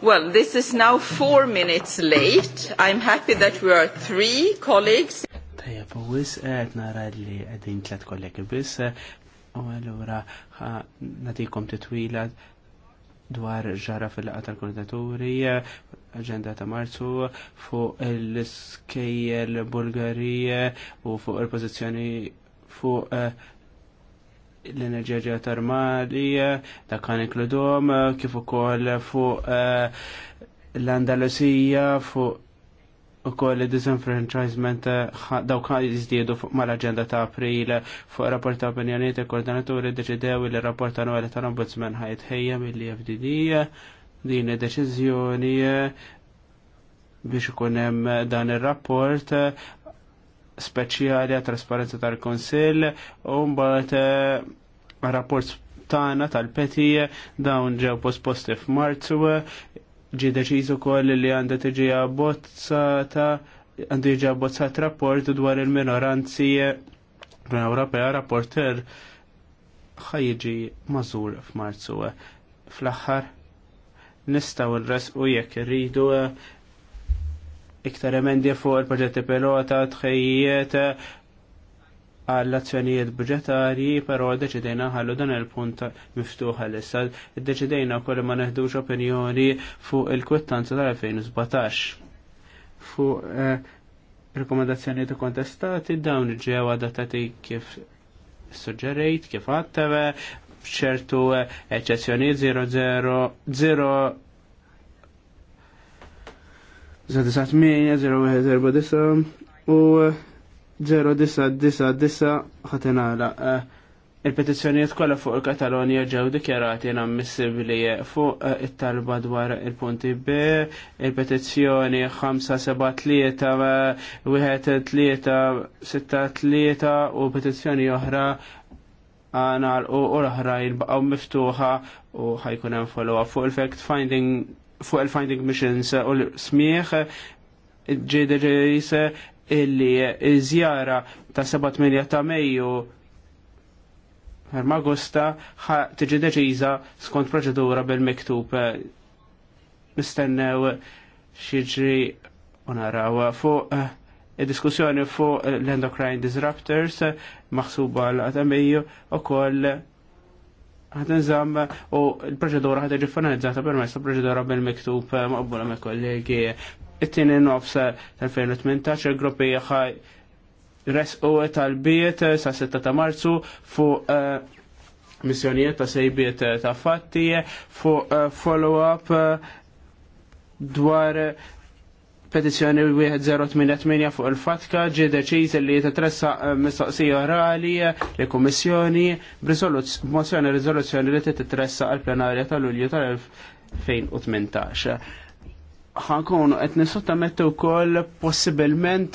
Well, this is now four minutes late. I'm happy that we are three colleagues. Taja, fawis, għed nara li għedin tlet kollegi bis, u għallura natikom titwila dwar ġara fil-laqa tal-koordinaturi, agenda ta' marzu, fuq l-skejjel Bulgarija u fuq il-pozizjoni fuq eh, l-enerġija ġeotermali ta' kan inkludom eh, kif ukoll fuq eh, l-Andalusija fuq ukoll disenfranchisement eh, dawk jiżdiedu mal-aġenda ta' April fuq rapport ta' opinjoniet il-koordinaturi deċidew li rapport annwali tal-Ombudsman ħajt ħejja mill-FDD din id-deċiżjoni biex ikun hemm dan ir-rapport speċjali għat trasparenza tal-Konsil u mbagħad eh, rapport tagħna tal-peti dawn ġew posposti f'Marzu ġie deċiżu koll li għandha tiġi abbozzata għandu jiġi abbozzat rapport dwar il-minoranzi Ewropea rapporter ħajġi mażur f'Marzu. Fl-aħħar nistaw il u jekk irridu iktar emendi fuq il-proġetti pilota, tħejjiet għall-azzjonijiet budġetarji, però deċidejna ħallu dan il-punt miftuħa l issa Deċidejna kolli ma neħdux opinjoni fuq il-kwittanza tal-2017. Fuq eh, rekomendazzjoni ta' kontestati dawn ġew adattati kif suġġerejt, kif għattave, bċertu eccezzjoni eh, 000 9 9 u 0999 eh, ħatenala. Eh, il-petizzjonijiet kollha fuq il-Katalonja ġew dikjarati inammissibli fuq eh, it-talba dwar il-punti B, il-petizzjoni 5-7-3-1-3-6-3 u petizzjoni oħra għana u l-oħra jilbaqgħu miftuħa u ħajkun hemm follow-up fuq il-fact finding fuq il-finding missions u l-smieħ ġejdġejs illi iżjara ta' 7-8 ta' Mejju Hermagosta tiġi deċiża skont proċedura bil-miktub mistennew xieġri unaraw fuq eh, il-diskussjoni fuq l-endocrine disruptors maħsuba l-għatamiju u koll ħat nżamm u l-proċedura ħat iġi finalizzata permezz ta' proċedura bil-miktub eh, maqbula me kollegi. It-tieni nofs tal-2018 il-gruppi ħaj resqu tal-biet eh, sa' 6 ta' marzu fu eh, missjonijiet ta' sejbiet ta' fatti fu follow-up dwar Petizzjoni 1088 fuq il-fatka ġi deċiż li titressa eh, mistoqsija orali eh, li kummissjoni b'mozzjoni riżoluzzjoni li titressa għal plenarja tal-Lulju tal-2018. Ħankunu qed nisottomettu wkoll possibilment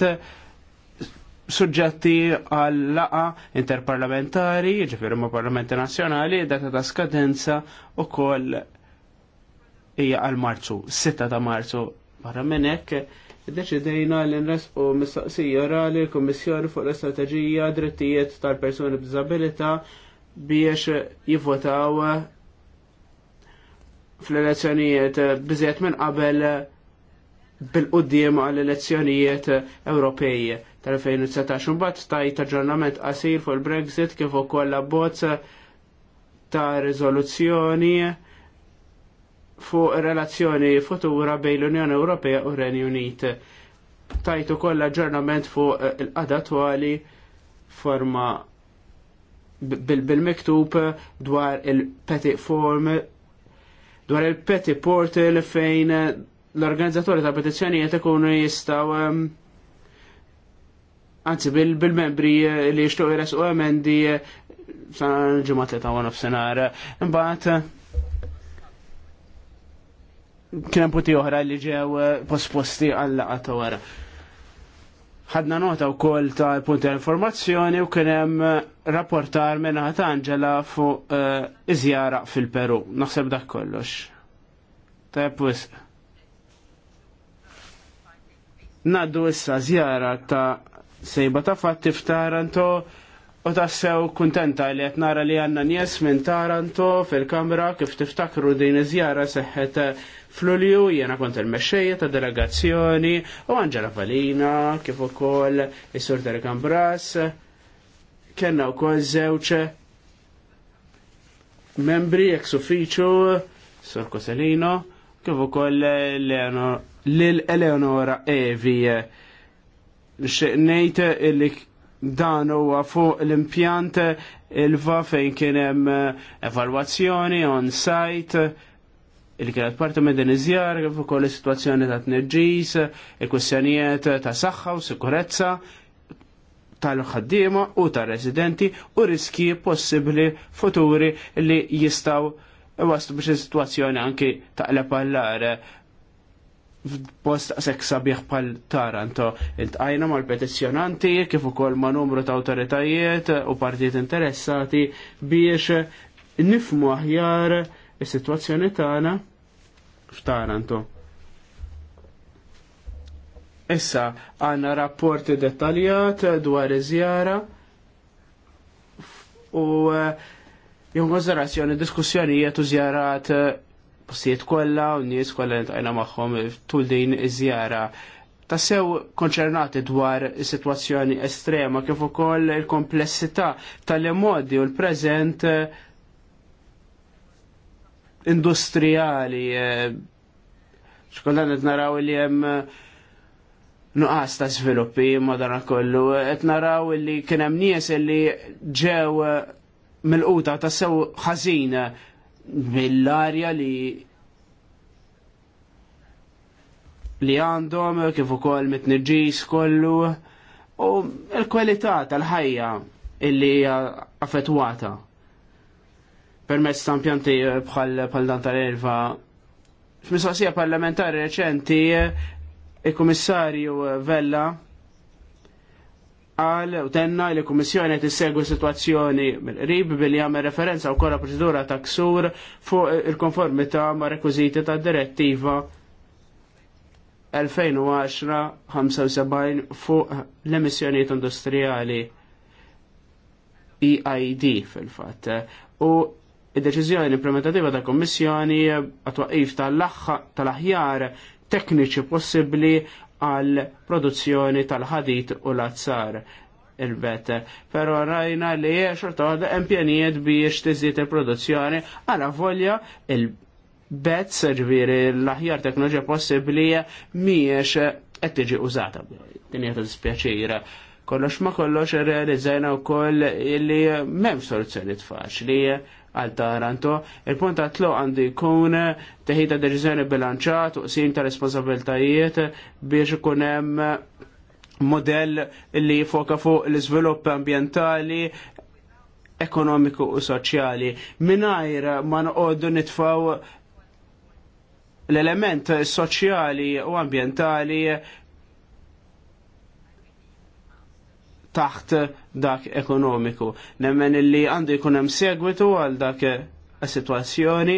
suġġetti għal laqa interparlamentari, ġifieri ma' parlamenti nazzjonali, data ta' skadenza u hija għal Marzu, 6 ta' Marzu Barra minn hekk deċidejna li nresqu mistaqsija orali l-Kummissjoni fuq l-Istrateġija Drittijiet tal-Persuni b'Diżabilità biex jivvotaw fl-elezzjonijiet biżiet minn qabel bil-qoddim għall-elezzjonijiet Ewropej tal-2019. Mbagħad tajt aġġornament qasir fuq il-Brexit kif ukoll abbozz ta' riżoluzzjoni fuq relazzjoni futura bejn l-Unjoni Ewropea u Renju Unit. Tajtu koll aġġornament fuq eh, il-qada twali forma bil-miktub dwar il-petty form dwar il-petty portal fejn l-organizzatori ta' petizzjonijiet ikunu jistaw ehm, anzi bil-membri li jishtuq jresqu emendi sa' ġumat li ta' għana f'senar. Imbagħad kien puti oħra li ġew eh, posposti għalla laqgħa għara. Ħadna nota wkoll ta' punti informazzjoni u kien hemm eh, rapportar minn Angela fuq eh, iżjara fil-Peru. Naħseb dak kollox. Tajb wisq. Naddu issa żjara ta' sejba ta' fatti f'Taranto u tassew kuntenta li qed nara li għandna nies minn Taranto fil-kamra kif tiftakru din iż-żjara seħħet F'Lulju jiena kont il-mexxejja ta' delegazzjoni u Angela Valina kif ukoll is-Sur Derek Ambras kellna wkoll żewġ membri ex uffiċu Sur Coselino, kif ukoll lil Eleonora Evi nixtieq ngħid illi dan huwa fuq l-impjant ilva fejn kien hemm evalwazzjoni on site li kienet parti me din iżjar kif ukoll is-sitwazzjoni ta' tnerġis, il-kwistjonijiet ta' saħħa u sikurezza tal-ħaddiema u tar-residenti u riski possibbli futuri li jistaw wastu biex is-sitwazzjoni anki taqleb għallar post seksa sabiħ pal Taranto. Iltqajna mal-petizzjonanti kif ukoll ma' numru ta' autoritajiet u partijiet interessati biex nifmu aħjar is-sitwazzjoni tagħna f'Taranto. Issa għandna rapporti dettaljat dwar iż-żjara u eh, jew konsiderazzjoni diskussjonijiet u żjarat eh, postijiet kollha u nies kollha li tajna magħhom tul din iż-żjara tassew konċernati dwar is-sitwazzjoni estrema kif ukoll il-komplessità tal-emodi u l-preżent eh, industrijali. Eh, Xkollan qed naraw li hemm eh, nuqqas ta' sviluppi madana kollu. Qed naraw li kien hemm nies li ġew eh, mil quta ta' sew ħażin mill-arja li li għandhom kif ukoll mit-nirġis kollu u l-kwalità tal-ħajja illi hija affettwata permezz ta' impjanti eh, bħal dan tal-erva. F'mistoqsija parlamentari reċenti, eh, il-Kummissarju eh, Vella għal u tenna li kummissjoni qed issegwi situazzjoni mill-qrib billi jagħmel referenza wkoll proċedura ta' ksur fuq il-konformità ma' rekwiżiti tad direttiva 2010-75 fuq l-emissjonijiet industrijali EID fil-fatt. U id-deċiżjoni l-implementativa ta' kommissjoni għatwaqif tal-aħjar tekniċi possibbli għal produzzjoni tal-ħadit u l-azzar il-bet. Pero rajna li xorta għadha empjanijiet biex tiżid il-produzzjoni għala volja il-bet serviri l-aħjar teknoloġija possibbli miex qed tiġi użata. Dinja ta' dispjaċira kollox ma kollox realizzajna u koll li memx soluzzjoni faċli għal Taranto. Il-punt ta' tlo għandu jkun teħida deċiżjoni bilanċat u sin ta' responsabiltajiet biex ikun hemm modell li jifoka fuq l-iżvilupp ambjentali ekonomiku u soċjali. Minajr ma noqogħdu nitfaw l-element soċjali u ambjentali taħt dak ekonomiku. Nemmen illi għandu jkun hemm segwitu għal dak eh, situazzjoni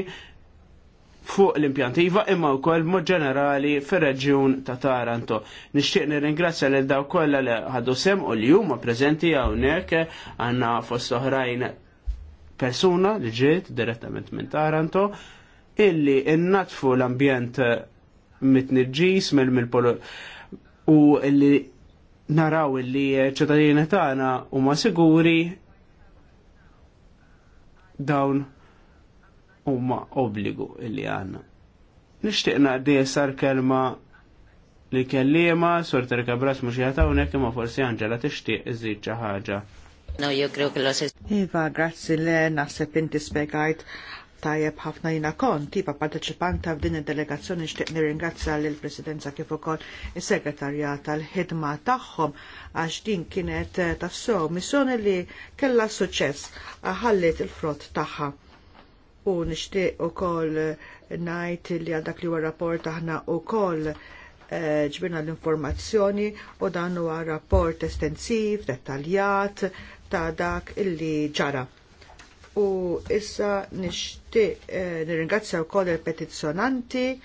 fuq l-impjantiva imma wkoll mod ġenerali fir-reġjun ta' Taranto. Nixtieq nirringrazzja lil daw kollha li ħadu sem u li huma preżenti hawnhekk għandna fost oħrajn persuna li ġiet direttament minn Taranto illi innatfu l-ambjent mitniġġis mill-polo u illi naraw li ċittadini tagħna huma siguri dawn huma obbligu li għandna. Nixtieq naqdi sar kelma li kellima, sorter kabras mux jatawnek, imma forsi Angela tixtieq iżid xi ħaġa. No, jo Iva, grazzi le, naħseb inti spiegajt tajjeb ħafna jina kont tipa parteċipanta f'din id-delegazzjoni nixtieq nirringrazzja lill presidenza kif ukoll is segretarja tal-ħidma tagħhom għax din kienet eh, tassew missjoni li kellha suċċess ħallit il-frott tagħha. U nixtieq ukoll ngħid li għal dak li huwa rapport aħna ukoll eh, ġbirna l-informazzjoni u dan huwa rapport estensiv, dettaljat ta' dak illi ġara u issa nixtieq eh, u koll il-petizzjonanti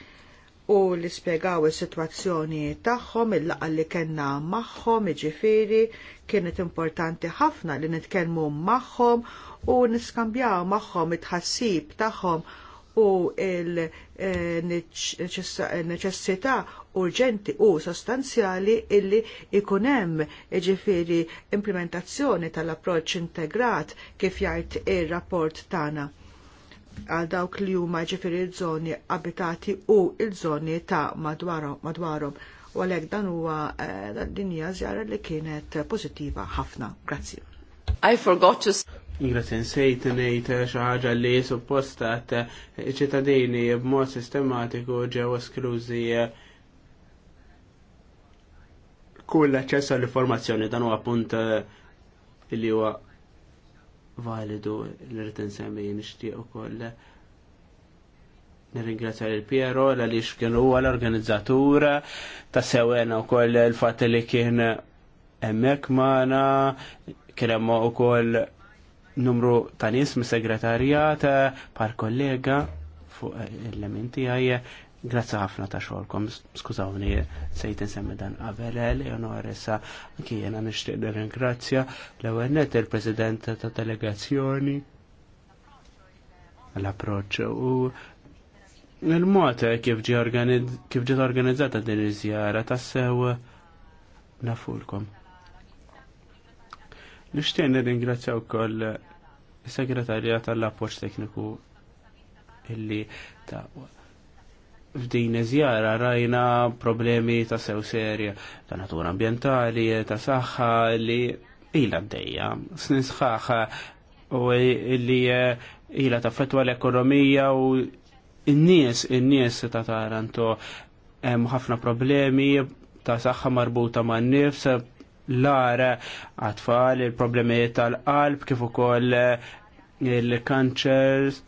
u li spjegaw is-sitwazzjoni tagħhom il-laqgħa li kellna magħhom jiġifieri kienet importanti ħafna li nitkellmu magħhom u niskambjaw magħhom it-ħassib tagħhom u il eh, neċessità urġenti u sostanzjali illi ikun hemm implementazzjoni tal-approċċ integrat kif jgħid ir-rapport tagħna għal dawk li huma il żoni abitati u l-żoni ta' madwarhom. U għalhekk dan huwa eh, din hija żjara li kienet pożittiva ħafna. Grazzi. I forgot to Ingrat nsejt nejt xaħġa li suppostat ċittadini b'mod sistematiku ġew esklużi kull aċċess għall-informazzjoni dan huwa punt eh, li huwa validu l-irrid insemmi nixtieq ukoll eh, nirringrazzja il Piero għaliex kien huwa l-organizzatur ta' sewena wkoll il-fatt li kien hemmhekk magħna kien hemm ukoll numru ta' nies mis-segretarjat eh, par kollega fuq l-elementi għajja Grazzi ħafna ta' xolkom, skużawni sejt insemmi dan Averel, Leonor anki jena nixtieq ringrazzja l-ewwel net il-President ta' delegazzjoni l-approċċ u il-mod kif ġiet organizzata din iż-żjara sew nafulkom. Nixtieq nirringrazzja wkoll is-segretarja tal-appoġġ tekniku illi ta' f'din iżjara rajna problemi ta' sew serja ta' natura ambientali, ta' saħħa li ila d-dejja, sħaħa u li ila ta' fetwa l-ekonomija u n-nies, n-nies ta' Taranto hemm ħafna problemi ta' saħħa marbuta ma' nifs l-ara għatfall, il-problemi tal-qalb, kif ukoll il-kanċers,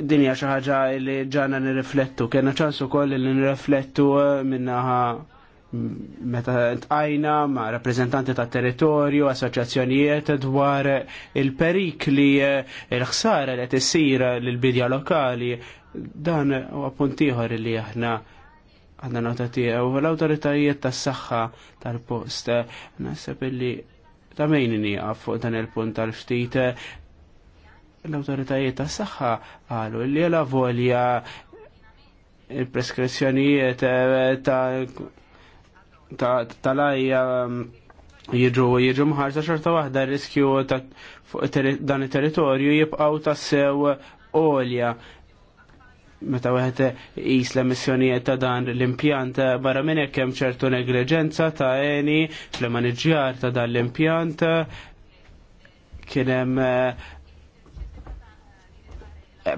dinja xi ħaġa li ġana nirriflettu. Kena ċans ukoll li nirriflettu eh, minnaħa meta tqajna ma' rappreżentanti ta' territorju, assoċjazzjonijiet dwar il-perikli eh, il-ħsara li tissir lill-bidja lokali. Dan huwa punt ieħor li aħna għandna nota tiegħu l-awtoritajiet tas-saħħa tal-post. Eh, naħseb li ta' mejn għaffu dan il-punt tal-ftit l-autoritajiet tas saħħa għalu li la volja il-preskrizzjonijiet eh, ta' tal-ajja mm, jiġu jiġu mħarsa xorta waħda riskju ta' dan il-territorju jibqaw ta' sew olja meta wieħed qis l-emissjonijiet ta' dan l-impjant eh, barra minn hekk hemm ċertu negliġenza ta' eni fl-maniġjar ta' dan l-impjant kien hemm eh,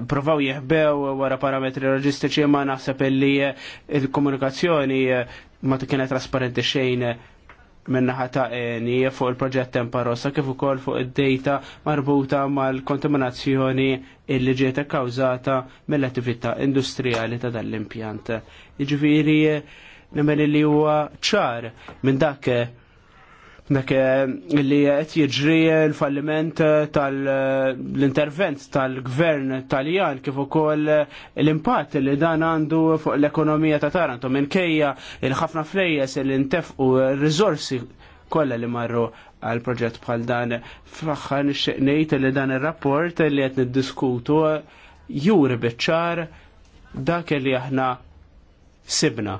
provaw jihbew wara parametri loġistiċi ma naħseb li eh, il-komunikazzjoni eh, ma kienet trasparenti xejn minna ħata eni fuq il-proġett Temparossa kif ukoll fuq id-data marbuta mal-kontaminazzjoni illi ġiet kkawżata mill-attività industrijali ta' dal impjant Jiġifieri eh, nemel li huwa ċar minn dak dak eh, li qed jiġri l-falliment eh, tal-intervent eh, tal-gvern taljan kif ukoll l-impatt li dan għandu fuq l-ekonomija ta' Taranto minkejja il-ħafna flejjes li ntefqu r-riżorsi kollha li marru għal proġett bħal dan. Fl-aħħar nixtieq ngħid li dan ir-rapport li qed niddiskutu juri biċ-ċar dak li aħna sibna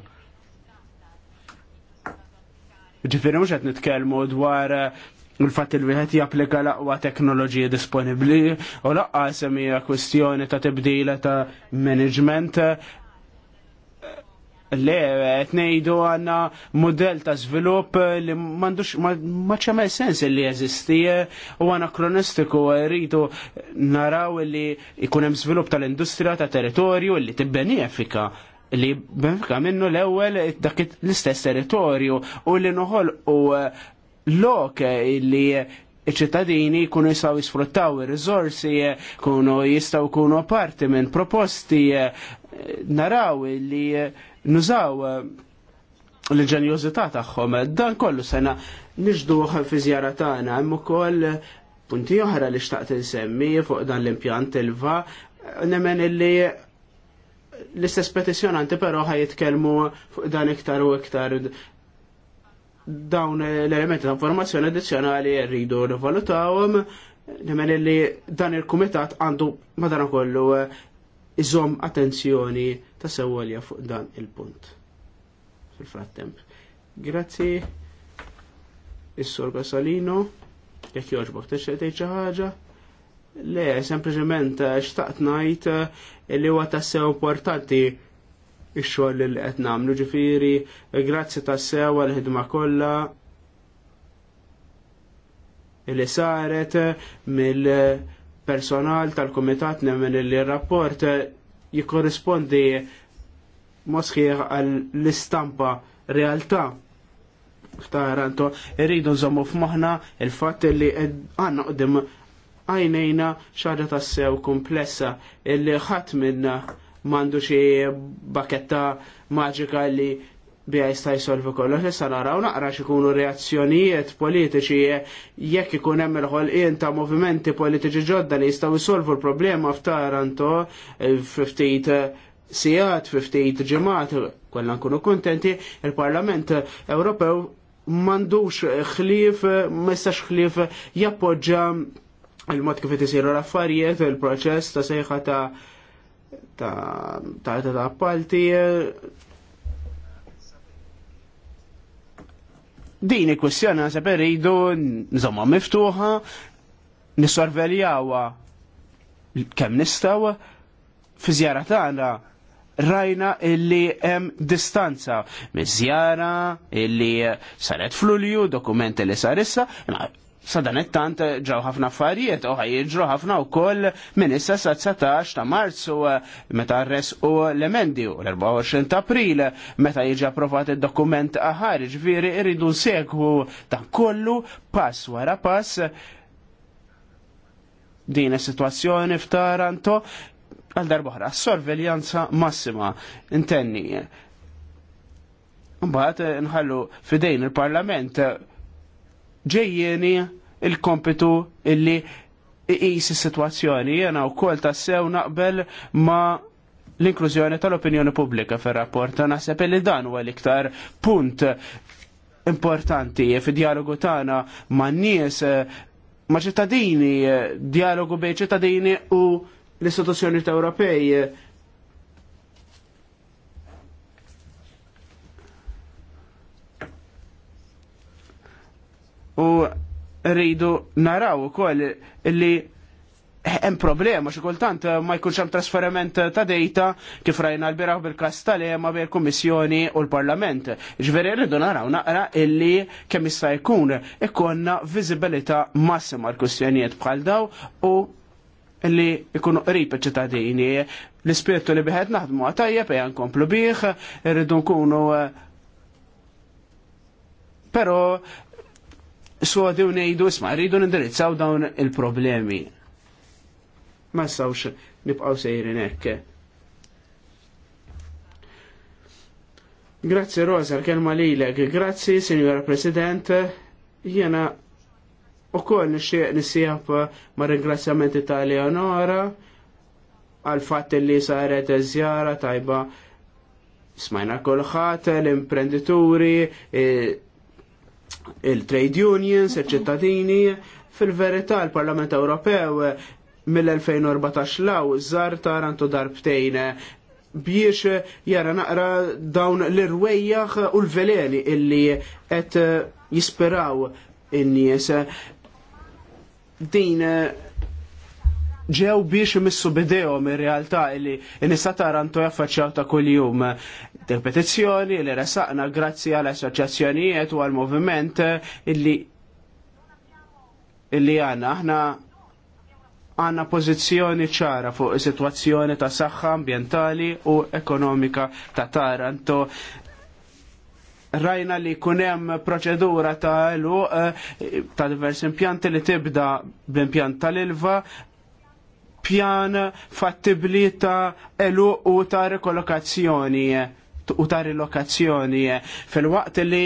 Ġifiri mux għet nitkelmu dwar eh, il-fat il-wieħed japplika l-aqwa teknoloġija disponibbli u laqqa semija kwestjoni ta' tibdila ta' management eh, Le, etnejdu għanna model ta' svilup li mandux maċċa sens li jeżisti eh, u għana kronistiku rridu naraw li ikunem svilup tal-industrija ta' territorju li tibbeni effika li benfika minnu l-ewel dak l-istess territorju u li noħol u eh, lok li iċ-ċittadini kunu jistaw jisfruttaw il-rizorsi, kunu jistaw kunu parti minn proposti, eh, naraw li eh, nużaw l-ġenjozità tagħhom. Dan kollu sena nixduħ fi żjara tagħna hemm ukoll punti oħra li xtaqt insemmi fuq dan l-impjant ilva nemmen illi l-istess petizjonanti però ħaj jitkellmu fuq dan iktar u iktar dawn l-elementi ta' informazzjoni addizzjonali rridu nivalutawhom nemmen li dan il-kumitat għandu madankollu eh, iżom attenzjoni ta' sewolja fuq dan il-punt. Fil-frattemp. Grazzi. Is-Sor Salino, jekk joġbok tixtieq tgħid xi ħaġa. Le, sempliciment, eh, xtaqt najt eh, li huwa tassew importanti ix-xogħol li qed nagħmlu. Ġifieri, eh, grazzi tassew għall-ħidma kollha li saret mill-personal tal-Kumitat nemmen li rapport jikorrispondi mosħieħ għall-istampa realtà ta' Irridu nżommu f'maħna il-fatt li għanna qdim għajnejna xaġa tassew komplessa illi ħadd minna mandu xie baketta maġika li bija jista' jsolvi kollox. Issa naraw naqra xikunu reazzjonijiet politiċi jekk ikun hemm il-ħolqien ta' movimenti politiċi ġodda li jistgħu jsolvu l-problema f'tar f'Taranto ftit sijat, ftit ġimgħat, kollha nkunu kontenti, il-Parlament Ewropew mandux xlif, mistax xlif jappoġġa il-mod kif isiru l-affarijiet, il-proċess ta' sejħa ta' ta' ta' ta' appalti. Eh, din il-kwestjoni għasab rridu nżomma miftuħa, nissorveljawa kemm nistaw fi żjara tagħna rajna illi hemm distanza miż-żjara illi saret f'Lulju, dokumenti li sar issa, sadanettant ġaw ħafna affarijiet u ħajġru ħafna u koll minn issa sa 19 ta' marzu eh, meta res u l-emendi u l-24 ta' april meta jiġi approvat il-dokument aħar ġviri irridu nsegħu ta' kollu pass wara pass din is-sitwazzjoni f'Taranto għal darbohra, sorveljanza massima, intenni. Mbagħad nħallu fidejn il-Parlament ġejjeni il-kompitu illi iqis is-sitwazzjoni. Jena wkoll tassew naqbel ma' l-inklużjoni tal-opinjoni pubblika fir-rapport. Naħseb li dan huwa l-iktar punt importanti fid-dialogu tagħna man nies ma' ċittadini, dialogu bej ċittadini u l-istituzzjoni Ewropej U rridu naraw ukoll li hemm problema xi kultant ma jkunx hemm trasferiment ta' dejta kif rajna l-biraħ bil-każ tal-ema bejn kummissjoni u l-Parlament. Ġveri rridu naraw naqra illi kemm jista' jkun ikonna viżibilità massima l-kwistjonijiet bħal daw u illi ikunu qrib iċ-ċittadini. L-ispirtu li biħed naħdmu għatajjeb ejja nkomplu bih, rridu nkunu eh, Pero sodi u nejdu, isma, rridu nindirizzaw dawn il-problemi. Ma sawx nibqaw sejrin ekke. Grazzi Rosa, kelma lilek. Grazzi, Signora President. Jena u koll nixtieq nisijab ma' ringrazzjamenti ta' Leonora għal fatt li saret żjara tajba smajna kolħat l-imprenditori, eh, il-trade unions, il-ċittadini, fil-verità l-Parlament Ewropew eh, mill-2014 law żar tarantu darbtejn eh, biex jara naqra dawn l-irwejjaħ u l-veleni illi qed eh, jispiraw in-nies din ġew biex imissu bidejhom ir-realtà li tara tarantu jaffaċċjaw ta' kuljum. Il-petizzjoni li resaqna grazzi għall assoċjazzjonijiet u għall moviment illi illi għanna aħna għanna pożizzjoni ċara fuq is-sitwazzjoni ta' saħħa ambjentali u ekonomika ta' Taranto rajna li kunem proċedura ta' luq eh, ta' diversi impjanti li tibda b'impjant tal-ilva pjan fattibli ta' elu u ta' rekolokazzjoni u ta' rilokazzjoni fil-waqt li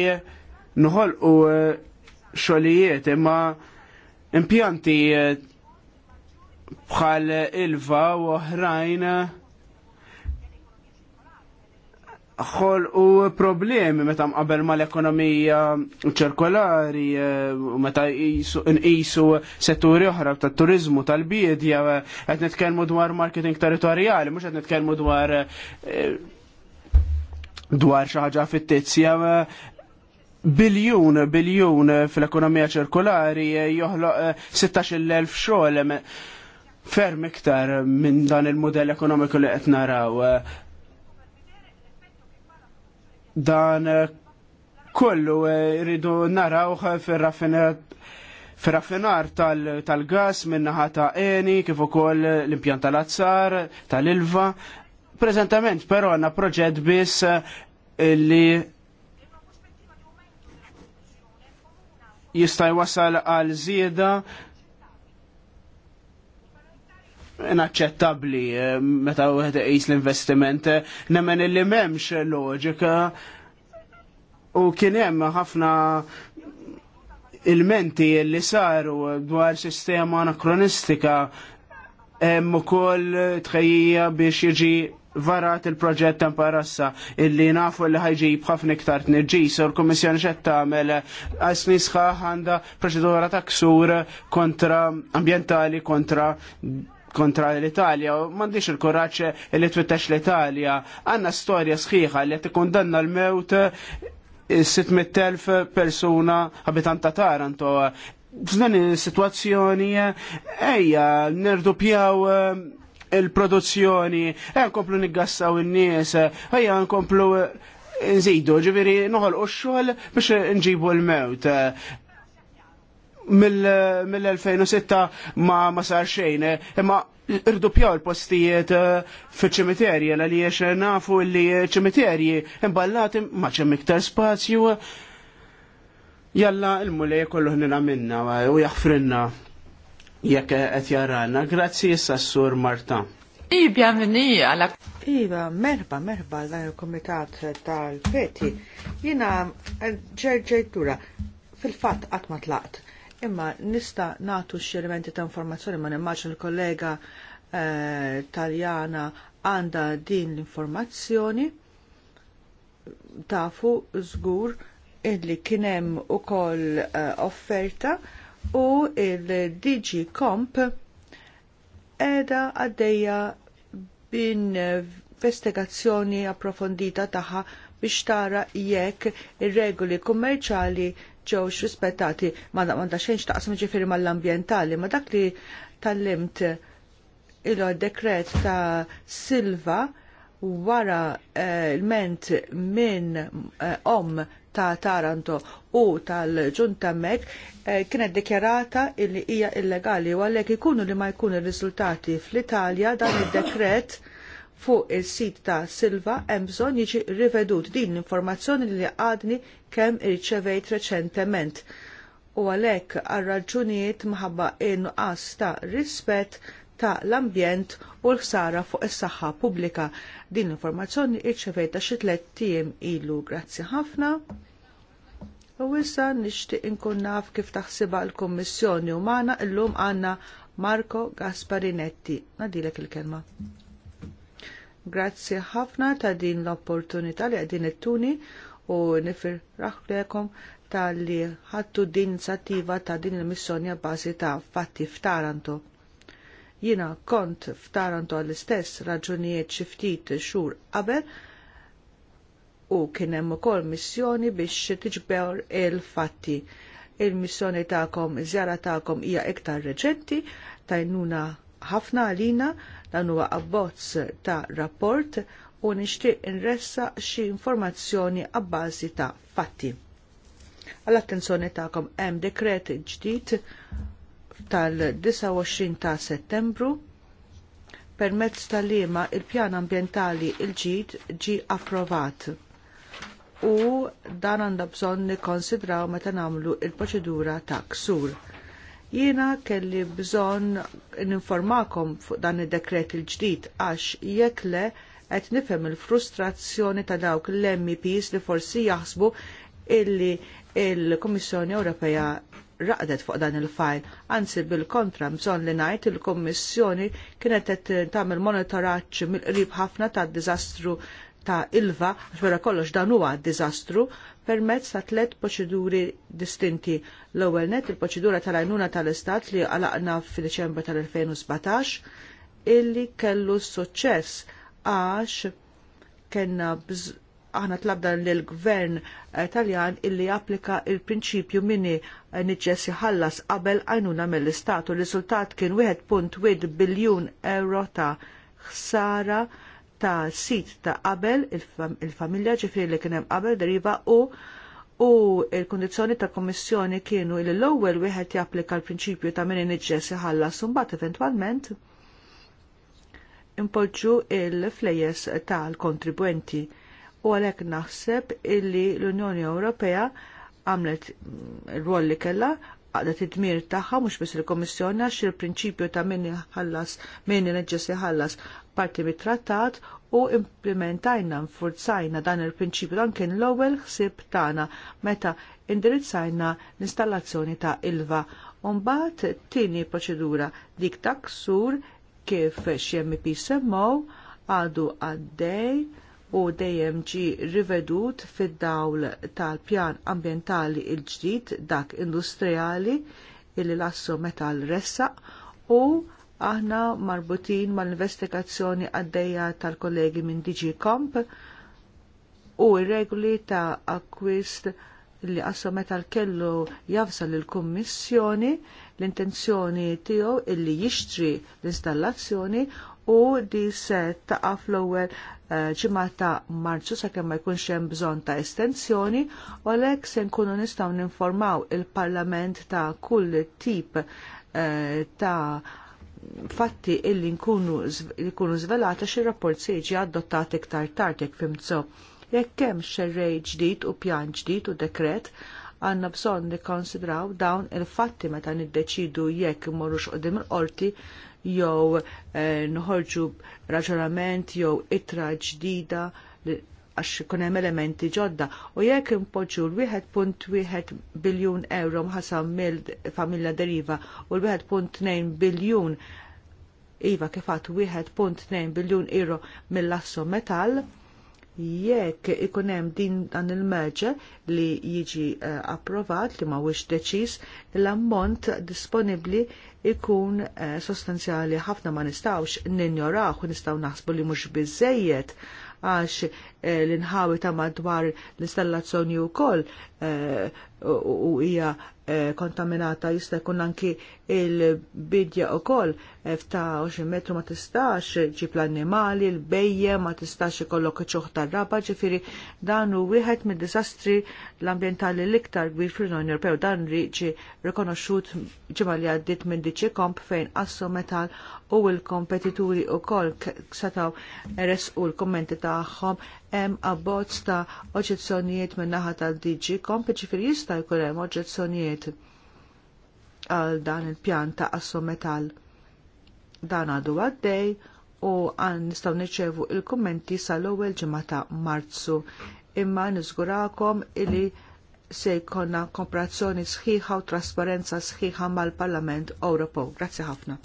nħol u eh, xolijiet imma impjanti eh, bħal ilva u oħrajn ħol u problemi meta mqabel mal ekonomija ċirkolari eh, u meta nqisu setturi oħra ta' turizmu tal-bidja qed nitkellmu dwar marketing territorjali mhux qed nitkellmu dwar eh, dwar xi ħaġa fit biljun biljun fil-ekonomija ċirkolari eh, joħloq 16,000 xogħol ferm iktar minn dan il-modell ekonomiku li qed naraw Dan eh, kollu eh, rridu narawħ eh, fil raffinar tal-gas minnaħa ta' Eni, kif ukoll l-impjant tal-azzar, tal-ilva. Prezentament, però, għanna proġett biss li jista' jwassal għal zieda inaċċettabbli eh, meta wieħed iqis l-investiment eh, nemmen illi m'hemmx loġika u kien hemm ħafna il-menti li saru dwar sistema anakronistika hemm ukoll tħejjija biex jiġi varat il-proġett ta' parassa illi nafu li ħajġib ħafna iktar tnerġis u l-Kommissjoni xed tagħmel għasni sħaħ għandha proċedura ta' ksur kontra ambientali kontra kontra l-Italja, u mandiċ il-kuraċ li twittex l-Italja. Għanna storja sħiħa li t-kondanna l-mewt 600.000 persuna abitanta ta' Taranto. F'dan il-situazzjoni, ejja, nerdu pjaw eh, il-produzzjoni, ejja nkomplu niggassaw il-nies, ejja nkomplu eh, nżidu, ġiviri, noħol u biex nġibu l-mewt mill-2006 ma ma sar xejn, eh, imma pjaw il-postijiet eh, fil-ċimiterji, l għaliex nafu li ċimiterji imballati ma ċem iktar spazju. Jalla il-mulej kollu ħnina minna eh, u jaħfrinna jekk qed jarana. Grazzi s-sur Marta. Iba minni għala. Iva, merba, merba dan il-komitat tal-feti. Jina ġerġejtura fil-fat għatma tlaqt imma nista natu xerimenti ta' informazzjoni ma nimmaġin il-kollega eh, taljana għanda din l-informazzjoni tafu żgur illi kienem u koll eh, offerta u il-DG Comp edha għaddeja bin investigazzjoni approfondita taħħa biex tara jekk ir-regoli kummerċali ġewx rispettati ma għandha xejn x'taqsam ġifieri mal-ambjentali, ma dak li tal-limt il dekret ta' Silva wara eh, l-ment minn eh, om ta' Taranto u tal-ġunta Mek eh, kienet dekjarata illi hija illegali u għalhekk ikunu li ma jkunu il riżultati fl-Italja dan id-dekret fuq is-sit ta' Silva hemm bżonn jiġi rivedut din l-informazzjoni li għadni kemm irċevejt reċentement. U għalhekk għar raġunijiet minħabba inqas ta' rispett ta' l-ambjent u l-ħsara fuq is-saħħa pubblika. Din l-informazzjoni ta' xi tliet tiem ilu. Grazzi ħafna. U issa nixtieq inkun naf kif taħsibha l-Kummissjoni u magħna llum għandna Marco Gasparinetti. Nadilek il-kelma. Grazzi ħafna ta' din l-opportunità li għedin it-tuni u nifir raħlekom ta' li ħattu din inizjattiva ta' din il-missjoni bazi ta' fatti f'Taranto. Jina kont f'Taranto għall-istess raġunijiet xiftit xhur qabel u kien hemm ukoll missjoni biex tiġbew il-fatti. Il-missjoni tagħkom, iż-żjara tagħkom hija iktar reċenti, tajnuna ħafna għalina dan huwa abbozz ta' rapport u nixtieq inressa xi informazzjoni abbażi ta' fatti. Għall-attenzjoni tagħkom hemm dekret ġdid tal-29 ta' Settembru permezz tal-liema il-pjan ambjentali l ġid ġie approvat u dan għandha bżonn nikkonsidraw meta nagħmlu l proċedura ta' ksur Jiena kelli bżon ninformakom fuq dan id-dekret il-ġdid għax jekk le qed nifhem il-frustrazzjoni ta' dawk l-MEPs li forsi jaħsbu illi il-Kummissjoni Ewropea raqdet fuq dan il-fajl, anzi bil-kontra bżonn li ngħid il-Kummissjoni kienet qed tagħmel monitoraġġ mill-qrib ħafna tad-diżastru ta' ilva, għax wara kollox dan huwa diżastru, permezz ta' tliet proċeduri distinti. L-ewwel net il-proċedura tal-għajnuna tal-Istat li għalaqna fil tal-2017 illi kellu suċċess għax kellna aħna tlabda lill gvern Taljan illi applika il-prinċipju minni niċċess jħallas qabel għajnuna mill-Istat u r-riżultat kien 1.1 biljun euro ta' ħsara ta' sit ta' qabel il-familja ġifieri li kien hemm qabel deriva u u l-kundizzjoni ta' kommissjoni kienu il l-ewwel wieħed japplika l-prinċipju ta' min inġess iħallas mbagħad eventwalment impoġġu il-flejes tal-kontribwenti u għalhekk naħseb illi l-Unjoni Ewropea għamlet r rwol li kellha għadet id-dmir tagħha mhux biss il-Kommissjoni għax il-prinċipju ta' min iħallas min inġess iħallas parti mit-trattat u implementajna nfurzajna dan il-prinċipju dan kien l-ewwel ħsieb tagħna meta indirizzajna l-installazzjoni ta' ilva. Umbat tieni proċedura dik ta' ksur kif xi semmow għadu għaddej u dejjem ġi rivedut fid-dawl tal-pjan ambjentali l ġdid dak industrijali illi lassu meta l-ressaq u Aħna marbutin mal-investigazzjoni għaddejja tal-kollegi minn DG Comp u r-regoli ta' akwist li qasso meta kellu jafsal il-kummissjoni l-intenzjoni tiegħu illi jixtri l-installazzjoni u di se ta' fl-ewwel eh, ġimgħa ta' Marzu sakemm ma jkunx hemm bżonn ta' estensjoni u għalhekk se nkunu nistgħu ninformaw il-Parlament ta' kull tip eh, ta' fatti illi nkunu zvelata xi rapport se jiġi adottat iktar tard jekk fimtso. Jekk hemm xerrej ġdid u pjan ġdid u dekret, għandna bżonn nikkonsidraw dawn il-fatti meta niddeċidu jekk imorrux qudiem il-qorti jew eh, nħorġu raġunament jew itra ġdida għax ikun hemm elementi ġodda u jekk impoġġu l-1.1 biljun euro mħasam mill-familja deriva u l-1.2 biljun iva kif kifat 1.2 biljun euro mill-asso metall jekk ikun hemm din dan il-merġa li jiġi uh, approvat li mhuwiex deċiż l-ammont disponibbli ikun uh, sostanzjali ħafna ma nistawx ninjoraw u nistgħu naħsbu li mhux biżejjed għax Eh, l-inħawi ta' madwar l-installazzjoni kol eh, u hija eh, kontaminata jista' jkun anki il-bidja wkoll f'ta' 20 metru ma tistax ġib l-annimali, l-bejje ma tistax ikollok ċuħ tar-raba, ġifieri dan hu wieħed mid-diżastri l-ambjentali l-iktar kbir fl-Unjoni Ewropew dan riġi rikonoxxut ġimgħa li għaddiet minn diċi komp fejn assu metal u l-kompetituri wkoll setgħu u l-kummenti tagħhom hemm abbozz ta' oġġezzjonijiet min naħa tal-DG komp ġifieri jista' jkun hemm oġġezzjonijiet għal dan il-pjan ta' assometal. Dan għadu għaddej u għan nistaw niċevu il-kommenti sal-ewwel ġimgħa ta' Marzu. Imma niżgurakom illi se jkollna komprazzjoni sħiħa u trasparenza sħiħa mal-Parlament Ewropew. Grazzi ħafna.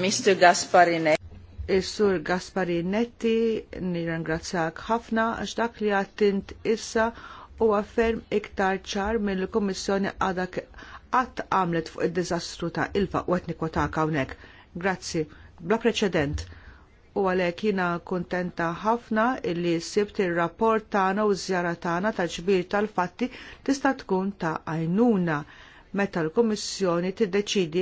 Mr. Gasparine. Is-sur Gaspari Netti, ħafna għax dak li għattint issa u għafferm iktar ċar mill kummissjoni għadha għatt għamlet fuq id-dizastru ta' ilfa u għetni kwotak kawnek. Grazzi, bla preċedent. U għalek jina kontenta ħafna illi sibt il-rapport tagħna u żjara tagħna ta' ġbir tal-fatti tista' tkun ta' għajnuna meta l-Kummissjoni tiddeċidi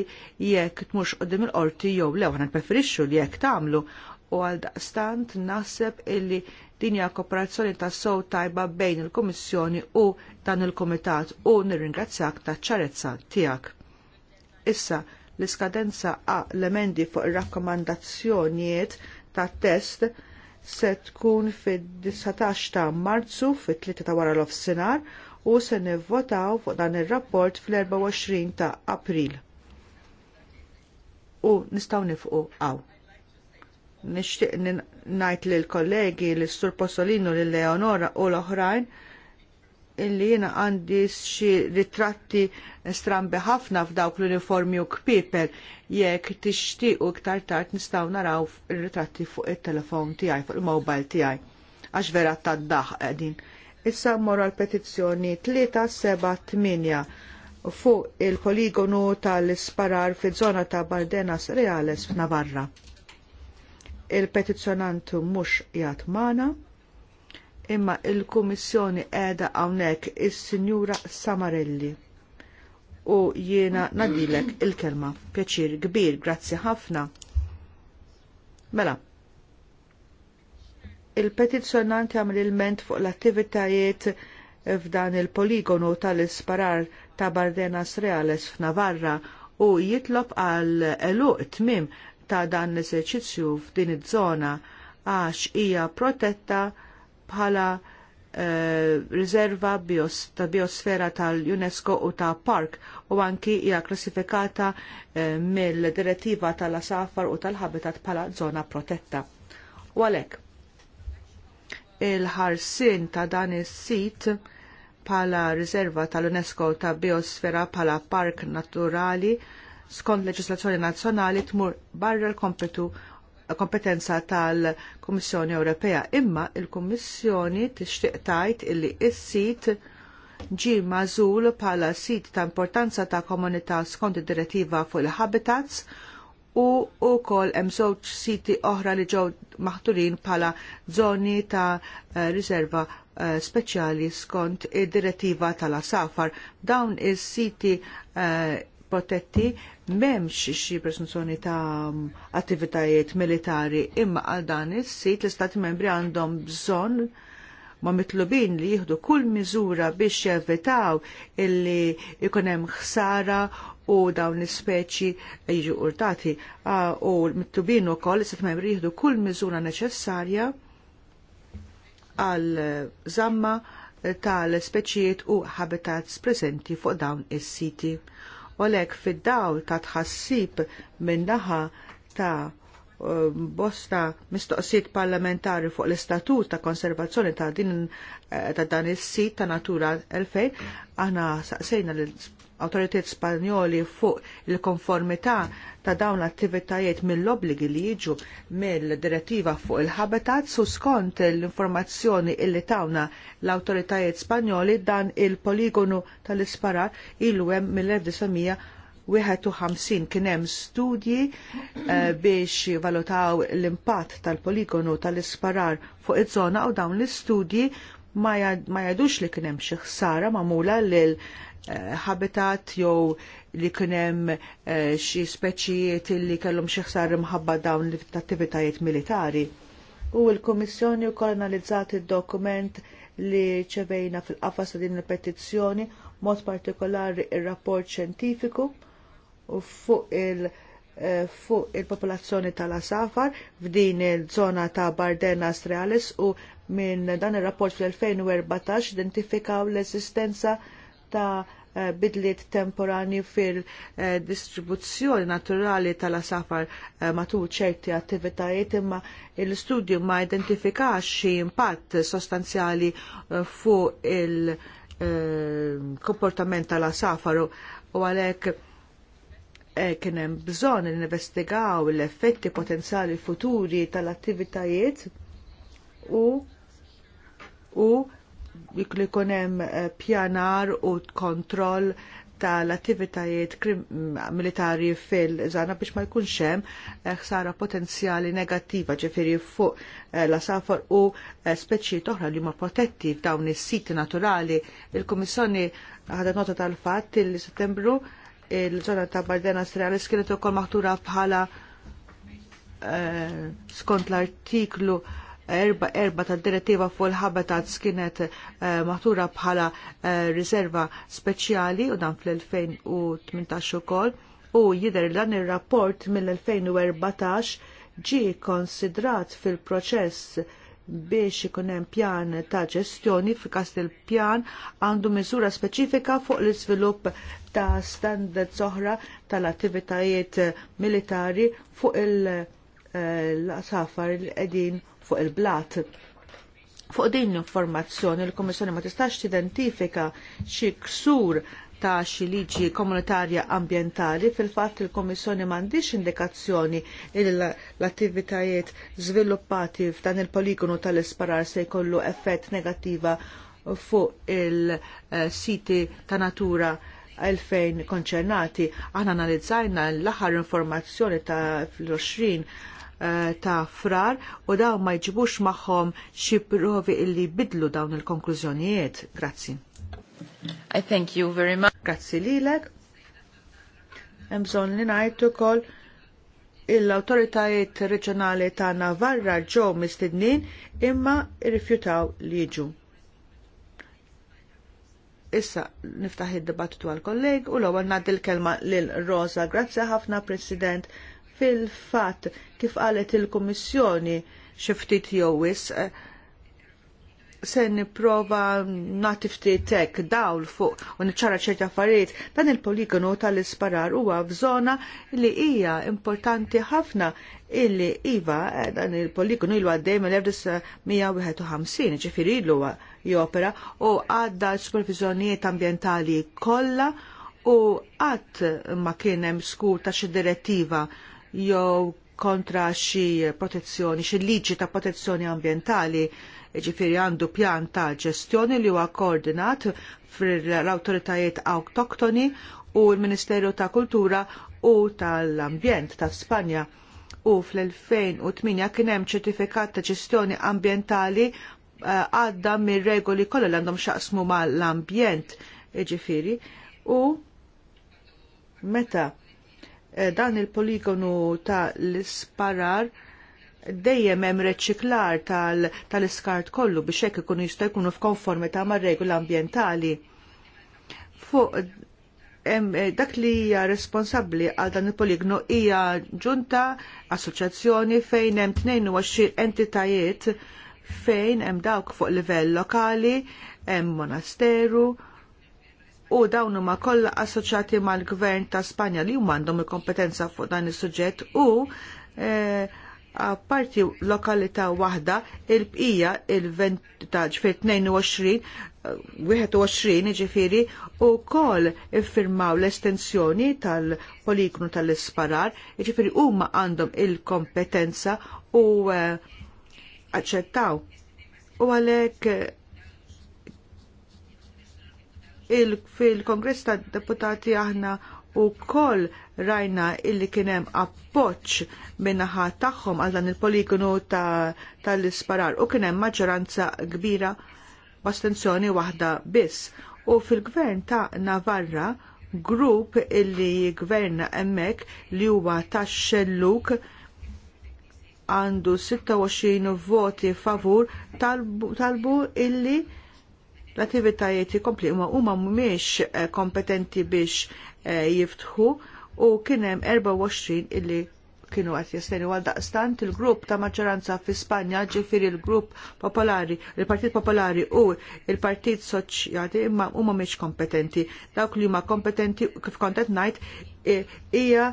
jekk tmux qudiem il-qorti jew lew ħana preferixxu li jekk tagħmlu u għal daqstant naħseb illi din hija kooperazzjoni ta' sow tajba bejn il-Kummissjoni u dan il-Kumitat u nirringrazzjak ta' ċarezza tiegħek. Issa l-iskadenza għal emendi fuq ir-rakkomandazzjonijiet ta' test se tkun fid-19 ta' Marzu fit-3 ta' wara l-ofsinar u se nivvotaw fuq dan ir-rapport fl-24 ta' April. U nistgħu nifqu għaw. Nixtieq ngħid lill kollegi s sur Possolino lil Leonora u l-oħrajn illi jiena għandi xi ritratti strambi ħafna f'dawk l-uniformi u kpiper jekk tixtiequ iktar tard nistgħu naraw ir-ritratti fuq it-telefon tiegħi fuq il mobile tiegħi għax vera tad-daħ Issa mmorra l petizzjoni 378 fuq il-poligonu tal-isparar fi żona ta' Bardenas Reales f'Navarra. Il-petizzjonant mhux jatmana imma il-Kummissjoni qiegħda hawnhekk is-Sinjura Samarelli. U jiena nadilek il-kelma. Pjaċir kbir, grazzi ħafna. Mela, il petizzjonanti jagħmel fuq l-attivitajiet f'dan il-poligonu tal-isparar ta' Bardenas Reales f'Navarra u jitlob għal eluq tmiem ta' dan l-eżerċizzju f'din iż-żona għax hija protetta bħala eh, riserva bios, ta' biosfera tal-UNESCO u ta' park u anki hija klassifikata eh, mill-direttiva tal-asafar u tal-habitat bħala żona protetta. U għalhekk il-ħarsin ta' dan is-sit bħala riserva tal-UNESCO ta' biosfera bħala park naturali skont leġislazzjoni nazzjonali tmur barra l-kompetu kompetenza tal-Kummissjoni Ewropea, imma il-Kummissjoni tixtieq tgħid illi s-sit ġi mażul bħala sit ta' importanza ta' komunità skont id-direttiva fuq il-habitats u wkoll hemm żewġ siti oħra li ġew maħturin bħala żoni ta' eh, riserva eh, speċjali skont id-direttiva tal-asafar. Dawn is-siti eh, protetti memx xi presunzjoni ta' mm, attivitajiet militari imma għal dan is-sit l-Istati membri għandhom bżonn ma mitlubin li jieħdu kull miżura biex jevitaw illi ikun hemm ħsara u dawn l jiġu urtati u mitlubin ukoll istat membri jihdu kull miżura neċessarja għal zamma tal-speċijiet u habitats preżenti fuq dawn is-siti. U Olek fid-dawl ta' tħassib min-naħa ta' bosta mistoqsijiet parlamentari fuq l-istatut ta' konservazzjoni ta' din eh, ta' dan is-sit ta' Natura 2000, aħna saqsejna l awtoritiet Spanjoli fuq il-konformità ta' dawn l-attivitajiet mill-obbligi li jiġu mill-direttiva fuq il-habitat su skont l-informazzjoni illi tawna l awtoritajiet Spanjoli dan il-poligonu tal-isparar il-wem mill-1900 51 kien hemm studji eh, biex valutaw l-impatt tal-poligonu tal-isparar fuq iż-żona u dawn l-istudji ma jadux li kien hemm xi ħsara magħmula lil eh, habitat jew li kien hemm eh, xi speċijiet li kellhom xi ħsar imħabba dawn l-attivitajiet militari. U l-Kummissjoni wkoll analizzat id-dokument li ċevejna fil-qafas din il-petizzjoni, mod partikolari il rapport xjentifiku fuq il- eh, fuq il-popolazzjoni tal-asafar f'din il-zona ta' Bardena Astrealis u minn dan ir-rapport fl-2014 identifikaw l-esistenza ta' eh, bidliet temporani fil-distribuzzjoni naturali tal-asafar eh, matul ċerti attivitajiet imma l-studju ma identifikax xi impatt sostanzjali fuq il-komportament tal-asafar u għalhekk E, kien hemm bżonn investigaw l-effetti potenzjali futuri tal-attivitajiet u u li jkun hemm e, pjanar u kontroll tal-attivitajiet militari fil-żana biex ma jkunx hemm e, ħsara potenzjali negattiva ġifieri fuq la safar u speċi oħra li ma protetti f'dawn is-siti naturali. Il-Kummissjoni ħadet nota tal-fatt il settembru il żona ta' Bardena Srealis kienet ukoll maħtura bħala eh, skont l-artiklu erba erba ta' direttiva fuq il-habitats kienet eh, maħtura bħala eh, riserva speċjali u dan fl-2018 ukoll u jidher dan ir-rapport mill-2014 ġie konsidrat fil-proċess biex ikun hemm pjan ta' ġestjoni f'każ il-pjan għandu miżura speċifika fuq l-iżvilupp ta' standards oħra tal-attivitajiet militari fuq il-safar il eh, qegħdin fuq il-blat. Fuq din l-informazzjoni, il komissjoni ma tistax tidentifika xi ksur ta' xi liġi komunitarja ambjentali fil-fatt il-Komissjoni m'għandix indikazzjoni li l-attivitajiet żviluppati f'dan il-poligonu tal-isparar se jkollu effett negattiva fuq il-siti ta' natura 2000 konċernati. Aħna analizzajna l-aħħar informazzjoni ta' fl-20 eh, ta' frar u dawn ma jġibux magħhom xi provi illi bidlu dawn il-konklużjonijiet. Grazzi. I thank you very much. Grazzi lilek. Hemm bżonn li ngħid ukoll l-awtoritajiet reġjonali ta' Navarra ġew mistednin imma rrifjutaw li jiġu. Issa niftaħ id-dibattitu għal kolleg u l-ewwel ngħaddi l-kelma lil Rosa. Grazzi ħafna President fil-fatt kif qalet il-Kummissjoni xi ftit jew wisq se niprofa nati ftit hekk dawl fuq u niċċara ċerti affarijiet, dan il-poligonu tal-isparar huwa f'żona li hija importanti ħafna illi iva eh, dan il-poligonu ilu għaddej mill-1951 ġifiri ilu jopera u għadda supervizjonijiet ambjentali kollha u għadd ma kien hemm skur ta' xi direttiva jew kontra xi protezzjoni, xi liġi ta' protezzjoni ambjentali ġifiri għandu pjan ta' ġestjoni li huwa koordinat fl-autoritajiet autoktoni u l-Ministeru ta' Kultura u tal-Ambjent ta' Spanja u fl-2008 kien hemm ċertifikat ta' ġestjoni ambjentali eh, għadda mir regoli kollha li għandhom xaqsmu mal-ambjent ġifiri u meta eh, dan il-poligonu ta' l-isparar dejjem hemm reċiklar tal-iskart tal kollu biex hekk ikunu jistgħu jkunu f'konformità mar-regola ambjentali. Fuq eh, dak li hija responsabbli għal dan il-polignu hija ġunta assoċjazzjoni fejn hemm 22 entitajiet fejn hemm dawk fuq livell lokali, hemm monasteru, u dawn huma kollha assoċjati mal-Gvern ta' Spanja li huma għandhom il-kompetenza fuq dan is-suġġett u eh, parti lokalità waħda il-bqija il-ventaġġ fi 22 21 ġifiri u eh, jiġifieri, kol iffirmaw l-estensjoni tal-poliknu tal-isparar, ġifiri huma għandhom il-kompetenza u eh, aċċettaw. U għalek fil-Kongress tad Deputati aħna u koll rajna illi kienem appoċ minnaħa taħħom għal dan il-poligonu tal-isparar ta u kienem maġġoranza kbira b'astenzjoni waħda biss. U fil-gvern ta' Navarra, grupp illi gverna emmek li huwa ta' xelluk għandu 26 voti favur talbu, talbu illi l-attivitajiet ikompli huma huma mhumiex eh, kompetenti biex eh, jiftħu u kien hemm 24 illi kienu għat jestenu għal daqstant il-grupp ta' maġġoranza fi Spanja ġifiri il-grupp popolari, il-Partit Popolari u il-Partit Soċjati imma ma meċ kompetenti. Dawk li huma kompetenti kif kontet ngħid hija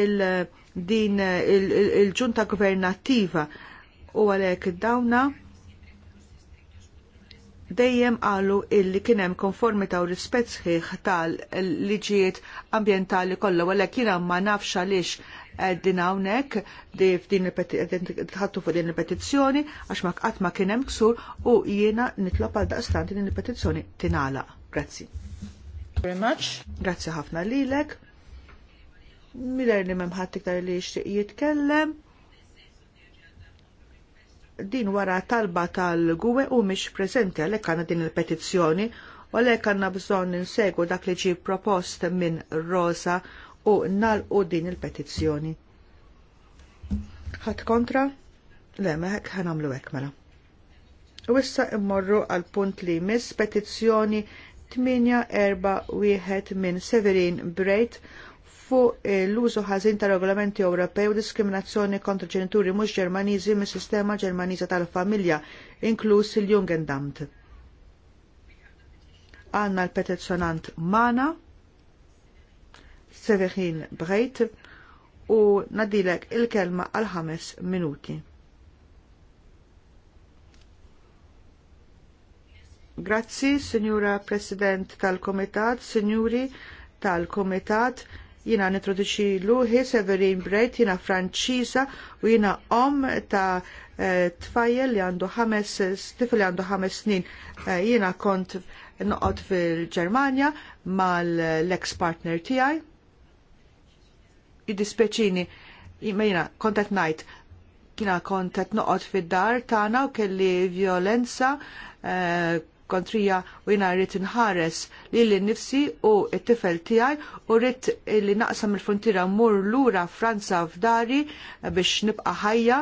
il- din il-ġunta governattiva u għalhekk dawna dejjem qalu illi kien hemm konformità u rispett sħiħ tal-liġijiet ambjentali kollha għalhekk jiena ma nafx għaliex din hawnhekk tħattu fuq din il-petizzjoni għax ma qatt ma kien hemm ksur u jiena nitlob għal daqstanti din il-petizzjoni tingħalaq. Grazzi. Very much. Grazzi ħafna lilek. Miller li m'hemm ħadd iktar li jixtieq jitkellem din wara talba tal-gwe u mhix preżenti għalhekk għandna din il-petizzjoni u għalhekk għandna bżonn insegwu dak li ġie propost minn Rosa u nalqu din il-petizzjoni. Ħadd kontra? Le, meħek ħa nagħmlu hekk mela. U issa immorru għal punt li miss petizzjoni 841 minn Severin Brejt fuq eh, l-użu ħażin ta' regolamenti Ewropew diskriminazzjoni kontra ġenituri mhux Ġermaniżi mis-sistema Ġermaniża tal-familja, inkluż il-Jungendamt. Għanna l-petizzjonant Mana, Severin Brejt, u nadilek il-kelma għal ħames minuti. Grazzi, Signora President tal-Komitat, Signori tal-Komitat, jina nitroduċi luħi Severin Brejt, jina franċisa u jina om ta' e, tfajjel li għandu ħames, tifel li għandu ħames snin. Eh, jina kont noqot fil-Germania mal-ex partner tijaj. Idispeċini, jina kontet najt, jina kontet noqot fil-dar tana u kelli violenza eh, kontrija u jina rrit nħares li li nifsi u it-tifel tijaj u rrit li naqsam il-frontira mur lura Franza f'dari biex nibqa ħajja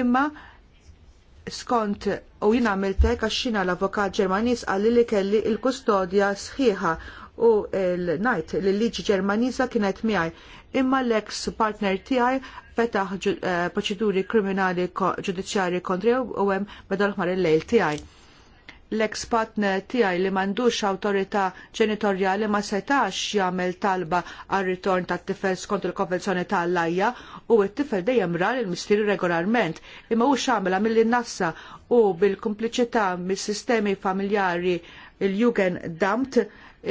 imma skont u jina għamiltek għaxxina l-avokat ġermanis għalli li kelli il-kustodja sħiħa u l-najt li liġi ġermaniza kienet miħaj imma l-ex partner tiegħi fetaħ eh, proċeduri kriminali ġudizzjari kontri u hemm bedal ħmar il-lejl tiegħi l-ex-partner tiegħi li m'għandux awtorità ġenitorjali ma setax jagħmel talba għar ritorn tat-tifel skont il-konvenzjoni tal-lajja u t-tifel dejjem rar il mistiri regolarment imma hu xagħmilha milli nassa u bil-kumpliċità mis-sistemi familjari il-Jugen Damt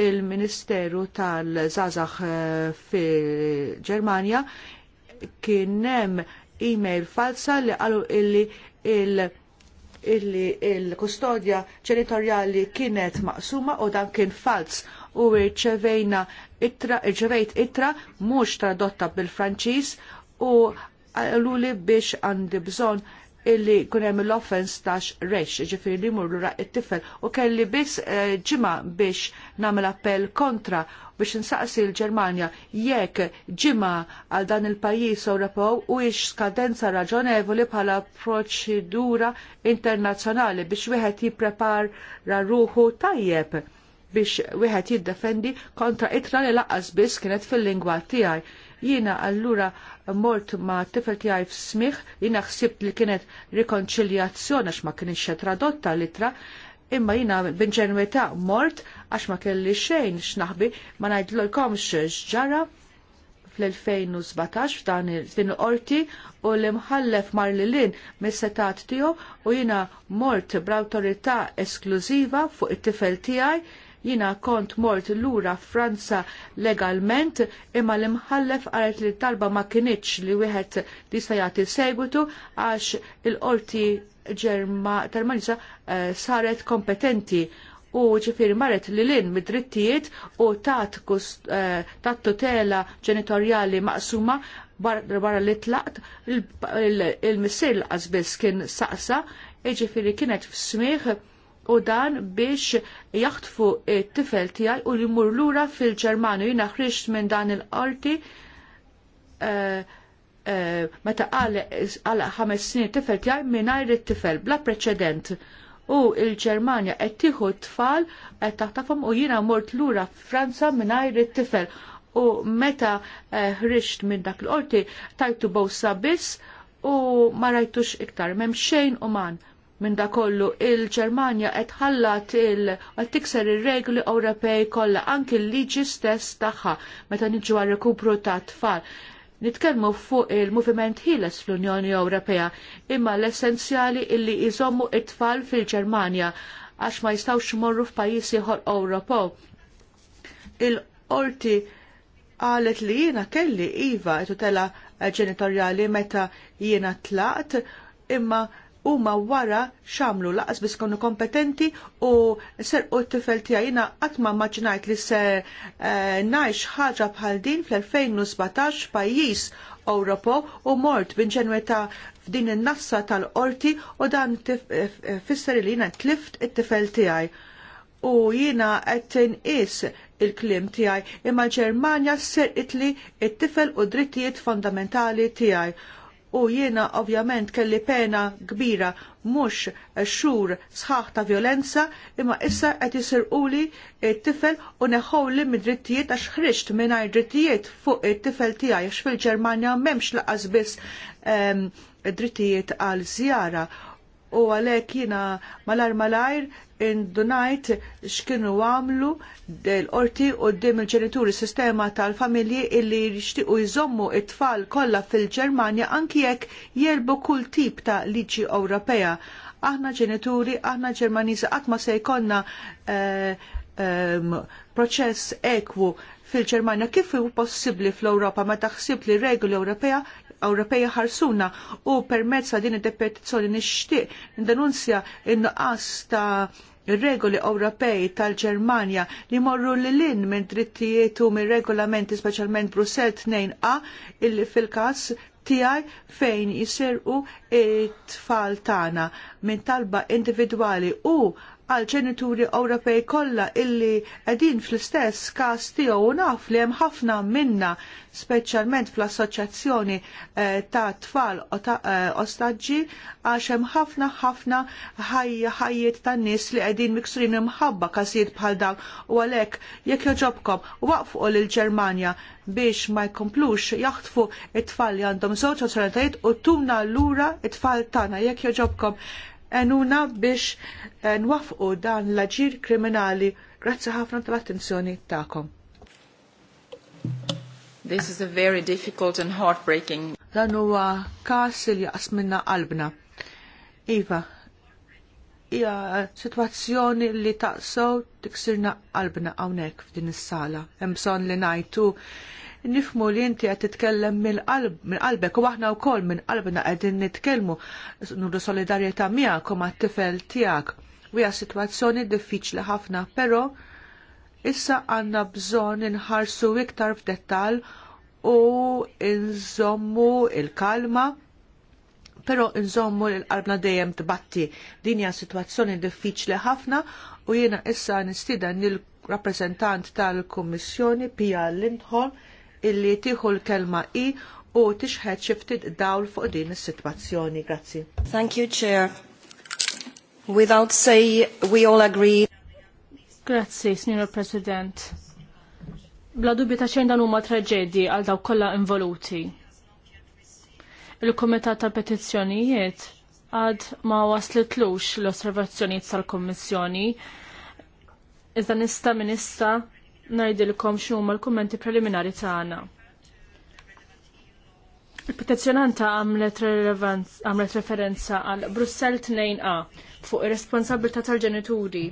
il-Ministeru tal-Zazax eh, fi Ġermanja kien hemm email falsa li qalu illi -il illi il-kustodja ġenitorjali kienet maqsuma u dan kien fals u rċevejna itra, rċevejt itra mhux tradotta bil-Franċiż u għaluli biex għandi bżonn illi kunem l-offens tax reċ, ġifiri li mur l-ra it-tifel u kelli biss eh, ġima biex namel appell kontra biex insaqsi l-Ġermanja jekk ġimma għal dan il-pajjiż Ewropew u ix skadenza raġonevoli bħala proċedura internazzjonali biex wieħed jipprepara ruħu tajjeb biex wieħed jiddefendi kontra itra li laqqas biss kienet fil-lingwa tiegħi. Jiena allura mort ma tifel tiegħi f'smih, jiena ħsibt li kienet rikonċiljazzjoni għax ma kienx tradotta l-itra, imma jina b'inġenwità mort għax ma kelli xejn x'naħbi ma ngħidlilkomx x'ġara fl-2017 f'dan il din qorti u l-imħallef mar lilin mis-setat tiegħu u jina mort bl esklużiva fuq it-tifel tiegħi jina kont mort lura Franza legalment imma l-imħallef għaret li talba ma kienieċ li wieħed li jista' jagħti segwitu għax il-qorti tal malisa eh, saret kompetenti u ġifiri marret li l-in mid-drittijiet u tat, eh, tat tutela ġenitorjali maqsuma barra li tlaqt il-missir l-qasbis kien saqsa ġifiri kienet f-smiħ u dan biex jaħtfu it-tifel tijaj u li mur lura fil-ġermanu jina minn dan il-qorti eh, Eh, meta għal ħames snin tifel tiegħi mingħajr it-tifel bla preċedent. U l-Ġermanja qed tieħu t-tfal qed taħtafhom u jiena mort lura Franza mingħajr it-tifel. U meta eh, ħrixt minn dak l-qorti tajtu bowsa biss u ma rajtux iktar m'hemm xejn uman minn da kollu il-Ġermanja qed ħallat il qed tikser ir-regoli Ewropej kollha anki l-liġi stess tagħha meta niġu għar rekupru ta' tfal nitkellmu fuq il-moviment ħieles fl-Unjoni Ewropea imma l-essenzjali illi jżommu it-tfal fil-Ġermanja għax ma jistawx morru f'pajjiż ieħor Ewropa. Il-qorti qalet li jiena kelli iva tutela ġenitorjali meta jiena tlaqt imma huma wara xamlu laqas bis konu kompetenti u u t-tifel tiegħi jiena qatt ma li se eh, najx ħaġa bħal din fl-2017 pajjiż Ewropo u mort b'inġenwità f'din in-nassa tal-qorti u dan fisser li jiena tlift it-tifel tiegħi u jiena qed is il-klim tiegħi imma l-Ġermanja sserqitli t tifel u drittijiet fondamentali tiegħi u jiena ovvjament kelli pena kbira mhux xhur sħaħ ta' violenza imma issa qed isirquli t-tifel u neħħowli mid-drittijiet għax ħriġt mingħajr drittijiet fuq it-tifel tiegħi għax fil-Ġermanja m'hemmx laqas biss ehm, drittijiet għal żjara u għalhekk jiena malar malajr indunajt x'kienu għamlu l-qorti u d-dim il-ġenituri sistema tal-familji illi jixtiequ jżommu it-tfal kollha fil-Ġermanja anki jekk jelbu kull tip ta' liġi Ewropea. Aħna ġenituri, aħna Ġermaniżi qatt ma se jkollna eh, eh, proċess ekwu fil-Ġermanja kif hu possibbli fl-Ewropa ma taħsib li regoli Ewropea Ewropeja ħarsuna u permezz ta' din id-petizzjoni nixtieq ndenunzja in-nuqqas ta' regoli Ewropej tal-Ġermanja li morru lil-in minn drittijiet u minn regolamenti speċjalment Brussell 2A illi fil-każ tiegħi fejn jisirqu it-tfal tagħna minn talba individwali u għal ċenituri Ewropej kollha illi qegħdin fl-istess każ tiegħu naf li hemm ħafna minna speċjalment fl-assoċjazzjoni eh, ta' tfal eh, ostaġġi għax hemm ħafna ħafna ħajjiet tan nies li qegħdin miksurin imħabba każijiet bħal dawn u għalhekk jekk joġobkom waqfu lil Ġermanja biex ma jkomplux jaħtfu it-tfal li għandhom żewġ awtoritajiet u tumna lura it-tfal tagħna jekk joġobkom enuna biex eh, nwafqu dan l-aġir kriminali. Grazzi ħafna tal-attenzjoni ta'kom. This is a very difficult and heartbreaking. Dan huwa każ li jaqas minna qalbna. Iva, hija sitwazzjoni li taqsow tiksirna qalbna hawnhekk f'din is-sala. Hemm bżonn li ngħidu nifmu li inti qed titkellem minn qalbek u aħna wkoll minn qalbna qegħdin nitkellmu nudu solidarjetà miegħek u mat-tifel tiegħek. Wija sitwazzjoni diffiċli ħafna, però issa għandna bżonn inħarsu iktar f'dettall u nżommu il-kalma pero nżommu l-qalbna dejjem tbatti din hija sitwazzjoni diffiċli ħafna u jiena issa nistida nil rappresentant tal-Kummissjoni Pia Lindholm illi tieħu l-kelma i u tixħed xiftit ftit dawl fuq din is-sitwazzjoni. Grazzi. Thank you, Chair. Without say, we all agree. Grazzi, Signor President. Bla dubbi ta' xejn dan huma traġedji għal dawk kollha involuti. Il-Kumitat tal Petizzjonijiet għad ma waslitlux l-osservazzjonijiet tal-Kommissjoni. Iżda nista' minista ngħidilkom x'huma l-kummenti preliminari tagħna. Il-petizjonanta għamlet referenza għal Brussel 2A fuq ir-responsabilità tal-ġenituri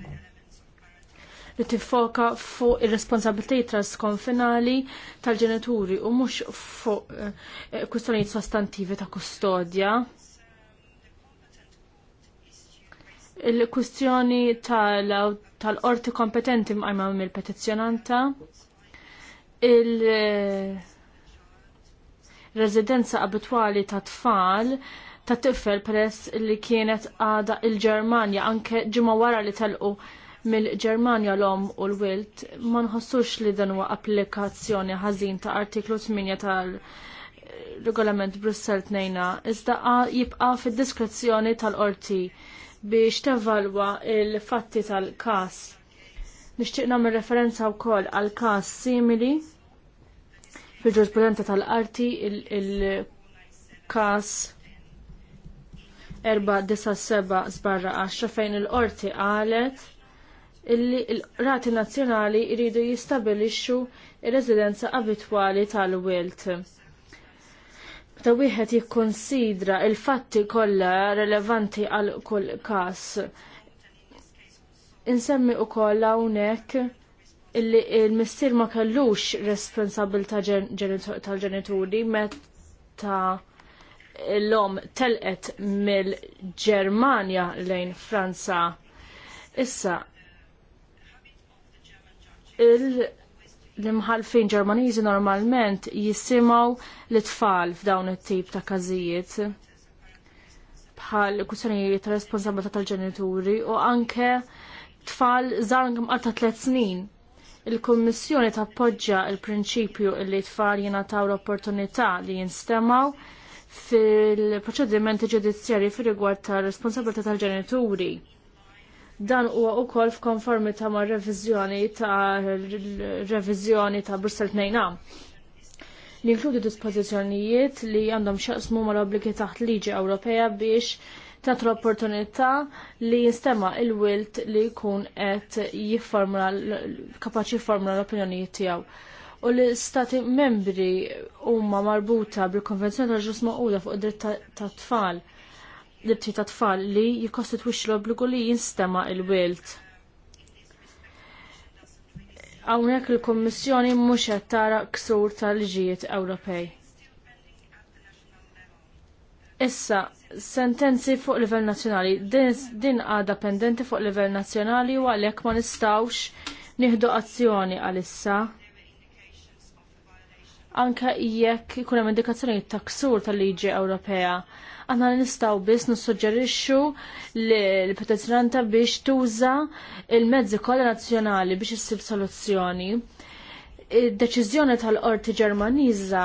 li tiffoka fuq ir-responsabiltajiet trasconfinali tal-ġenituri u mhux fuq eh, kwistjonijiet sostantivi ta' kustodja. Il-kustjoni tal-orti tal kompetenti mqajma mill-petizzjonanta, il-residenza abitwali ta' tfal ta' tifel press li kienet għada il-Germania anke ġimma wara li telqu mill-Ġermanja l-om u l-Wilt ma nħossux li dan huwa applikazzjoni ħażin ta' artiklu 8 tal-regolament Brussel tnejna iżda jibqa' fid-diskrezzjoni tal-qorti biex tevalwa il-fatti tal-kas. Nixtieq nagħmel referenza wkoll għal kas simili fil-ġurisprudenza tal-qarti il-kas 497 sbarra 10 fejn il-qorti qalet illi l-rati nazzjonali jridu jistabilixxu il residenza abitwali tal-wilt jista' wieħed jikkonsidra il-fatti kollha relevanti għal kull każ. Insemmi wkoll hawnhekk illi l missier ma kellux responsabilità tal-ġenituri meta l-om telqet mill-Ġermanja lejn Franza. Issa, il- l-imħalfin ġermaniżi normalment jisimaw l-tfal f'dawn it-tip ta' każijiet bħal kwistjonijiet ta' responsabilità tal-ġenituri u anke tfal żgħar għal ta' tliet snin. Il-Kummissjoni tappoġġja l prinċipju li tfal jingħataw l-opportunità li jinstemaw fil-proċedimenti ġudizzjarji fir rigward tar responsabilità tal-ġenituri dan huwa wkoll f'konformità ma' reviżjoni ta' reviżjoni ta' Brussel 2 li inkludi dispożizzjonijiet li għandhom xaqsmu mal obbligi taħt liġi Ewropea biex tagħtu opportunità li jinstema' il-wilt li jkun qed jifformula kapaċi jifformula l-opinjonijiet tiegħu. U l-istati membri huma marbuta bil-Konvenzjoni tal ġus Maquda fuq id-dritt tat-tfal. Ta l-ibti ta' tfal li jikostu l-obbligu li jinstema il-wilt. Hawnhekk il-Kummissjoni mhux qed tara ksur tal-liġijiet Ewropej. Issa, sentenzi fuq livell nazzjonali, din għadha pendenti fuq livell nazzjonali u għalhekk ma nistawx nieħdu azzjoni għalissa. Anke jekk ikun hemm indikazzjonijiet ta' ksur tal-liġi Ewropea aħna nistaw biss nissuġġerixxu l-petizjonanta biex tuża il-mezzi kollha nazzjonali biex issib soluzzjoni. Id-deċiżjoni tal-Qorti Ġermaniża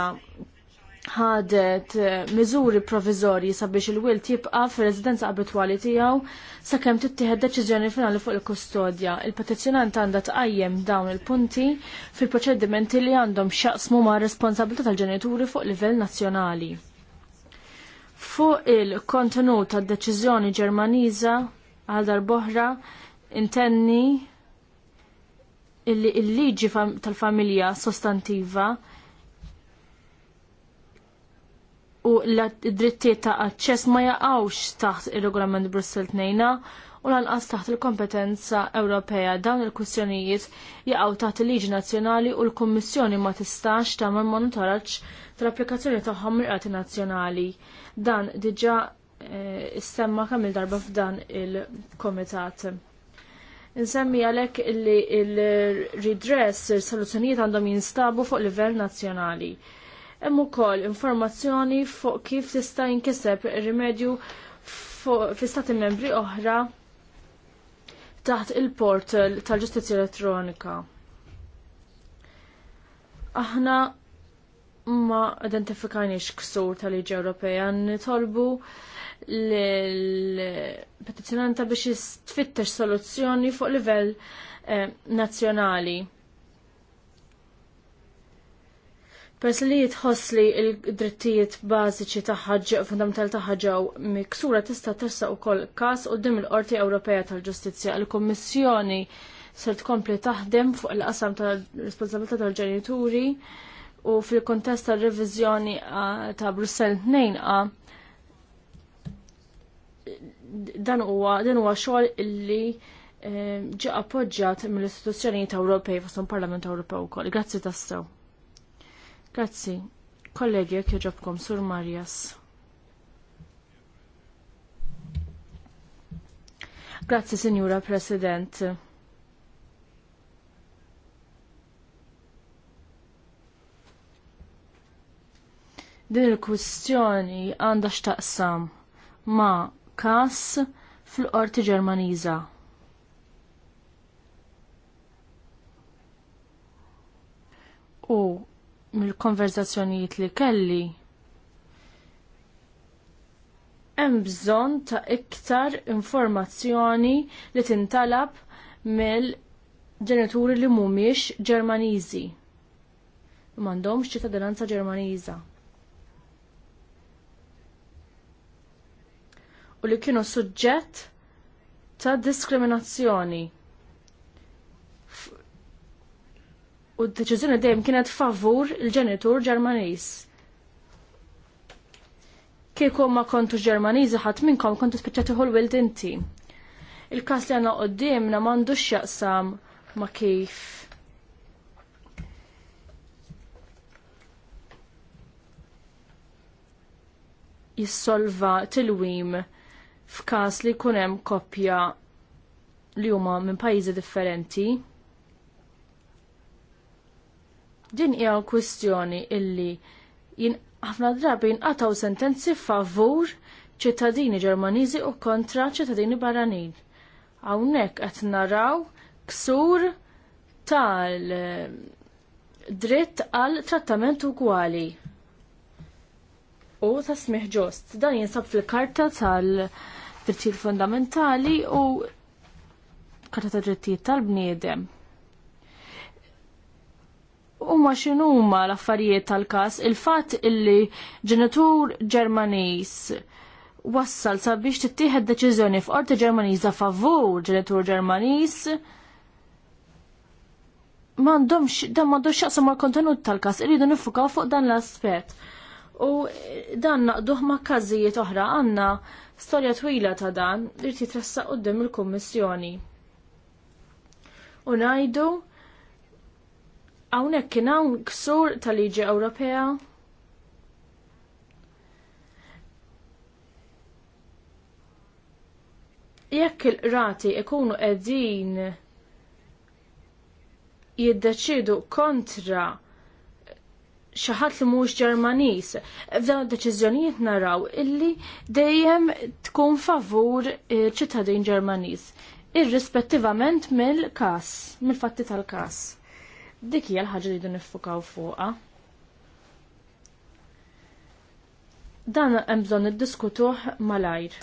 ħadet miżuri provizorji sabiex il-wilt jibqa' fir-residenza abitwali tiegħu sakemm tittieħed deċiżjoni finali fuq il-kustodja. Il-petizzjonant għandha tqajjem dawn il-punti fil-proċedimenti li għandhom x'jaqsmu ma' responsabilità tal-ġenituri fuq livell nazzjonali. Fuq il-kontenut tad deċiżjoni Ġermaniża għal darboħra intenni il-liġi tal-familja sostantiva u l-drittiet ta' aċċess ma jaqgħux taħt ir-regolament Brussel tnejna u lanqas taħt il-kompetenza Ewropea dawn il-kwistjonijiet jaqgħu taħt il-liġi nazzjonali u l-Kummissjoni ma tistax tagħmel monitoraġġ tal-applikazzjoni tagħhom mill-qrati nazzjonali. Dan diġa issemma eh, kemm il-darba f'dan il-komitat. Nsemmi għalek li il-redress, il-soluzzjonijiet għandhom jinstabu fuq livell nazzjonali. Hemm ukoll informazzjoni fuq kif tista' jinkiseb rimedju fi stati membri oħra taħt il-port tal-ġustizzja elettronika. Aħna ma identifikajniex ksur tal-liġi Ewropea, nitolbu l-petizjonanta biex jistfittex soluzzjoni fuq livell eh, nazzjonali. Pers li jitħossli il-drittijiet bażiċi taħħaġ, fundamental taħħaġaw miksura tista' tersa wkoll każ quddiem il-Qorti Ewropea tal-Ġustizzja. l kummissjoni se tkompli taħdem fuq il-qasam tal-responsabilità tal-ġenituri. tal responsabilità tal ġenituri u fil-kontest tal-revizjoni uh, ta' Brussel 2a uh, dan huwa dan huwa xogħol illi eh, ġi appoġġjat mill-istituzzjonijiet Ewropej fost parlament Ewropew ukoll. Grazzi tassew. Grazzi. Kollegi, jekk joġobkom, Sur Marjas. Grazzi, signora President. Din il-kwistjoni għandha x'taqsam ma' kas fil-qorti Ġermaniża. U mill-konverzazzjonijiet li kelli hemm bżonn ta' iktar informazzjoni li tintalab mill-ġenituri li mhumiex Ġermaniżi. M'għandhomx ċittadinanza Ġermaniża. u li kienu suġġett ta' diskriminazzjoni. U d-deċiżjoni dejjem kienet favur il-ġenitur Ġermaniż. Kieku ma kontu Ġermaniżi ħadd minnkom kontu spiċċa tieħu l-wild inti. Il-każ li għandna qudiemna m'għandux jaqsam ma kif jissolva tilwim f'każ li jkun hemm koppja li huma minn pajjiżi differenti. Din hija kwistjoni illi ħafna drabi jinqataw sentenzi favur ċittadini Ġermaniżi u kontra ċittadini barranin. Hawnhekk qed naraw ksur tal dritt għal trattament ugwali. U ta' smih ġost, dan jinsab fil-karta tal- drittijiet fundamentali u karta ta' drittijiet tal-bniedem. Huma x'inhuma l-affarijiet tal-każ il-fatt illi ġenitur Ġermaniż wassal sabiex tittieħed deċiżjoni f'qorti Ġermaniż favur ġenitur Ġermaniż m'għandhomx dan m'għandhomx jaqsam mal-kontenut tal-każ iridu nifukaw fuq dan l-aspett. U dan naqduh ma' każijiet oħra għandna Storja twila ta' dan li titressa qoddim il-Kummissjoni. U ngħidu hawnhekk kien hawn ksur tal-liġi Ewropea jekk il-qrati ikunu qegħdin jiddeċidu kontra xaħat li mux Ġermanis. f'dan id-deċiżjonijiet naraw illi dejjem tkun favur ċittadin Ġermaniż, irrispettivament mill-każ, mill-fatti tal-każ. Dik hija l-ħaġa li jdu niffukaw fuqha. Dan hemm bżonn iddiskutuh malajr.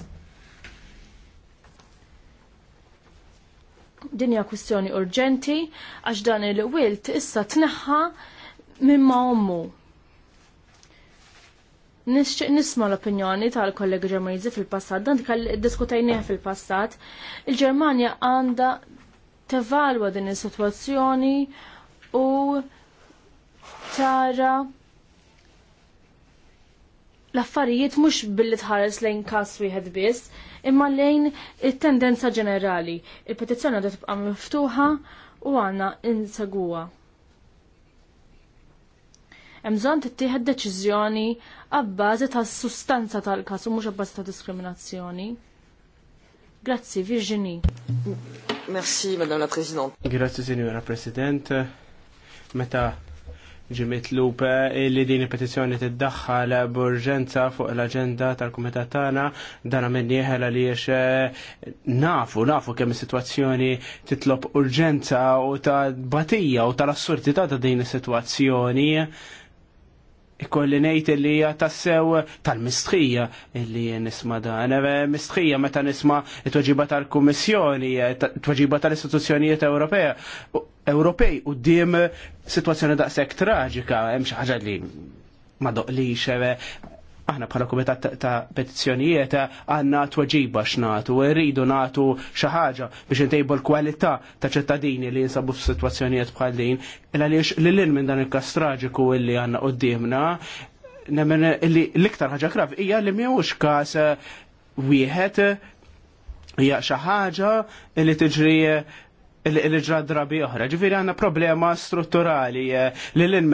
Din hija kwistjoni urġenti għax dan il-wilt issa tneħħa mimma ommu. Nisċiq nisma l-opinjoni tal-kollegi ġermanizi fil-passat, dan diskutajnieh fil-passat, il ġermania għandha tevalwa din is-sitwazzjoni u tara l-affarijiet mhux billi tħares lejn każ wieħed biss, imma lejn it-tendenza ġenerali. Il-petizzjoni għadha tibqa' miftuħa u għandna inseguha hemm bżonn tittieħed deċiżjoni għabbażi tas-sustanza tal-każ u mhux għabbażi ta' diskriminazzjoni. Grazzi, Virginie. Merci, Madame la Presidente. Grazzi, Signora President. Meta ġimiet lupe li din il-petizjoni tiddaħħal urġenza fuq l-agenda tal-kumitat tagħna dan minn jeħela li jiex eh, nafu nafu kemm is-sitwazzjoni titlob urġenza u ta' batija u tal-assurdità ta' din is-sitwazzjoni ikolli ngħid li hija tassew tal-mistħija illi nisma dan. Mistħija meta nisma t-tweġiba tal-Kummissjoni, t-tweġiba tal-istituzzjonijiet Ewropea. Ewropej u d-dim situazzjoni daqshekk traġika, hemm xi ħaġa li ma doqlix aħna bħala kumitat ta' petizzjonijiet għanna tweġiba x'natu, rridu natu xi ħaġa biex intejbu l-kwalità ta' ċittadini li jinsabu f'sitwazzjonijiet bħal din. Għaliex lil minn dan il-każ traġiku li għandna qudiemna, nemmen li l-iktar ħaġa krav hija li mhijiex każ wieħed hija xi ħaġa li tiġri li ġra drabi oħra. Ġifieri għandna problema strutturali eh, li l-in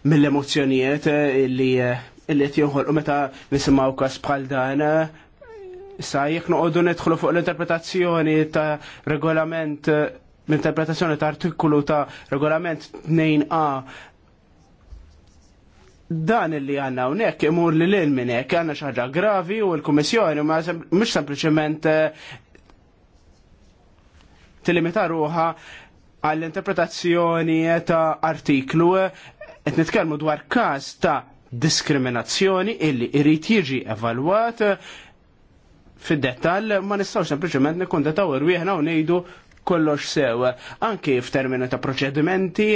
mill-emozjonijiet eh, li illi jtieħol u meta nisimaw kas bħal dan sa jek noqogħdu nidħlu fuq l-interpretazzjoni ta' regolament l-interpretazzjoni ta' artikolu ta' regolament 2A dan illi għanna unek imur li l-minnek għanna xaġa gravi u l-Komissjoni ma mux sempliciment eh, tilimita ruħa għall-interpretazzjoni ta' artiklu et eh, nitkellmu dwar kas ta' diskriminazzjoni illi irrit jiġi evalwat eh, fid-dettall ma nistgħux sempliċement nikun detaw irwieħna u ngħidu kollox sew. Anki f'termini ta' proċedimenti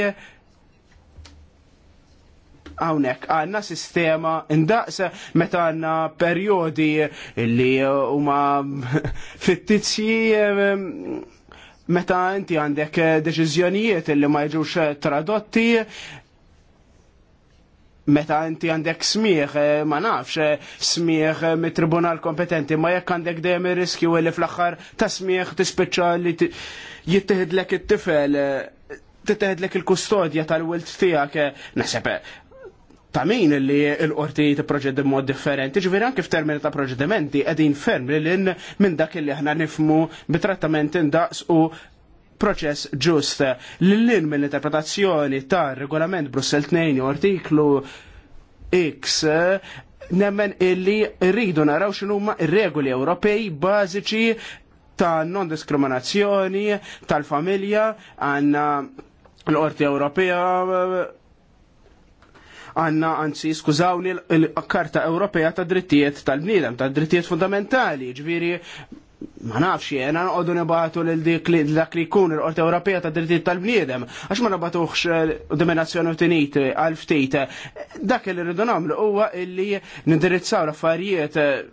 għawnek għanna sistema indaqsa meta għanna periodi li huma fittizji eh, meta inti għandek deċiżjonijiet li ma jiġux tradotti meta inti għandek smieħ, eh, ma nafx, eh, smieħ eh, mit tribunal kompetenti, ma jekk għandek dejjem ir-riskju li fl-aħħar ta' smieħ tispiċċa li jittieħdlek it-tifel, titeħdlek il-kustodja tal-wilt tiegħek, naħseb ta' min li l-qorti t-proġed mod differenti, ġviri anke f'termini ta' proġedimenti, għedin ferm li l-in minn dak li aħna nifmu bit-trattament indaqs u proċess ġust. L-lin mill-interpretazzjoni ta' regolament Brussel 2 u artiklu X nemmen illi rridu naraw x'inhuma ir-regoli Ewropej bażiċi ta' non-diskriminazzjoni tal-familja għanna l-Qorti Ewropea għanna għanzi skużawni l-Karta Ewropea ta' drittijiet tal-bniedem, ta' drittijiet fundamentali, ġviri ma nafx jena nqogħdu nibatu lil dik li dak li jkun il-Qorti Ewropea ta' Drittijiet tal-Bniedem għax ma nabatuħx eh, dominazzjoni utinit għal ftit. Dak li rridu nagħmlu huwa illi nindirizzaw l-affarijiet eh,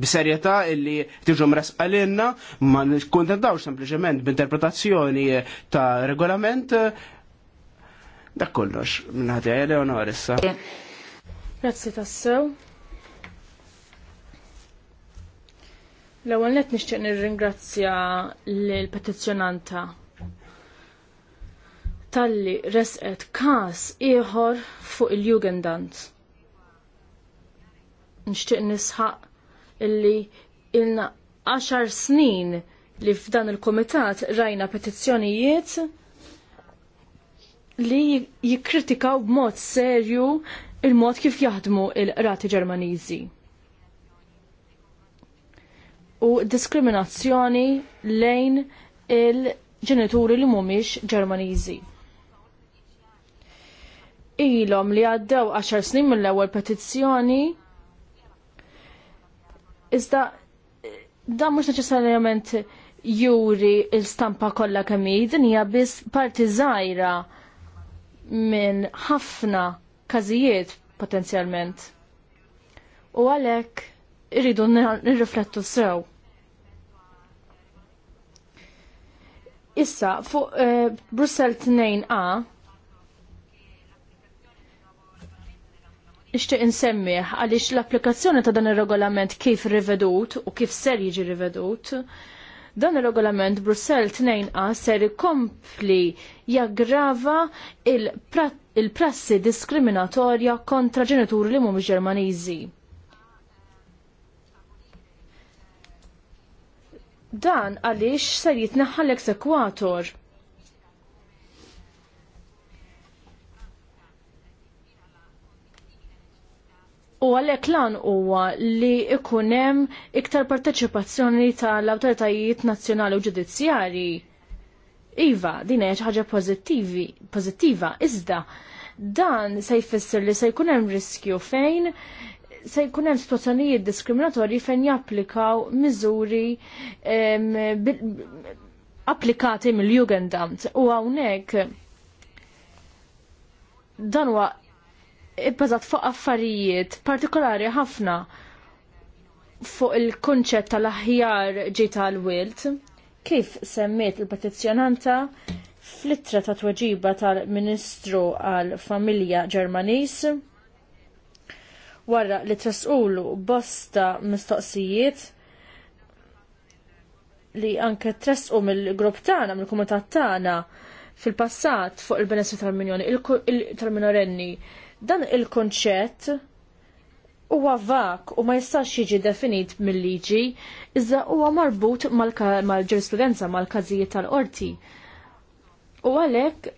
b'serjetà illi tiġu mresqalinna ma nkuntentawx sempliċement b'interpretazzjoni eh, ta' regolament dak kollox minn ħadja Leonor issa. Grazzi tassew. L-ewwel nett nixtieq nirringrazzja lill-petizzjonanta talli resqet każ ieħor fuq il-Jugendant. Nixtieq nisħaq illi ilna 10 snin li f'dan il kumitat rajna petizzjonijiet li jikkritikaw b'mod serju il-mod kif jaħdmu il-rati Ġermaniżi u diskriminazzjoni lejn il-ġenituri li mhumiex Ġermaniżi. Ilhom li għaddew 10 snin mill-ewwel petizzjoni iżda dan mhux neċessarjament juri l-stampa kollha kemm din hija biss parti żgħira minn ħafna każijiet potenzjalment. U għalhekk irridu nirriflettu sew. Issa, fuq eh, Brussel 2A, Ixtieq insemmiħ għaliex l-applikazzjoni ta' dan ir-regolament kif rivedut u kif ser jiġi rivedut, dan ir-regolament Brussell 2A ser kompli jaggrava il-prassi il prassi diskriminatorja kontra ġenituri li mhumiex Ġermaniżi. Dan għaliex ser jitnaħħal l-eksekwator. U għalhekk lan huwa li ikun hemm iktar parteċipazzjoni tal-awtoritajiet nazzjonali u ġudizzjarji. Iva, din hija xi ħaġa pożittiva, iżda dan se jfisser li se jkun hemm riskju fejn se jkun hemm situazzjonijiet diskriminatorji fejn japplikaw miżuri applikati mill-Jugendamt u hawnhekk dan huwa ibbażat fuq affarijiet partikolari ħafna fuq il-konċett tal-aħjar ġej tal-wilt kif semmiet il-petizzjonanta fl-ittra ta' tweġiba tal-Ministru għal Familja Ġermaniż wara li trasqulu bosta mistoqsijiet li anke trasqu mill-grupp tagħna, mill-kumitat tagħna fil-passat fuq il-benessri tal-minjoni tal-minorenni. Dan il-konċett huwa vak u ma jistax jiġi definit mill-liġi, iżda huwa marbut mal-ġurisprudenza, mal-każijiet tal-qorti. U għalhekk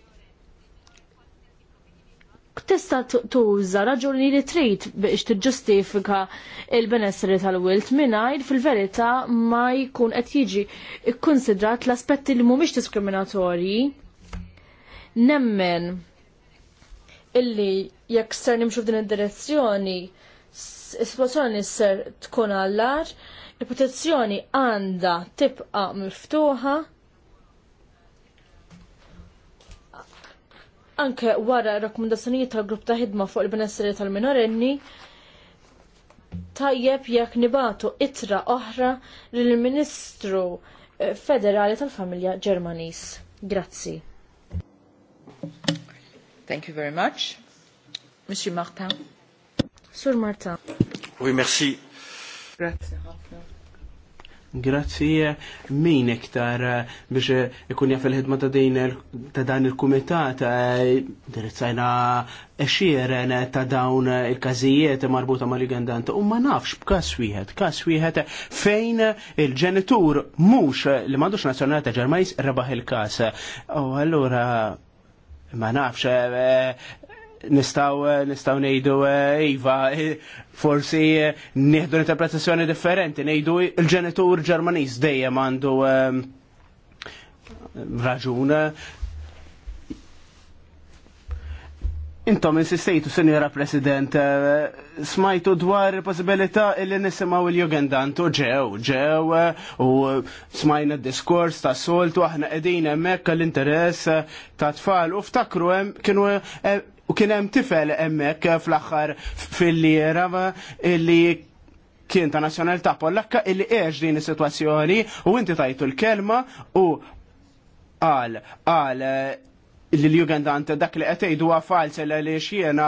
tista tuża raġuni li trid biex tiġġustifika il-benessri tal-wilt mingħajr fil-verità ma jkun qed jiġi kkunsidrat l-aspetti li mhumiex diskriminatorji nemmen illi jekk ser nimxu f'din id-direzzjoni is sitwazzjoni ser tkun allar, il-protezzjoni għandha tibqa' miftuħa anke wara rakkomandazzjonijiet tal-grupp ta' ħidma fuq il benessri tal-minorenni tajjeb jekk nibatu itra oħra lill ministru eh, Federali tal-Familja Ġermanis. Grazzi. Thank you very much. Monsieur Martin. Sur Martin. Oui, merci. Grazie. Grazzi min iktar eh, biex eh, ikun jaf il-ħidma ta' din ta' dan il-kumitat eh, dirizzajna xieren ta' dawn il-każijiet marbuta ma' ligandanta u ma nafx b'każ wieħed, każ wieħed fejn il-ġenitur mhux li m'għandux ta' Ġermajs rebaħ il-każ. U allura ma nafx nistaw nistaw nejdu eh, Iva, eh, forsi eh, nieħdu interpretazzjoni differenti, nejdu il-ġenitur Ġermaniż dejjem għandu raġun. Intom insistejtu, Sinjora President, smajtu dwar il-possibilità illi nisimaw il-jugendant u ġew, ġew, u smajna diskors ta' soltu, aħna edin emmek l-interess ta' tfal, u ftakru kienu U kien hemm tifel hemmhekk fl-aħħar fil-lira li kien ta' ta' Pollakka illi eġ din is-sitwazzjoni u inti tajtu l-kelma u għal qal illi l dak li għetejdu għafalse li xiena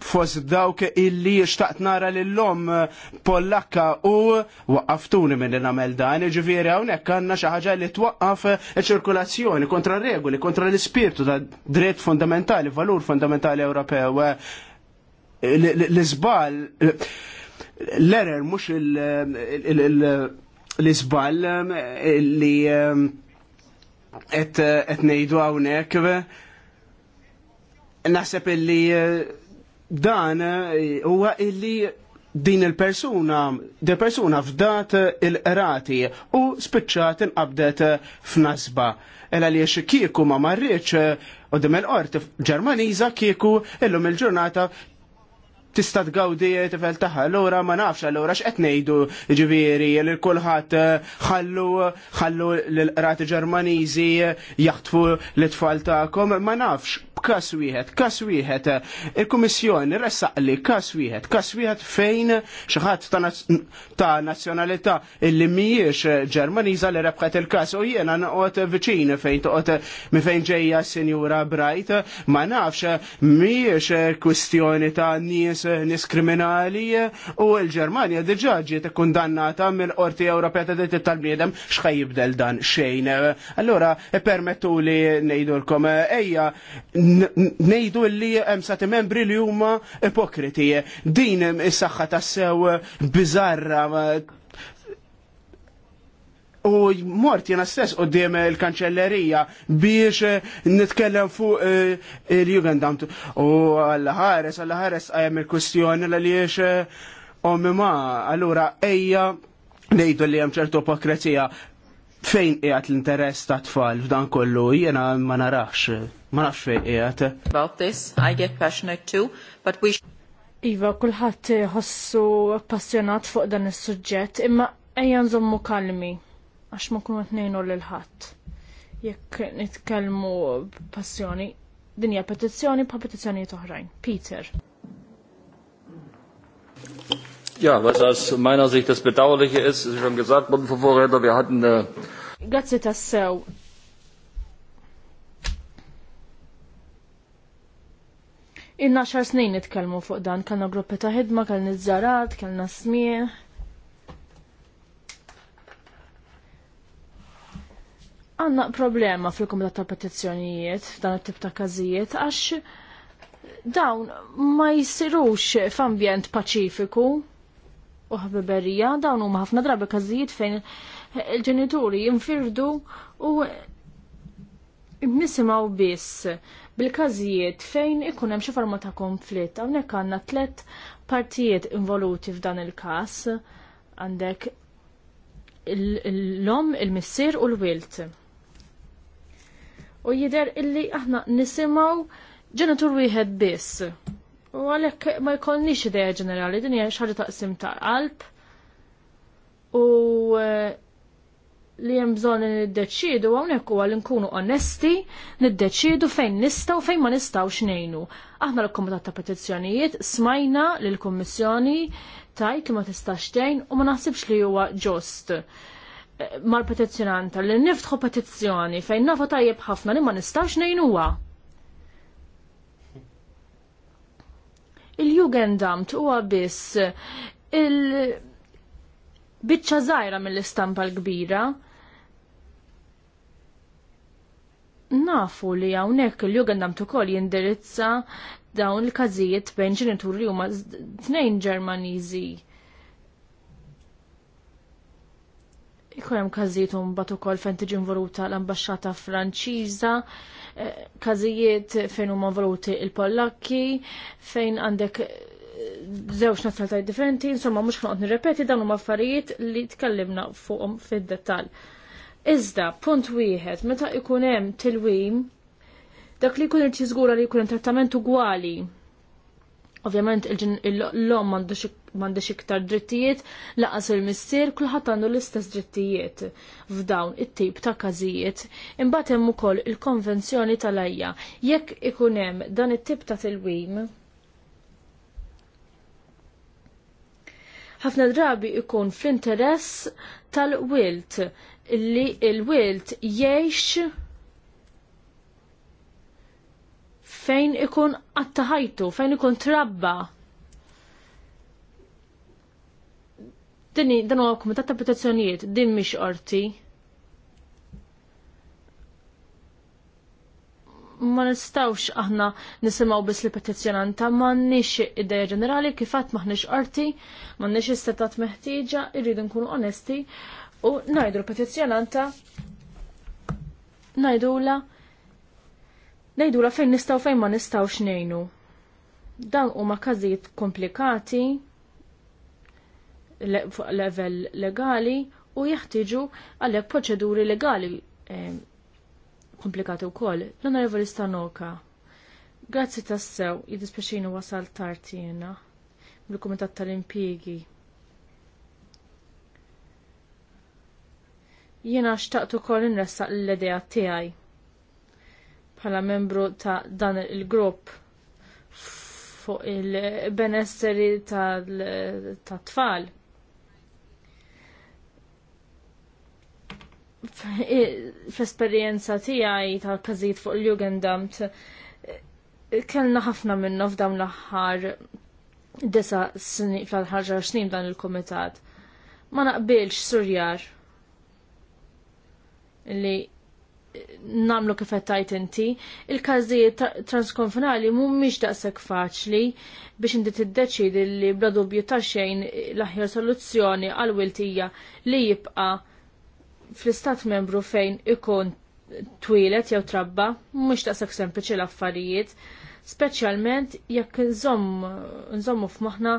fost dawk illi xtaqt nara l-lom eh, pollakka u waqqaftuni minn li namel dan, ġiviri għawnek għanna xaħġa li twaqqaf ċirkulazzjoni kontra regoli, kontra l-spirtu ta' dritt fundamentali, valur fundamentali Ewropew. Eh, l-izbal, l-erer mux l-izbal eh, li et, eh, et nejdu għawnek. Nasib illi eh, dan eh, huwa illi din il-persuna, de persuna fdat il-rati u spiċċat inqabdet f'nasba. Ela li kieku ma marriċ u dim il-qort ġermaniza kieku illum il-ġurnata tista' tgawdi tifel taħħa. Allura ma nafx allura x'qed ngħidu ġifieri li kulħadd eh, ħallu ħallu l rati Ġermaniżi jaħtfu l-tfal tagħkom, ma nafx b'każ wieħed, każ wieħed. Eh, Il-Kummissjoni ressaqli każ wieħed, każ wieħed fejn xi ħadd ta' nazzjonalità illi mhijiex Ġermaniża li rebħet il-każ u jiena noqgħod viċin fejn toqgħod eh, minn fejn ġejja Sinjura Bright, ma nafx mhijiex kwistjoni ta' nies nies eh, niskriminali eh, u l-Ġermanja diġà ġiet ikkundannata mill-Qorti Ewropea ta' Dritti tal-Bniedem x'ħaj jibdel dan xejn. Eh. Allura permettu li ngħidulkom ejja ngħidu li hemm sati membri li huma ipokriti. Din is-saħħa tassew biżarra U mort jena stess u il-kanċellerija biex eh, nitkellem fuq eh, il jugendamtu U għall-ħares, għall-ħares għajem il-kustjoni l-għaliex u eh, mima, allura eja nejdu li jem ċertu ipokrazija fejn qiegħed l-interess ta' tfal f'dan kollu jiena ma narax, ma nafx fejn qiegħed. About this, I get passionate too, but we Iva, kulħadd ħossu appassjonat fuq dan is-suġġett, imma ejja nżommu kalmi għax ma kunu t-nejnu l-ħat. Jekk nitkelmu passjoni, dinja petizzjoni pa' petizjoni toħrajn. Peter. Ja, was aus meiner Sicht das Bedauerliche ist, ist schon gesagt worden von Vorredner, wir hatten eine... Äh, Grazie tassew. Inna xar snin nitkelmu fuq dan, kellna gruppi ta' ħidma, kellna zzarat, kellna smieħ għanna problema fil-Komitat tal-Petizzjonijiet f'dan it-tip ta' każijiet għax dawn ma jsirux f'ambjent paċifiku u ħbiberija, dawn huma ħafna drabi każijiet fejn il-ġenituri jinfirdu u nisimaw biss bil-każijiet fejn ikun hemm xi forma ta' konflitt. Hawnhekk għandna tliet partijiet involuti f'dan il-każ għandek l-lom, il-missir u l-wilt u jider illi aħna nisimaw ġenitur wieħed biss. U għalhekk ma jkollniex idea ġenerali, din hija xi ħaġa taqsim ta' qalb u eh, li hemm bżonn niddeċiedu hawnhekk huwa li nkunu onesti, niddeċiedu fejn nistgħu fejn ma nistgħux ngħinu. Aħna l-Kumitat ta' Petizzjonijiet smajna lill kummissjoni tajt li ma tistax tgħin u ma naħsibx li huwa ġost mal petizzjonanta li niftħu petizzjoni fejn nafu tajjeb ħafna li ma nistax nejnuwa. Il-Jugendamt huwa biss il- biċċa żgħira mill-istampa l-kbira. Nafu li hawnhekk il-Jugendamt ukoll jindirizza dawn il-każijiet bejn ġenituri huma tnejn Ġermaniżi Ikun hemm każijiet mbagħad ukoll fejn tiġi involuta l-ambaxxata Franċiża, eh, każijiet fejn huma involuti il-Pollakki, fejn għandek eh, żewġ nazzjonalitajiet differenti, insomma mhux noqgħod nirrepeti dawn huma affarijiet li tkellimna fuqhom fid-dettall. Iżda, punt wieħed, meta ikun hemm tilwim, dak li jkun irid jiżgura li jkun hemm trattament ugwali Ovvjament l-lom m'għandux iktar drittijiet, laqas il-missier kulħadd għandu l-istess drittijiet f'dawn it-tip ta' każijiet. Imbagħad hemm ukoll il-konvenzjoni tal-ajja. Jekk ikun hemm dan it-tip ta' tilwim, ħafna drabi ikun fl-interess tal-wilt li l-wilt jgħix fejn ikun attaħajtu, fejn ikun trabba. Dini, dan huwa għakum, ta' petizzjonijiet, din mhix qorti. Ma nistawx aħna nisimgħu biss li petizzjonanta m'għandniex ideja ġenerali kif nix maħniex qorti, m'għandniex istatat meħtieġa, irridu nkun onesti u ngħidu l-petizzjonanta la' ngħidula fejn nistgħu fejn ma nistgħux xnejnu. Dan huma każijiet komplikati fuq level legali u jeħtiġu għalhekk proċeduri legali eh, komplikati wkoll. L-Onorevoli Stanoka. Grazzi tassew, jidispeċinu wasal tarti jena, mill-Komitat tal-Impjegi. Jena xtaqtu n-ressa l ledja tijaj bħala membru ta' dan il-grupp fuq il-benesseri ta' tfal. F'esperjenza tiegħi ta' każijiet fuq il-Jugendamt kellna ħafna minnu f'dawn l-aħħar disa snin fl-aħħar snin dan il-kumitat. Ma naqbilx surjar li namlu kif qed inti, il-każijiet transkonfinali mhumiex daqshekk faċli biex inti tiddeċidi li bla dubju ta' xejn l-aħjar soluzzjoni għal wiltija li jibqa' fl-istat membru fejn ikun twilet jew trabba mhux daqshekk sempliċi l-affarijiet, speċjalment jekk nżommu f'moħħna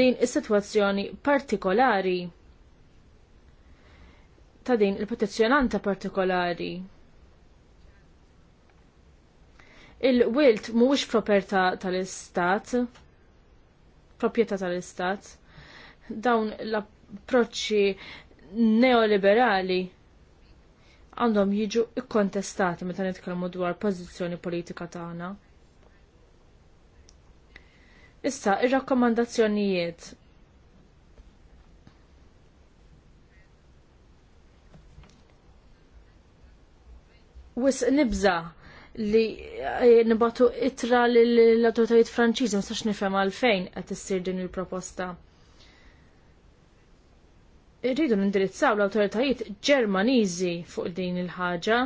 din is-sitwazzjoni partikolari ta' din il-petizzjonanta partikolari il-wilt mhuwiex proprjetà tal-istat, proprjetà tal-istat, dawn l-approċċi neoliberali għandhom jiġu ikkontestati meta nitkellmu dwar pożizzjoni politika tagħna. Issa, ir-rakkomandazzjonijiet wis nibza li eh, nibatu itra l-autoritajiet franċiżi, ma sax nifhem għalfejn qed issir din il-proposta irridu nindirizzaw l awtoritajiet ġermaniżi fuq din il-ħaġa.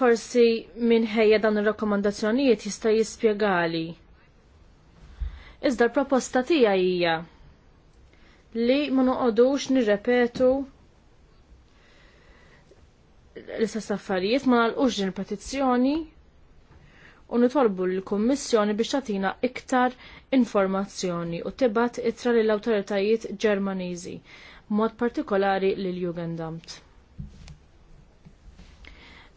Forsi minħejja dan ir-rakkomandazzjonijiet jista' jispjegali. Iżda l-proposta tiegħi hija li ma noqogħdux nirrepetu l-istess affarijiet ma nagħlqux din il-petizzjoni u nitolbu l-Kummissjoni biex tagħtina iktar informazzjoni u tibat ittra lill awtoritajiet Ġermaniżi, mod partikolari lil Jugendamt.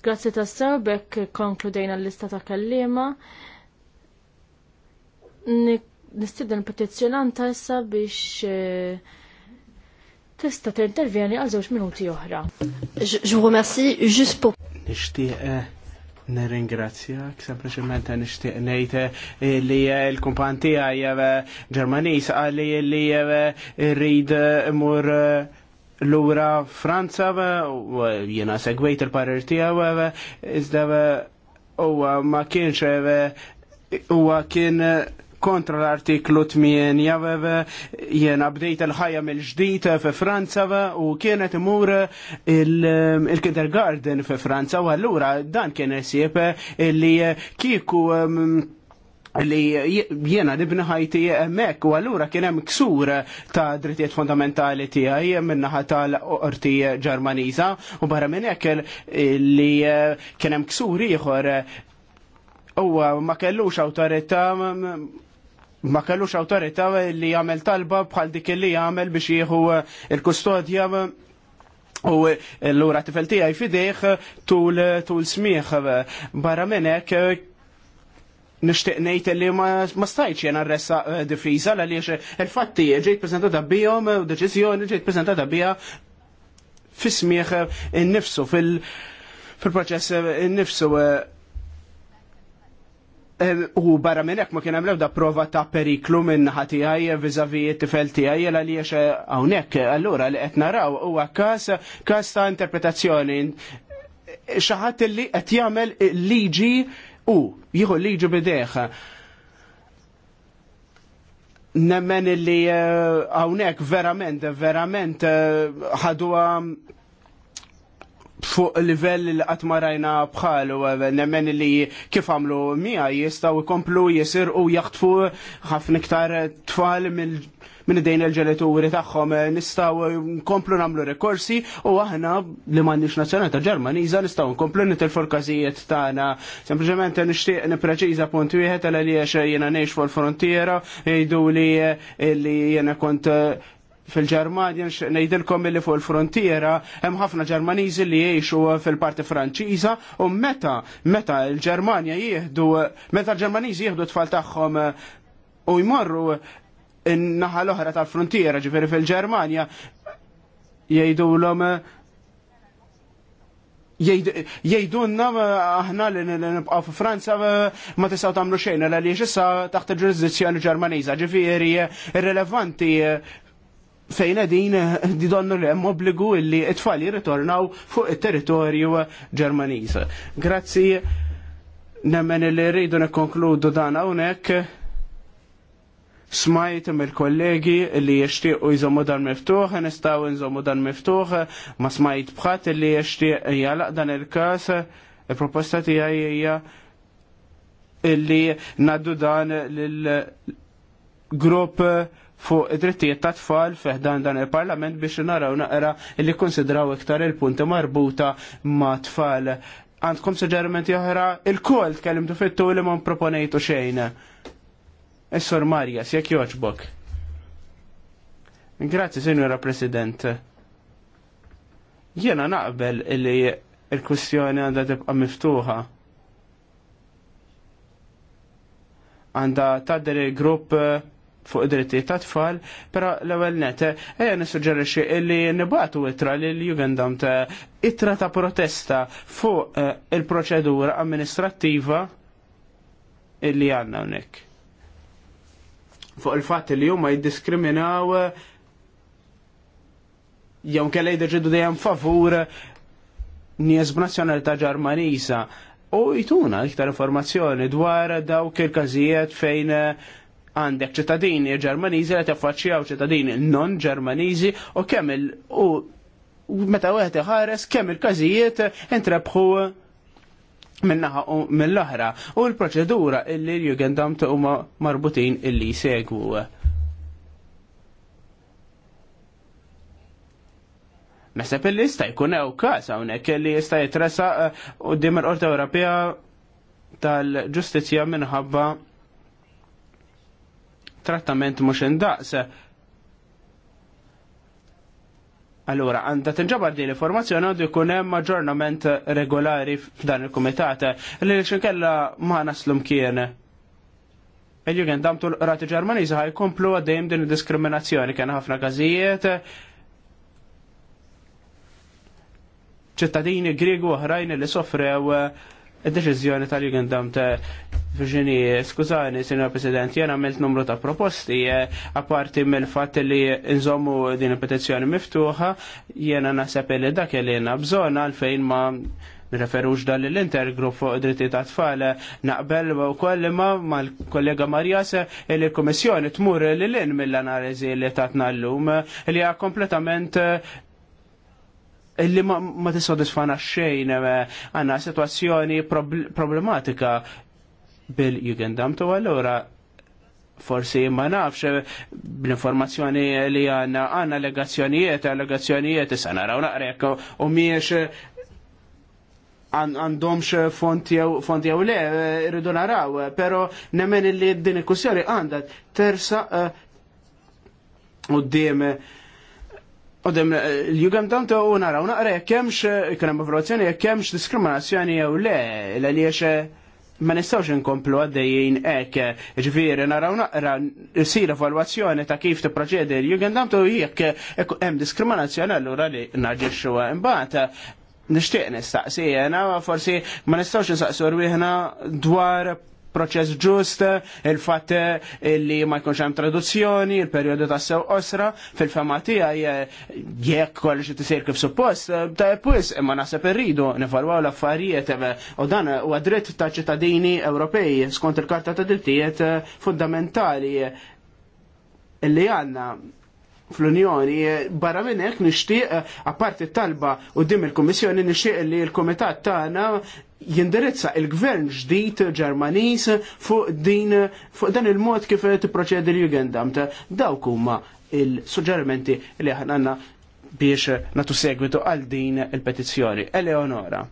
Grazzi ta' bekk konkludejna l-lista ta' kellima. Nistiden petizzjonanta issa biex eh, tista' t-intervjeni għal zewġ minuti oħra. Je remercie juste pour Nixtieq eh, nirringrazzjak, sempliċement ngħid eh, li eh, l-kumpan tiegħi Ġermanis għalli li rrid imur lura Franza u jiena segwejt il-parir tiegħu iżda huwa ma kienx huwa kien kontra l-artiklu 8 jena bdejt l-ħajja mill-ġdid fi Franza u kienet imur il-kindergarten fi Franza u allura dan kien sieb li kieku mm, li jena nibni ħajti emmek u allura kien hemm ksur ta' drittijiet fundamentali tiegħi minnaħa tal-qorti Ġermaniża u barra minn hekk li kien hemm ksur ieħor u ma kellux awtorità ma kellux awtorità li jagħmel talba bħal dik li jagħmel biex jieħu eh, il-kustodja u eh, l-ura tifel tiegħi fidejh tul tul smieħ barra minn hekk nixtieq ngħid li ma stajtx jena rressa eh, difiża għaliex il-fatti ġejt preżentata bihom u deċiżjoni ġejt preżentata biha fi smieħ innifsu fil- fil-proċess innifsu U barra minn hekk ma kien hemm da prova ta' periklu minn għaj vizavi t-tifel għaj l għaliex eh, hawnhekk allura li qed naraw huwa każ każ ta' interpretazzjoni Xaħat li qed jagħmel liġi u jieħu liġi bidejh. Nemmen li eh, hawnhekk verament verament eh, ħadu fuq livell li qatt ma rajna bħalu nemmen li kif għamlu mija jistgħu jkomplu jisirqu u jaħtfu ħafna iktar tfal minn dejn il-ġenituri tagħhom nistgħu nkomplu nagħmlu rekorsi u aħna li m'għandniex nazzjonali ta' Ġermaniża nistgħu nkomplu nitilfu l-każijiet tagħna. Sempliċement nixtieq nippreċiża punt wieħed għal għaliex jiena ngħix fuq il-frontiera jgħidu li jiena kont fil-Ġermanja ngħidilkom illi fuq il-frontiera hemm ħafna Ġermaniżi li jgħixu fil-parti Franċiża u meta meta l-Ġermanja jieħdu meta l-Ġermaniżi jieħdu tfal tagħhom u jmorru in-naħa l-oħra tal-frontiera ġifieri fil-Ġermanja jgħidulhom jgħidunna aħna li nibqaw fi Franza ma tistgħu tagħmlu xejn, għal li issa taħt il-ġurisdizzjoni Ġermaniża ġifieri irrelevanti fejn din eh, di donnu l-hemm obbligu illi it-tfal jirritornaw fuq it-territorju eh, Ġermaniż. Grazzi nemmen li rridu nikkonkludu dan hawnhekk smajt mill-kollegi li jishtiq u jżommu dan miftuħ, nistaw nżommu dan miftuħ, ma smajt bħat li jishtiq jalaq dan il-kas, il-proposta tijaj hija illi naddu dan l-grupp fuq id-drittijiet ta' tfal feħdan dan il-Parlament biex naraw naqra li konsidraw iktar il-punti marbuta ma' tfal. Għandkom suġġerimenti oħra il-kol tkellimtu fit-tu li ma' proponejtu xejn. Essor Marjas, jekk joċbok. Grazzi, Signora President. Jena naqbel li il-kwistjoni għandha tibqa' miftuħa. Għandha tadri grupp eh, fuq id-drittijiet ta' tfal, però l-ewwel net, ejja illi li itra ittra lil Jugendam ta' itra ta' protesta fuq eh, il-proċedura amministrattiva illi għandna hawnhekk. Fuq il fat li huma jiddiskriminaw jom kella jiddeċidu dejjem favur nies b'nazzjonalità Ġermanisa u jituna iktar informazzjoni dwar dawk il-każijiet fejn eh, għandek ċittadini ġermaniżi li tiffaċċjaw ċittadini non ġermaniżi u kemm il u meta wieħed iħares kemm il-każijiet intrebħu minnaħa u mill-oħra u l-proċedura illi l-Jugendamt huma marbutin illi jsegwu. Nasab illi jista' jkun hemm każ hawnhekk illi jista' jitresa eh, quddiem il-Qorti Ewropea tal-Ġustizzja minħabba trattament mhux indaqs. Allura, għanda tinġabar din l-informazzjoni għandu jkun hemm aġġornament regolari f'dan il-kumitat li xinkella ma naslum kien. Il-jugend damtu l-rati ġermaniżi ħajkomplu għaddejjem din il-diskriminazzjoni kien ħafna każijiet ċittadini Griegu oħrajn li sofrew id-deċiżjoni tal-Jugendam ta' Virginie, skużani, Sinjor President, jena għamilt numru ta' proposti, eh, apparti mill-fat li nżommu din il-petizjoni miftuħa, jena nasab li dak li jena bżon għalfejn ma nreferux dal l-intergrupp fuq dritti ta' tfal naqbel u koll ma mal-kollega Marjas li l-Komissjoni tmur l-in mill-analizi li ta' tnallum li hija kompletament illi ma tissodisfana xejn eh, għanna situazzjoni problematika bil-Jugendam tu għallura forsi ma nafx eh, bl-informazzjoni li għanna għanna allegazzjonijiet, allegazzjonijiet, issa naraw naqrek u miex eh, għandhomx fonti jew le, rridu naraw, pero nemmen li din il-kussjoni għandha tersa u d Għodem, eh, l jugam tanto u naraw naqra jek kemx, eh, kienem bavrozzjoni, jekkemx diskriminazzjoni jew le, l-għaliex eh, ma nistawx nkomplu għaddejjien ek, ġviri nara u naqra sir evaluazzjoni ta' kif ti proċedi l jugam tanto u jek hemm diskriminazzjoni għallura li naġiexu għembat. Nishtiq nistaqsi, jena, forsi ma nistawx nistaqsu rwiħna dwar proċess ġust, il-fatt li ma jkunx hemm traduzzjoni, il-perjodu ta' sew osra, fil-fema tiegħi jekk kollox tisir kif suppost, ta' pwis imma naħseb irridu nifalwaw l-affarijiet u dan huwa dritt ta' ċittadini Ewropej skont il-Karta ta' Drittijiet fundamentali li għandna fl-Unjoni, barra minn hekk nixtieq, apparti talba u dim il-Kummissjoni, nixtieq li l-Kumitat tagħna jindirizza il-gvern ġdid Ġermaniż fuq din fuq dan il-mod kif tipproċedi l jugendam Dawk huma il-suġġerimenti li aħna għandna biex natu segwitu għal din il-petizzjoni. Eleonora,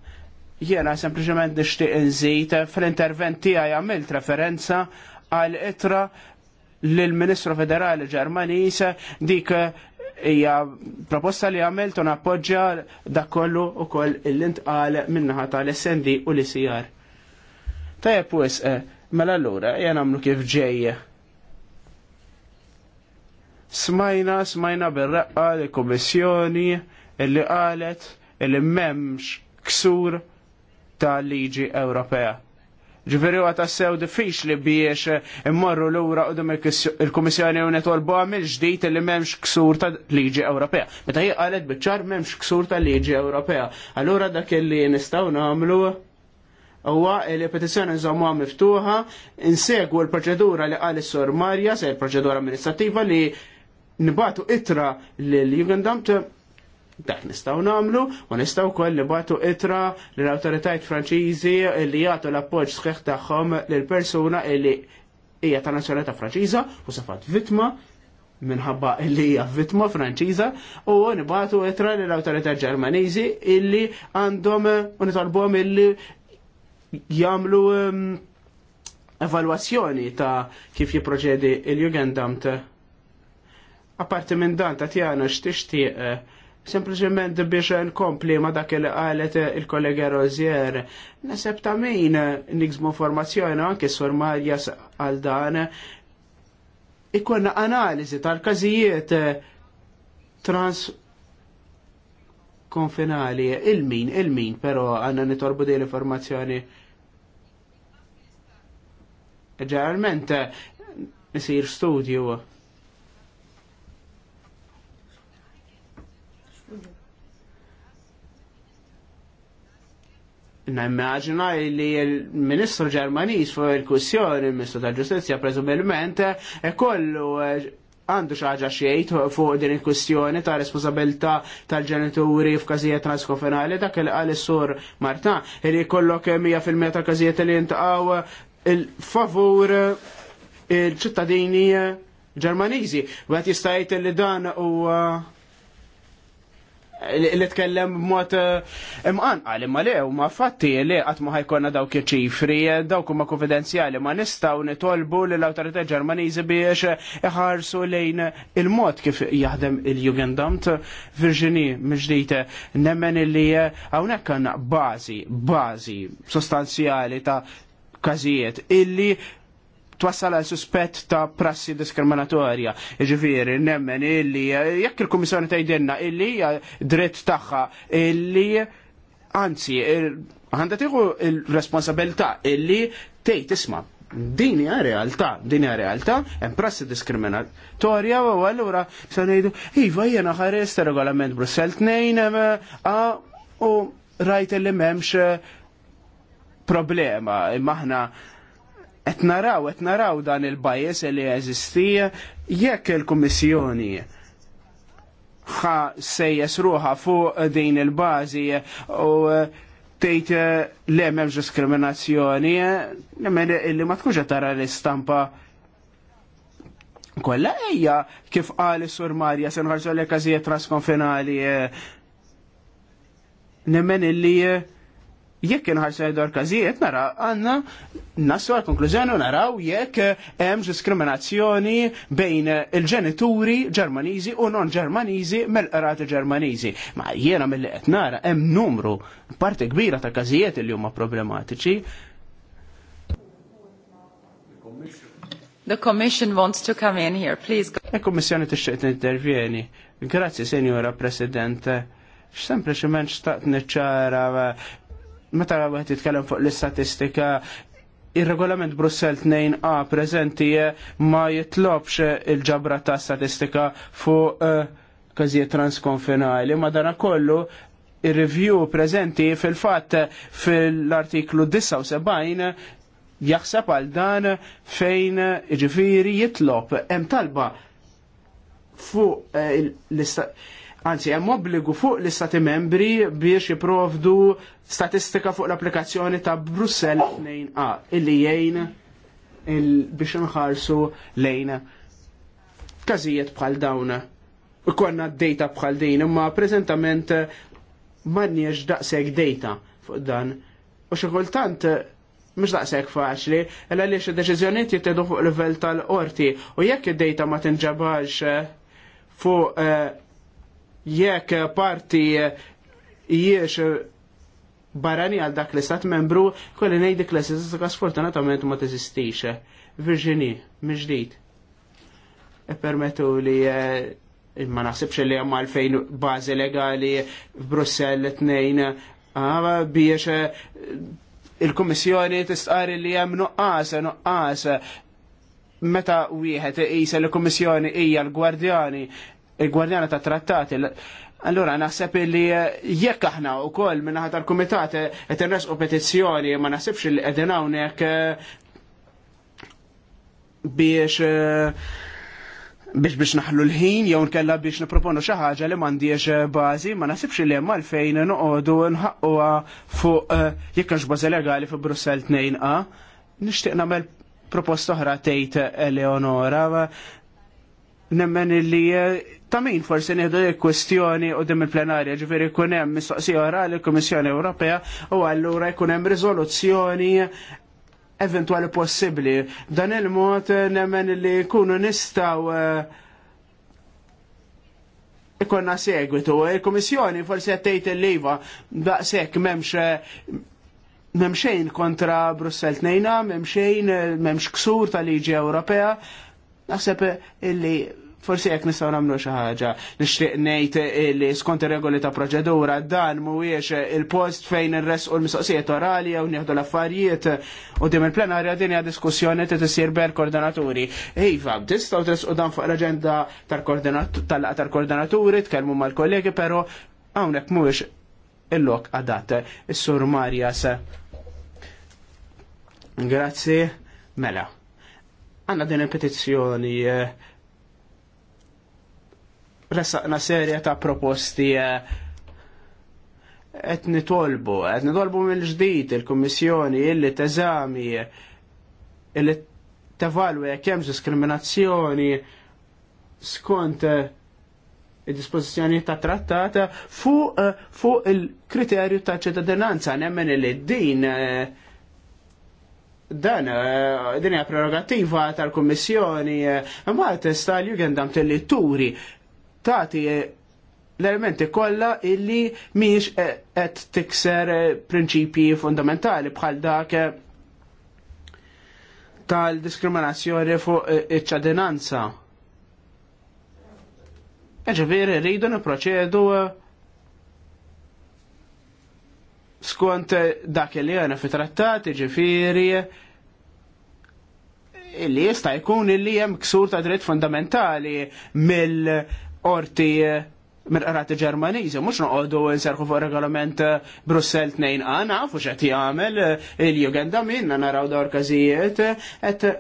jiena sempliċement nixtieq inżid fl-intervent tiegħi għamilt referenza għal itra lill-Ministru Federali Ġermaniż dik hija proposta li għamel ton appoġġja dak kollu u koll il-lint għal minnaħa tal-SND u l-ICR. Tajab wis, eh, mela l-ura, jena għamlu kif ġeje. Smajna, smajna bil-raqqa li komissjoni illi qalet, illi memx ksur tal-liġi Ewropea. Ġifiri għat tassew diffiċ li biex eh, immorru l-ura u il-Komissjoni u netolbu għamil ġdijt li memx ksur ta' liġi Ewropea. Meta hi qalet bieċar memx ksur ta' liġi Ewropea. Allura dak li nistaw namlu huwa li petizjoni nżommuha miftuħa, insegwu l-proċedura li qal sur Marja, se l-proċedura amministrativa li nibatu itra l-Jugendamt dak nistaw namlu u nistaw koll li batu itra l-autoritajt franċiżi li jgħatu l-appoġġ sħiħ tagħhom lill-persuna li hija ta' nazzjonalità franċiża u safat vittma minħabba li hija vittma franċiża u nibatu itra l awtorità ġermaniżi illi għandhom u nitolbhom illi jagħmlu um, evalwazzjoni ta' kif jipproġedi il-Jugendamt. Apparti minn dan ta' tjana x'tixtieq Sempliciment biex nkompli ma dak li qalet il-kollega Rozier. Nasib ta' min nigżmu formazzjoni anke s-sur Marjas għal dan. Ikonna analiżi tal-każijiet trans konfinali, il-min, il-min, pero għanna nitorbu di l-informazzjoni. Ġeneralment, nisir studju Nimmaġina li il-Ministru Ġermanis fuq il-kussjoni, il-Ministru ta' Ġustizja, presumibilment, e kollu e, għandu xaġa xejn fuq din il kwissjoni ta' responsabilità tal-ġenituri f'każijiet transkofenali, dak il qal sur Marta li jkollok 100% ta' każijiet li jintqgħu il-favur il-ċittadini Ġermaniżi. Wet jista' jgħid li dan huwa li tkellem b'mod eh, imqanqal ma le huma fatti li qatt ma ħajkonna dawk iċ-ċifri dawk huma konfidenzjali ma nistgħu nitolbu li l awtorità Ġermaniżi biex iħarsu lejn il-mod kif jaħdem il-Jugendamt Virginie mġdita nemmen li eh, hawnhekk għandna bażi bażi sostanzjali ta' każijiet illi twassal għal suspett ta' prassi diskriminatorja. Ġifiri, nemmen illi, jekk il-Komissjoni tgħidilna illi dritt tagħha illi anzi, għandha tieħu il-responsabilità illi tgħid isma' din hija realtà, din hija realtà, hemm prassi diskriminatorja u allura se ngħidu iva jiena ħares regolament Brussell tnejn u rajt li m'hemmx problema imma aħna qed naraw qed naraw dan il bajes li jeżisti jekk il-Kummissjoni ħa sejjes ruħa fuq din il-bażi u tgħid le m'hemmx diskriminazzjoni, nemmen illi ma tkunx qed tara l-istampa Kolla ejja kif qal is-Sur Marja se nħarsu l-każijiet trasconfinali nemmen illi jekk id dwar każijiet nara għandna nassu għal konklużjoni u naraw jekk eh, hemm diskriminazzjoni bejn il-ġenituri Ġermaniżi u non Ġermaniżi mill-qrati Ġermaniżi. Ma jiena mill qed nara hemm numru parti kbira ta' każijiet li huma problematiċi. The Commission wants to come in here, please. Il-Kommissjoni e tixtieq intervjeni. Grazzi, Senjora President. Sempliċement xtaqt niċċara meta għet jitkellem fuq l-istatistika, il-regolament Brussel 2A prezenti ma jitlobx il-ġabra ta' statistika fuq eh, kazijiet transkonfinali, ma dana kollu il-review prezenti fil-fat fil-artiklu 79 jaħseb għal dan fejn ġifiri jitlob. Em talba fuq eh, l-istatistika Anzi, hemm obbligu fuq l-istati membri biex jiprovdu statistika fuq l-applikazzjoni ta' Brussel 2A illi jgħin biex nħarsu lejn każijiet bħal dawn. Ikonna data bħal din, imma preżentament m'għandniex daqshekk data fuq dan. U xi kultant mhux daqshekk faċli, illa li id deċiżjonijiet jittieħdu fuq livell tal-qorti u jekk id-data ma tinġabax fuq eh, jekk parti jiex barani għal dak l-istat membru, kolli nejdik l-istatistika sfortunatament ma teżistix. Virginie, mġdijt. E permetu li e, ma naħsibx li għamma għalfejn bazi legali f'Brussell t tnejn biex e, il-Komissjoni tistqari li hemm nuqqas, nuqqas meta wieħed jisa l-Komissjoni hija l-Gwardjani il-gwardjana ta' trattati. Allora, naħseb li eh, jekk aħna u koll minna tal-komitat et eh, nres u petizjoni, ma naħsebx li edin hawnhekk eh, biex biex biex naħlu l-ħin, jew nkella biex niproponu xi ħaġa li m'għandix bażi, ma nasibx li hemm għalfejn noqogħdu nħaqquha fuq jekk għax bażi legali fi Brussell tnejn a. Nixtieq nagħmel proposta oħra tgħid Eleonora, nemmen li ta' min forsi nieħdu l-kwestjoni u dim il-plenarja ġifiri jkun hemm mistoqsija orali l-Kummissjoni Ewropea u allura jkun hemm riżoluzzjoni eventwali possibbli. Dan il-mod nemmen li jkunu nistgħu eh, ikonna segwitu. il kummissjoni forsi għattejt il-liva m'hemmx memx memxejn kontra Brussel tnejna, memxejn memx ksur tal-liġi Ewropea. Naħseb illi forsi jekk nistgħu nagħmlu xi ħaġa. nejt ngħid li skont ir-regoli ta' proċedura dan mhuwiex il-post fejn irresqu l-mistoqsijiet orali jew nieħdu l-affarijiet u dim il-plenarja din hija diskussjoni t-sir ber koordinaturi. Iva, tistgħu tresqu dan fuq l-aġenda tal-koordinaturi, tkellmu mal-kollegi, però hawnhekk mhuwiex il-lok għadat. Is-sur se. Grazzi, mela. Għanna din il-petizzjoni eh, resaqna serja ta' proposti eh, qed nitolbu, qed nitolbu mill-ġdid il-Kummissjoni illi teżami illi tevalwi jekk hemm diskriminazzjoni skont eh, il disposizjoni ta' trattata fuq eh, fu il-kriterju ta' ċittadinanza nemmen li din dan din hija prerogativa tal-Kummissjoni imma tista' l-Jugendam turi Tati l-elementi kollha illi miex e, qed tikser e, prinċipji fundamentali bħal dak e, tal-diskriminazzjoni fuq iċ-ċadinanza. Eġveri rridu niproċedu skont dak li għana fi trattati ġifiri illi jista jkun illi jem ksur ta' dritt fundamentali mill orti eh, mirqarat ġermaniżi, mux noqogħdu nserħu fuq regolament eh, Brussel 2A, nafu x'qed jagħmel eh, il-jugenda minna naraw dawn każijiet qed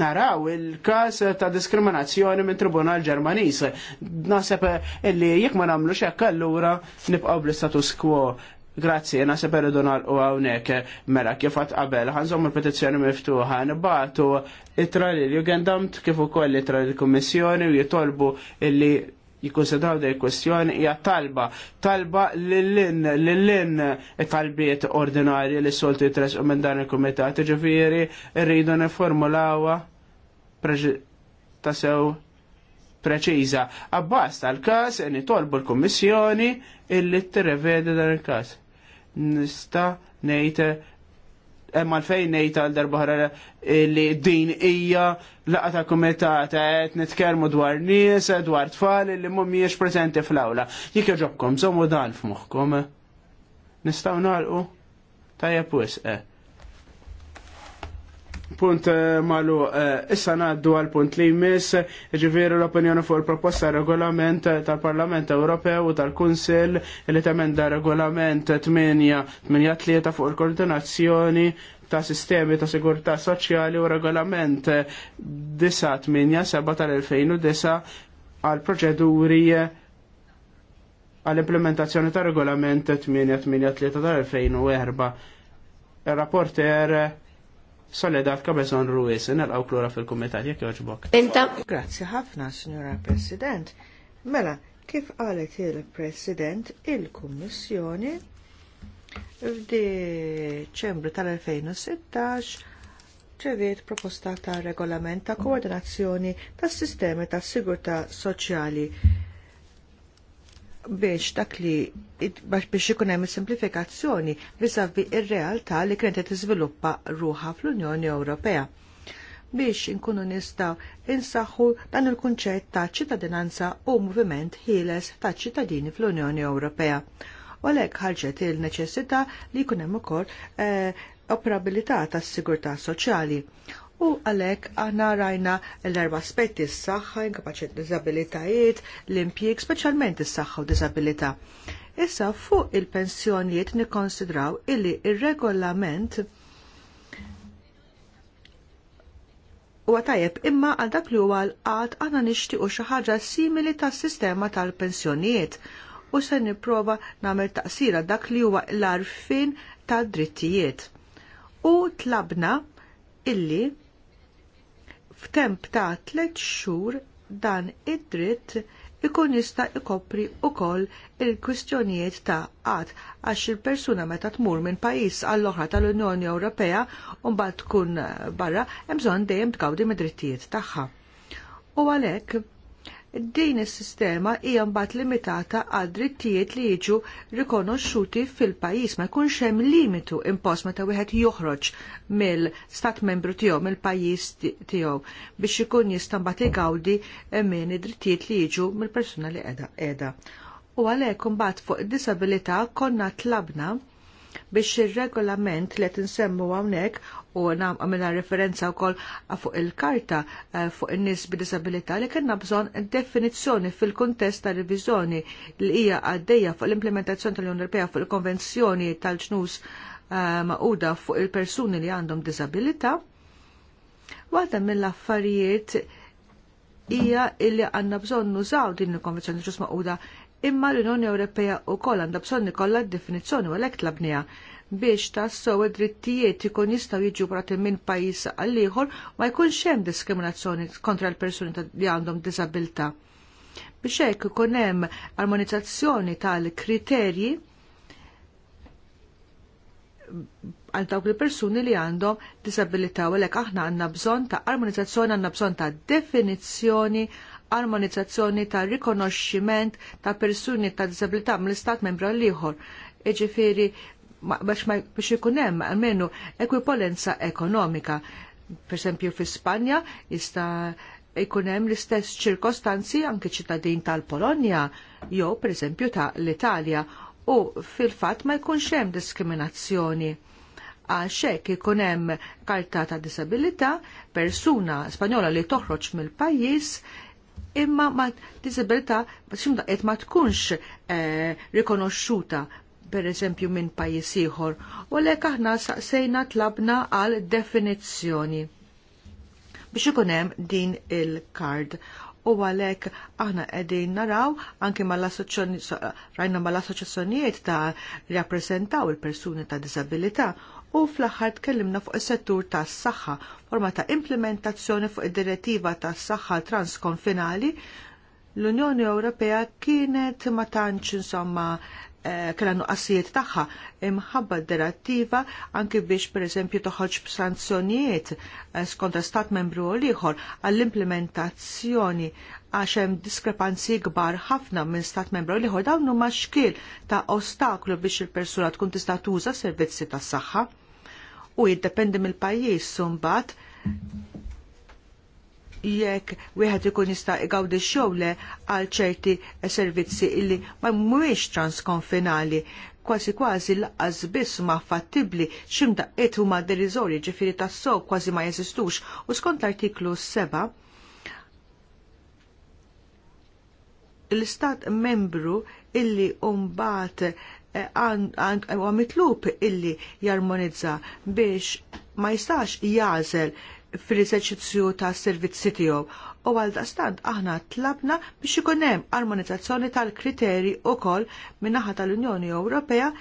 naraw il-każ ta' diskriminazzjoni minn Tribunal Ġermaniż. Naseb illi jekk ma nagħmlux hekk allura nibqgħu bl-status quo. Grazzi, jena seberu donar u għawnek, mela kifat qabel, ħanżom il-petizjoni miftuħa, it-trali li għendamt jugendamt kif ukoll itra l-kommissjoni u jitolbu illi jikkonsidraw dej kwestjoni hija talba, talba lil-lin, lil-lin talbiet ordinari li soltu jitres u minn dan il-komitat, ġifiri rridu niformulawa ta' sew preċiża. Abbas tal-kas nitolbu l-Kommissjoni illi t-revedi dan il-kas nista' ngħid hemm eh, għalfejn ngħid għal darba li din hija laqa ta' kumitat qed nitkellmu dwar nies, dwar tfal li jiex preżenti fl-awla. Jik joġobkom, żommu dan f'moħħkom. Nistgħu nagħlqu? Tajjeb wisq. Eh punt eh, malu eh, issa naddu għal punt li jmiss ġiviri l-opinjoni fuq il-proposta regolament tal-Parlament Ewropew u tal-Kunsil li temenda regolament 8 fuq il-koordinazzjoni ta' sistemi ta' sigurta' soċjali u regolament 9-8-7 tal-2009 għal proċeduri għall-implementazzjoni ta' regolament 883 tal-2004. Il-rapporter Soledad Cabezon Ruiz, nalqaw klura fil-komitat, jek joġbok. Inta. Grazie ħafna, signora President. Mela, kif qalet il-President, il-Kummissjoni ċembru tal-2016 ċeviet proposta ta' regolament ta' koordinazzjoni tas sistemi ta' sigurta soċjali biex dak li biex ikun hemm simplifikazzjoni viżavi ir-realtà li kienet qed tiżviluppa ruħa fl-Unjoni Ewropea biex inkunu nistgħu insaħħu dan il-kunċett ta' ċittadinanza u moviment ħieles ta' ċittadini fl-Unjoni Ewropea. U għalhekk ħarġet il-neċessità li jkun hemm ukoll eh, operabilità tas-sigurtà soċjali. U għalhekk aħna rajna l-erba aspetti s-saħħa, inkapaċit disabilitajiet, l-impjieg, speċjalment is-saħħa u disabilità. Issa fuq il-pensjonijiet nikkonsidraw illi il regolament u huwa tajjeb imma għal dak li huwa l-qat għana nixtiequ xi ħaġa simili tas-sistema tal-pensjonijiet u se nipprova nagħmel taqsira dak li huwa l-arfin tad-drittijiet. U tlabna illi f'temp ta' tliet xhur dan id-dritt ikun jista' ikopri wkoll il-kwistjonijiet ta' qatt għax il-persuna meta tmur minn pajjiż għall oħra tal-Unjoni Ewropea u mbagħad tkun barra hemm bżonn dejjem tgawdi mid-drittijiet tagħha. U għalhekk Din is-sistema hija mbagħad limitata għal drittijiet li jiġu rikonoxxuti fil-pajjiż ma jkunx hemm limitu impost meta wieħed joħroġ mill-stat membru tiegħu mill-pajjiż tiegħu biex ikun jista' mbagħad igawdi minn id-drittijiet li jiġu mill-persuna li qiegħda qiegħda. U għalhekk imbagħad fuq id-disabilità konna tlabna biex ir-regolament li qed insemmu hawnhekk u għamilna referenza wkoll fuq il-karta eh, fuq in-nies disabilita li kena bżonn definizzjoni fil-kuntest ta' riviżjoni li hija għaddejja fuq l-implementazzjoni tal-Unjoni Ewropea fuq il-Konvenzjoni tal-ġnus eh, maquda fuq il-persuni li għandhom disabilita. Għadda mill-affarijiet hija illi għandna bżonn nużaw din il-konvenzjoni ġus maquda imma l-Unjoni Ewropea wkoll għandha bżonn ikollha d-definizzjoni u għalhekk labnija biex tassew id-drittijiet ikun jistgħu jiġu prati minn pajjiż għal ieħor ma jkunx hemm diskriminazzjoni kontra l-persuni li għandhom diżabilità. Biex hekk ikun hemm armonizzazzjoni tal-kriterji għal dawk li persuni li għandhom disabilità u lek aħna għanna bżon ta' armonizzazzjoni, għanna bżon ta' definizzjoni armonizzazzjoni ta' rikonoxximent ta' persuni ta' disabilità mill-istat membra l-ieħor. Iġifieri biex ikun hemm almenu ekwipolenza ekonomika. Pereżempju fi Spanja jista' jkun hemm l-istess ċirkostanzi anke ċittadin tal-Polonja jew pereżempju ta' l-Italja u fil-fatt ma jkunx hemm diskriminazzjoni għal xek ikun hemm karta ta' disabilità, persuna Spanjola li toħroġ mill-pajjiż imma ma disabilità ma qed ma tkunx eh, rikonoxxuta per eżempju minn pajjiż ieħor, u għalhekk aħna saqsejna tlabna għal definizzjoni biex ikun hemm din il-kard u għalek aħna edin naraw anke mal-assoċjonijiet rajna mal-assoċjonijiet ta' rappresentaw il-persuni ta' diżabilità u fl-aħħar tkellimna fuq is-settur tas-saħħa forma ta' implementazzjoni fuq id-direttiva tas-saħħa transkonfinali l-Unjoni Ewropea kienet ma tantx insomma eh, kellha nuqqasijiet tagħha imħabba d-direttiva anki biex pereżempju toħroġ b'sanzjonijiet eh, skontra stat membru u ieħor għall-implementazzjoni għax hemm diskrepanzi kbar ħafna minn stat membru l ieħor dawn huma xkiel ta' ostaklu biex il-persuna tkun tista' tuża servizzi tas-saħħa u jiddependi mill-pajjiż sumbat jekk wieħed ikun jista' igawdi xogħle għal ċerti servizzi illi ma mhuwiex transkonfinali kważi kważi laqqas biss ma fattibbli x'imdaqqiet huma deriżorji, ġifieri tas-sow kważi ma jeżistux u skont l-artiklu 7 l-istat membru illi umbat għu mitlub illi jarmonizza biex ma jistax jazel fil-eżerċizzju ta' servizzi tiegħu u għal daqstant aħna tlabna biex ikun hemm armonizzazzjoni tal-kriteri wkoll min-naħa tal-Unjoni Ewropea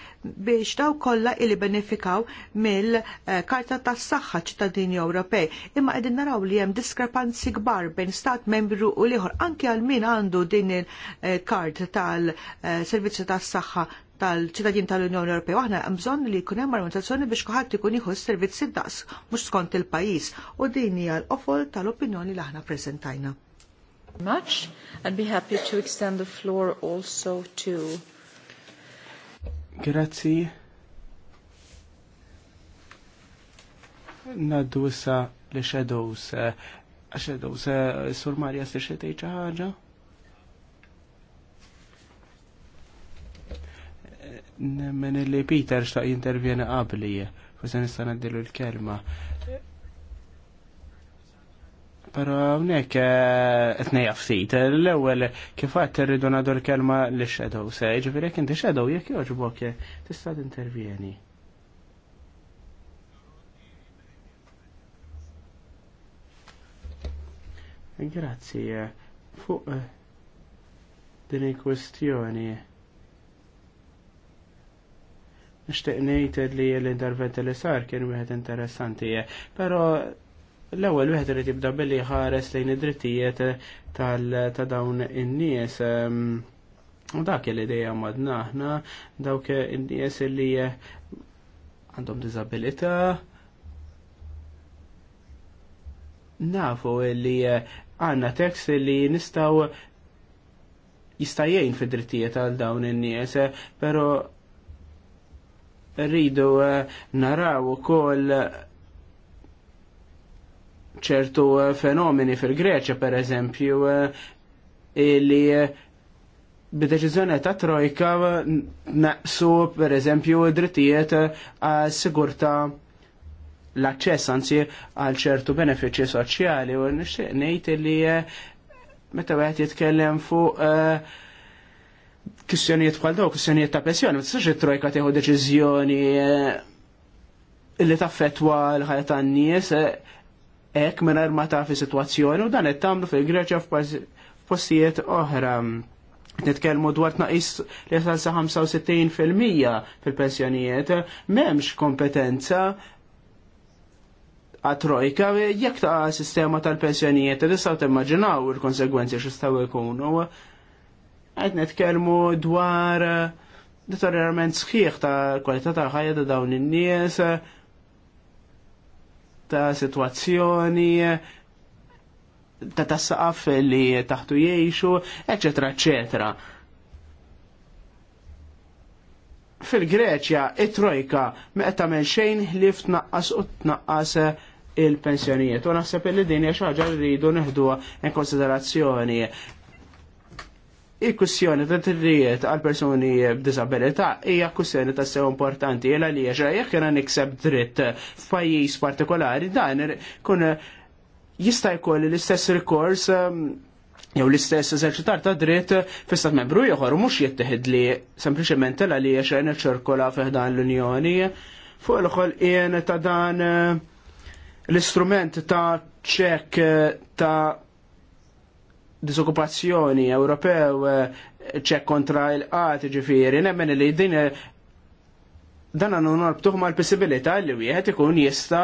biex daw kollha illi benefikaw mill-Karta tas-Saħħa ċittadini Ewropej. Imma qegħdin naraw li hemm diskrepanzi kbar bejn stat membru u l ieħor anke għal min għandu din il-kart eh, tal-servizzi eh, tas-saħħa tal-ċittadin tal-Unjoni Ewropea. Aħna hemm bżonn li jkun hemm armonizzazzjoni biex kulħadd ikun jieħu s-servizzi daqs mhux skont il-pajjiż u din hija l-qofol tal-opinjoni li aħna preżentajna. Much and be happy to extend the floor also to Grazzi. Naddu issa li shadows. Eh, shadows, eh, Sur Marja se xetej ħaġa? Nemmen li Peter xtaq jintervjena qabli, forse nista' naddilu l-kelma. Pero hawnhekk eh, qed ngħid ftit. L-ewwel kif qatt irridu nagħdu l-kelma li shadow se, jiġifieri inti shadow jekk jogħġbok eh, tista' tintervjeni. Grazzi. Eh, fuq din il-kwestjoni nixtieq ngħid li l-intervent li sar kien wieħed interessanti, però l-ewwel wieħed irid jibda billi ħares lejn id-drittijiet ta' dawn in-nies. U dak li dejjem madna aħna dawk in-nies li għandhom diżabilità nafu li għanna tekst li nistaw jistajjejn fid-drittijiet għal dawn in-nies, pero rridu eh, naraw ukoll ċertu eh, fenomeni fil-Greċja per eżempju eh, illi b'deċiżjoni ta' trojka naqsu per eżempju drittijiet għas sigurta l-aċċess anzi għal ċertu benefiċi soċjali u nixtieq ngħid li meta wieħed jitkellem fuq uh, kissjonijiet bħal daw, kissjonijiet ta' pressjoni, ma tistax it-trojka tieħu deċiżjoni eh, li taffetwa l-ħajja tan-nies eh, hekk mingħajr ma tafi sitwazzjoni u dan qed tagħmlu fil-Greċja f'postijiet oħra. Nitkellmu dwar tnaqis li jasal sa 65% fil-pensjonijiet, m'hemmx kompetenza għat-trojka, jekk ta' sistema tal-pensjonijiet, tistaw timmaġinaw il-konsegwenzi x'istgħu jkunu. Għed netkelmu dwar eh, deteriorament sħiħ ta' kwalità ta' ħajja ta' dawn in-nies, ta' situazzjoni, ta' tassaqaf li taħtu jiexu, eccetera, eccetera. Fil-Greċja, it-trojka meqta tagħmel xejn li tnaqqas u tnaqqas il-pensjonijiet. U naħseb li din hija xi ħaġa li rridu neħduha in konsiderazzjoni il-kussjoni ta' tirrijiet għal personi b'disabilita' hija kussjoni ta' sew importanti jela li jaxa jekk jena nikseb dritt f'pajjiż partikolari dan kun eh, jista' jkolli l-istess rikors ehm, jew l-istess eżerċitar ta' dritt f'istat membru ieħor mhux jittieħed li sempliċement tela li jaxa jena f'dan l-Unjoni fuq l-ħol ta' dan eh, l-istrument ta' ċek eh, ta' disokupazzjoni Ewropew eh, ċek kontra il-qat ġifiri, nemmen li din eh, dan għannu narbtuħ ma l-possibilita li wieħed ikun jista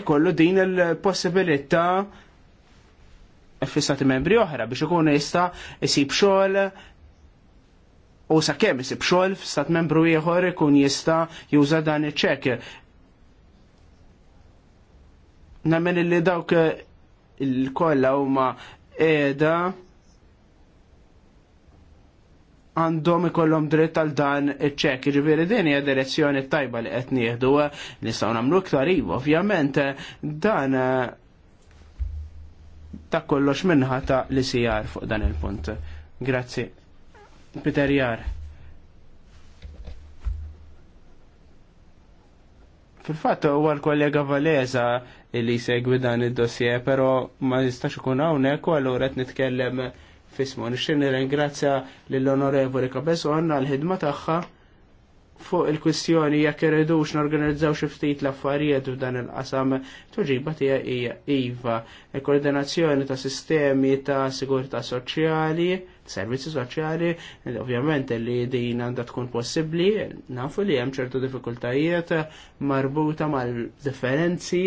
ikollu din il-possibilita fissati membri oħra biex ikun jista jisib xogħol u sakemm isib xogħol f'stat membru ieħor ikun jista juża dan iċ-ċek. Nemmen li dawk il-kolla huma qiegħda għandhom ikollhom dritt għal dan iċ-ċek. Ġifieri din hija direzzjoni tajba li qed nieħdu nistgħu nagħmlu iktar iva. Ovvjament dan ta' kollox ta' li sijar fuq dan il-punt. Grazzi. Peter Jar. Fil-fatt huwa l-kollega Valeza li segwi dan id-dossier, pero ma jistax ikun hawnhekk u allura qed nitkellem fismu. Nixtieq nirringrazzja lill-Onorevoli għandna għall-ħidma tagħha fuq il-kwistjoni jekk irridux norganizzaw xi ftit l-affarijiet f'dan il-qasam tuġiba tiegħek hija iva. Il-koordinazzjoni ta' sistemi ta' sigurtà soċjali, servizzi soċjali, ovvjament li din għandha tkun possibbli, nafu li hemm ċertu diffikultajiet marbuta mal-differenzi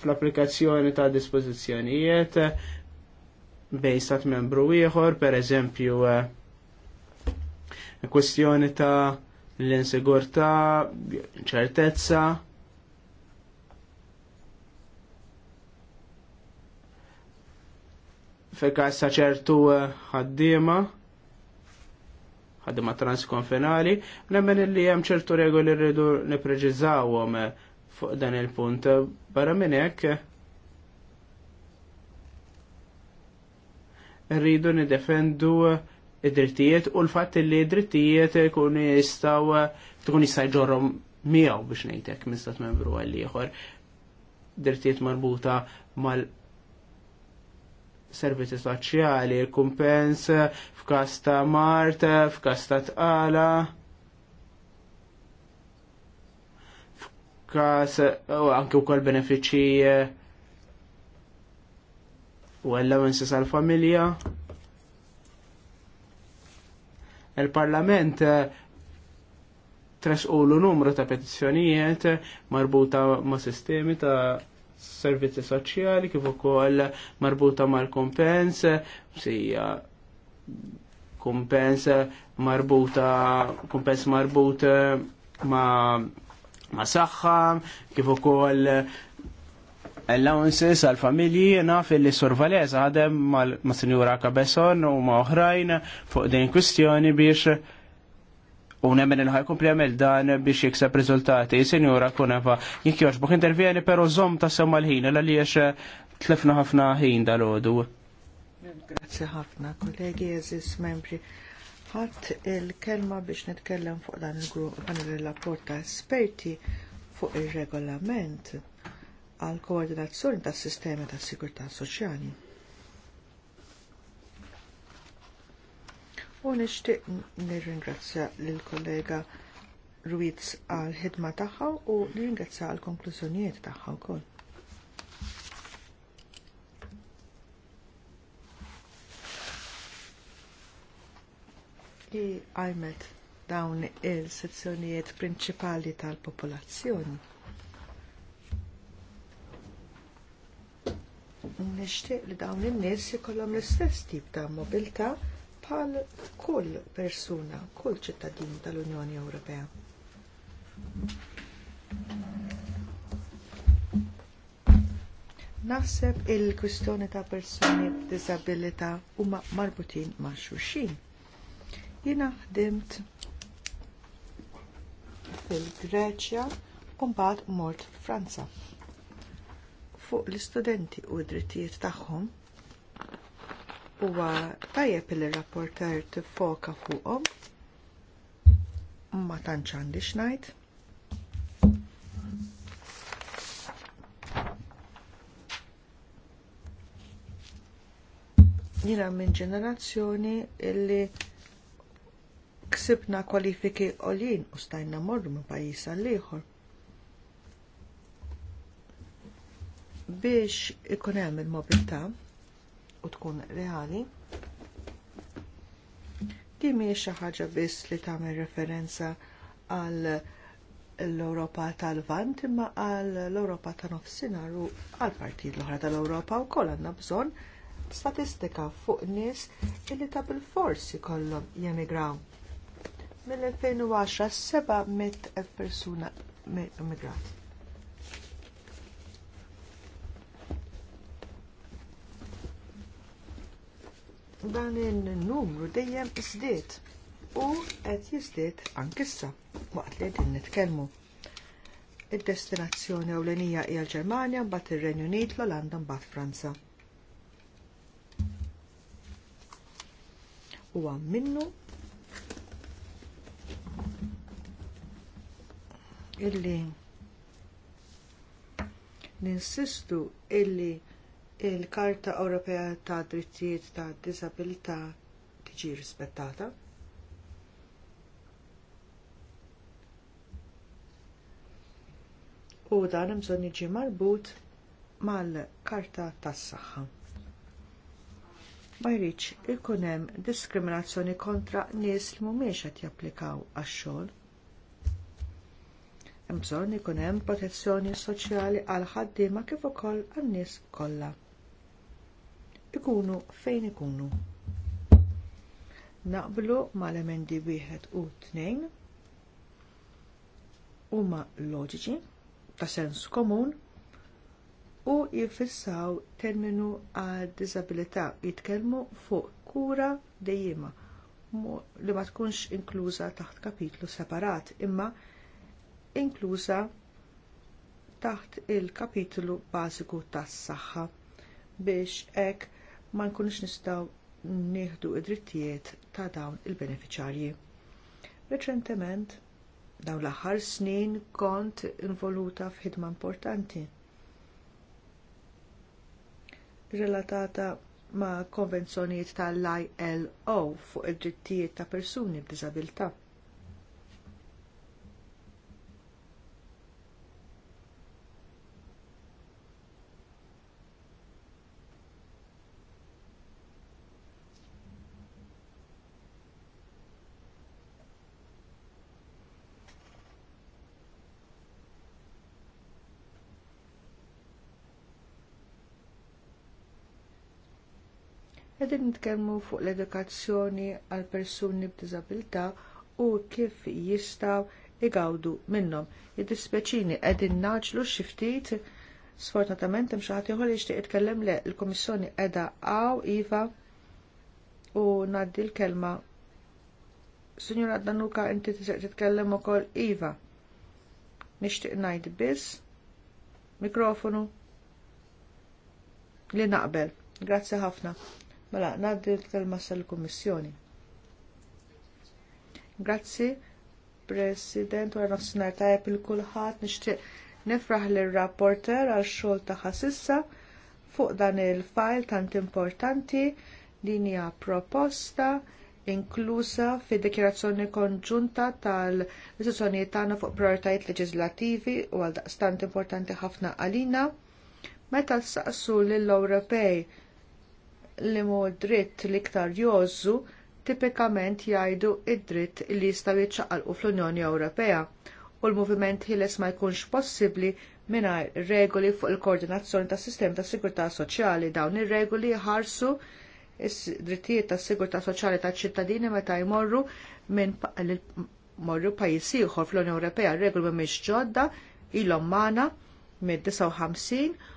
fl-applikazzjoni ta' dispożizzjonijiet bejn membru ieħor, per eżempju eh, kwestjoni ta' l-insigurtà, ċertezza. Fekas ċertu eh, ħaddiema ħaddiema transkonfinali, nemmen li hemm ċertu regoli rridu nipreċiżawhom eh, fuq dan il-punt. Barra minn hekk rridu nidefendu id-drittijiet u l-fatt li id-drittijiet ikun jistaw tkun jista' jġorhom miegħu biex ngħidlek minn stat membru għal ieħor drittijiet marbuta mal servizzi soċjali, kumpens, f'kasta mart, f'Kasta tqala kas u anke u kol benefiċi eh, u allowances għal-familja. Il-parlament eh, l numru ta' petizzjonijiet marbuta ma' sistemi ta' servizzi soċjali kif ukoll marbuta mal-kompens, sija eh, kompens marbuta kompens marbuta ma' ma' saħħa, kif ukoll allowances għal familji naf li sorvaleza għadem ma' sinjura Kabeson u ma' oħrajn fuq din kwestjoni biex u nemmen il-ħaj komplemel dan biex jikseb rizultati. Sinjura kuneva, jek joġbuk intervjeni per użom ta' semma l-ħin, l għaliex tlefna ħafna ħin dal-ħodu. Grazie ħafna, kollegi, jazis membri ħadd il-kelma biex nitkellem fuq dan il-grupp dan rapport ta' esperti fuq ir-regolament għal koordinazzjoni tas sistemi tas sigurtà soċjali. U nixtieq nirringrazzja lill kollega Ruiz għal ħidma tagħha u nirringrazzja għal konklużjonijiet tagħha wkoll. li għajmet dawn il-sezzjonijiet prinċipali tal-popolazzjoni. Nishtiq li dawn in-nies jkollhom l-istess tip ta' mobilità bħal kull persuna, kull ċittadin tal-Unjoni Ewropea. Naħseb il-kwistjoni ta' persuni b'diżabilità huma marbutin ma' xulxin. Jina ħdimt fil-Greċja u mbagħad mort f'Franza. Fuq l-istudenti u d-drittijiet tagħhom huwa tajjeb li rapporter tiffoka fuqhom ma tantx għandi xnajt. Jina minn ġenerazzjoni illi ksibna kwalifiki għoljin u stajna morru minn pajis għall-ieħor. Biex ikun hemm il-mobilità u tkun reali, din mhijiex xi ħaġa biss li tagħmel referenza għal l-Ewropa tal-Vant imma għal l-Ewropa ta' nofsinhar u għal partit l-oħra tal-Ewropa wkoll għandna bżonn statistika fuq nies illi ta' bilfors ikollhom jemigraw mill-2010 700 persuna immigrati. Dan il-numru dejjem iżdied u qed jiżdied issa. waqt li qegħdin nitkellmu. Id-destinazzjoni ewlenija hija l-Ġermanja, mbagħad ir-Renju Unit, l-Olanda, mbagħad Franza. Huwa minnu illi ninsistu illi il-Karta Ewropea ta' Drittijiet ta' Disabilità tiġi rispettata. U dan hemm bżonn jiġi marbut mal-Karta tas-Saħħa. Ma jridx ikun hemm diskriminazzjoni kontra nies li mhumiex qed japplikaw għax-xogħol Hemm bżonn ikun hemm protezzjoni soċjali għal ħaddiema kif ukoll għan-nies kollha. Ikunu fejn ikunu. Naqblu mal-emendi wieħed u tnejn huma loġiċi ta' sens komun u jfissaw terminu għad diżabilità jitkellmu fuq kura dejjima li ma tkunx inkluża taħt kapitlu separat imma inkluża taħt il-kapitlu bażiku tas-saħħa biex hekk ma nkunux nistgħu nieħdu id-drittijiet ta' dawn il-beneficjarji. Reċentement, dawn l-aħħar snin kont involuta f'ħidma importanti relatata ma' konvenzjonijiet tal-ILO fuq id-drittijiet ta' persuni b'diżabilità. Qegħdin nitkellmu fuq l-edukazzjoni għal persuni b'diżabilità u kif jistgħu igawdu minnhom. Id-dispeċini qegħdin naġlu xi ftit sfortunatament hemm xi ħadd ieħor jixtieq jitkellem le l-Kummissjoni qiegħda għaw iva u ngħaddi l-kelma. Sinjura Danuka inti tiseq titkellem ukoll iva. Nixtieq ngħid biss mikrofonu li naqbel. Grazzi ħafna. Mela, naddi l-kelma sal-Kummissjoni. Grazzi, President, u għal-nofsinar ta' il kulħadd nixtieq nifraħ l-rapporter għal-xogħol tagħha sissa fuq dan il-fajl tant importanti din hija proposta inklusa fid dikjarazzjoni konġunta tal-istituzzjonijiet tagħna fuq prioritajiet leġislattivi u għal daqstant importanti ħafna għalina. Meta saqsu lill-Ewropej li mu dritt l-iktar jozzu tipikament jgħidu id-dritt li jistgħu jiċċaqalqu fl-Unjoni Ewropea u l-moviment ħieles ma jkunx possibbli mingħajr regoli fuq il-koordinazzjoni tas sistemi tas sigurtà soċjali dawn ir-regoli jħarsu is-drittijiet tas sigurtà soċjali taċ ċittadini meta jmorru minn morru pajjiż ieħor fl-Unjoni Ewropea regoli mhumiex ġodda ilhom magħna mid-59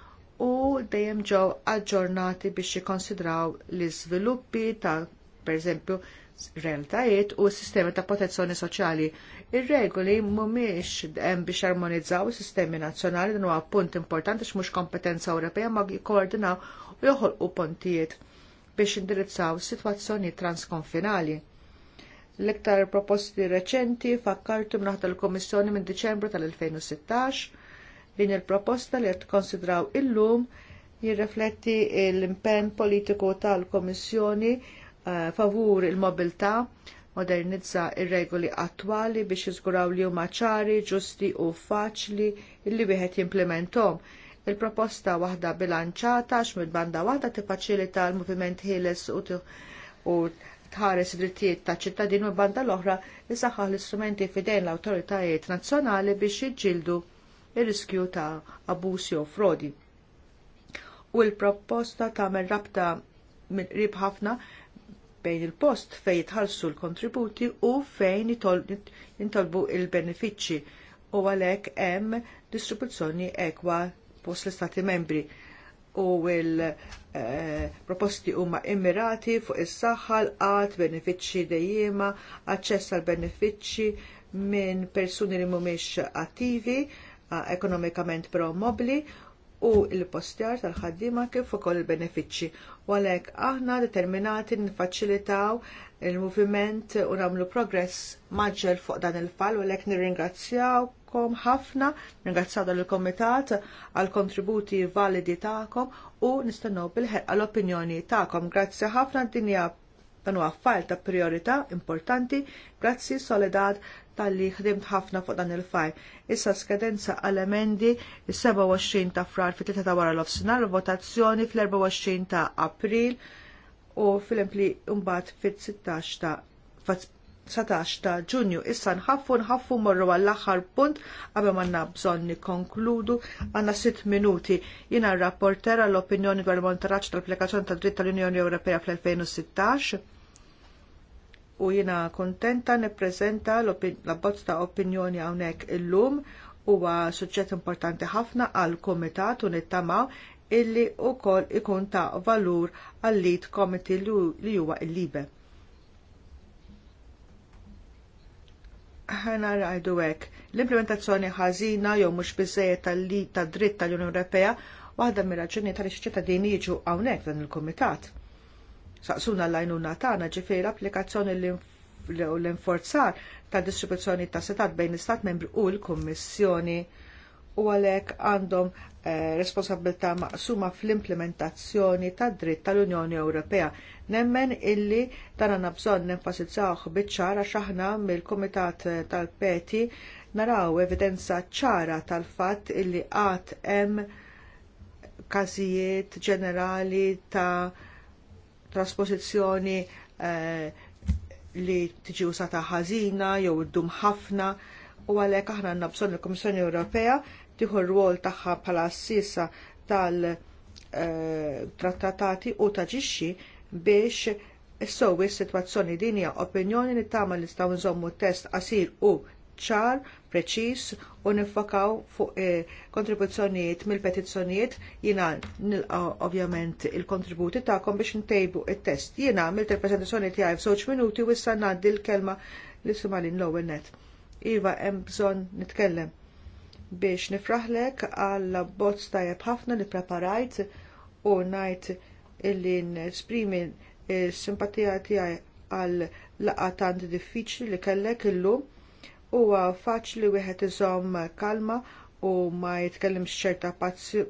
u dejjem ġew aġġornati biex jikkonsidraw l-iżviluppi ta' pereżempju realtajiet u s-sistemi ta' protezzjoni soċjali. Ir-regoli mhumiex hemm biex armonizzaw is-sistemi nazzjonali dan huwa punt importanti x'mhux kompetenza Ewropea ma jikkoordinaw u joħolqu pontijiet biex indirizzaw is-sitwazzjonijiet transkonfinali. L-iktar proposti reċenti fakkartu mnaħta l-Komissjoni minn Diċembru tal-2016 din il-proposta li qed tkonsidraw illum jirrifletti l-impenn politiku tal-Komissjoni eh, favur il-mobilità modernizza ir-regoli attwali biex jiżguraw li huma ċari, ġusti u faċli li wieħed jimplementom. Il-proposta waħda bilanċata x'mid banda waħda tiffaċilita l-moviment ħieles u tħares drittijiet ta' ċittadin u banda l-oħra li saħħaħ l-istrumenti fidejn l-awtoritajiet nazzjonali biex jiġġieldu ir-riskju ta' abusi u frodi. U l-proposta tagħmel rabta minn qrib ħafna bejn il-post fejn jitħallsu l-kontributi u fejn jintolbu il-benefiċċji u għalhekk hemm distribuzzjoni ekwa post l-Istati membri u il-proposti eh, e, huma immirati fuq is-saħħa l-qat benefiċċji dejjema, aċċess għal benefiċċji minn persuni li mhumiex attivi Eh, ekonomikament promobbli u l-postjar tal-ħaddiema kif ukoll il-benefiċċji. U għalhekk aħna determinati nfaċilitaw il-moviment u nagħmlu progress maġġel fuq dan il-fall u għalhekk nirringrazzjawkom ħafna, nirringrazzjaw dan il-komitat għal kontributi validi tagħkom u nistennew bil-ħerqa l-opinjoni tagħkom. Grazzi ħafna dinja dan huwa ta' priorità importanti, grazzi Soledad tal-li ħdimt ħafna fuq dan il-fajl. Issa skadenza għal-emendi il-27 ta' frar fit-3 ta' wara l-ofsinar, votazzjoni fl-24 ta' april u fil-impli umbat fit-16 ta' 19 ta' ġunju issa nħaffu nħaffu morru għall-aħħar punt qabel ma bżonn nikkonkludu għandna sitt minuti jiena r-rapportera l-opinjoni dwar montaraċ tal-applikazzjoni tad-dritt tal-Unjoni Ewropea fl-2016 u jiena kuntenta nippreżenta l-abbozz ta' opinjoni hawnhekk illum huwa suġġett importanti ħafna għal kumitat u nittamaw illi wkoll ikun ta' valur għal lead committee li huwa l-libe. ħana rajdu hekk. L-implementazzjoni ħażina jew mhux bizzejet tal-li tad dritt tal-Unjoni Ewropea waħda mir-raġuni tal-ċittadini jiġu hawnhekk dan il-Kumitat saqsuna l-għajnuna tagħna ġifieri l-applikazzjoni l-inforzar tad distribuzzjoni ta' setat bejn l-Istat membri u l-Kummissjoni u għalhekk għandhom eh, responsabilità maqsuma fl-implementazzjoni tad dritt tal-Unjoni Ewropea. Nemmen illi dan għandna bżonn nenfasizzawh biċ-ċara x'aħna mill-Kumitat eh, tal-Peti naraw evidenza ċara tal-fatt illi għad hemm każijiet ġenerali ta' trasposizjoni eh, li tiġi usata ħażina jew iddum ħafna u għalhekk aħna għandna bżonn il-Kummissjoni Ewropea tieħu r-rwol tagħha bħala assissa tal-trattatati eh, u taġixxi biex s-sowi s-situazzjoni dinja opinjoni li tagħmel nistgħu nżommu test qasir u ċar, preċiż u nifakaw fuq eh, kontribuzzjonijiet mill-petizzjonijiet jiena nilqa ovvjament il-kontributi tagħkom biex ntejbu t test Jiena għamilt il-preżentazzjoni tiegħi f'żewġ minuti u issa ngħaddi l-kelma li simalin l-ewwel net. Iva hemm bżonn nitkellem biex nifraħlek għal bozz tajjeb ħafna li preparajt u ngħid illi nesprimi s-simpatija tiegħi għal laqgħa tant diffiċli li kellek illum huwa faċli wieħed iżomm kalma u ma jitkellimx ċerta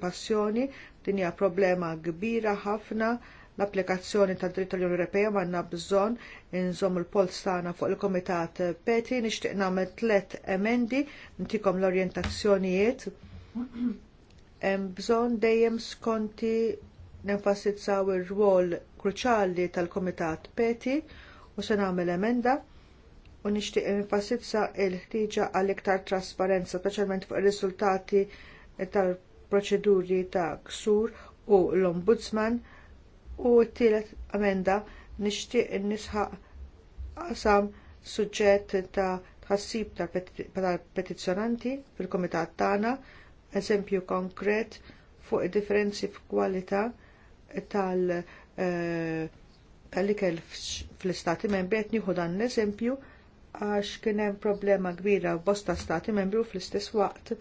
passjoni din hija problema kbira ħafna l-applikazzjoni tad dritt tal-Unjoni Ewropea għandna bżonn inżomm il-pols tagħna fuq il-Komitat Peti nixtieq nagħmel tliet emendi ntikom l-orjentazzjonijiet. Hemm bżonn dejjem skonti nenfasizzaw ir-rwol kruċali tal-Komitat Peti u se nagħmel emenda u nixtieq enfasizza l ħtiġa għal iktar trasparenza, speċjalment fuq ir-riżultati tal-proċeduri ta' ksur u l-Ombudsman u t-tielet amenda nixtieq nisħaq qasam suġġett ta' tħassib tal-petizzjonanti fil-komitat tagħna, eżempju konkret fuq id differenzi f'kwalità tal- eh, tal-ikel fl-istati membri qed nieħu dan l-eżempju għax kien hemm problema kbira bosta stati membru fl-istess waqt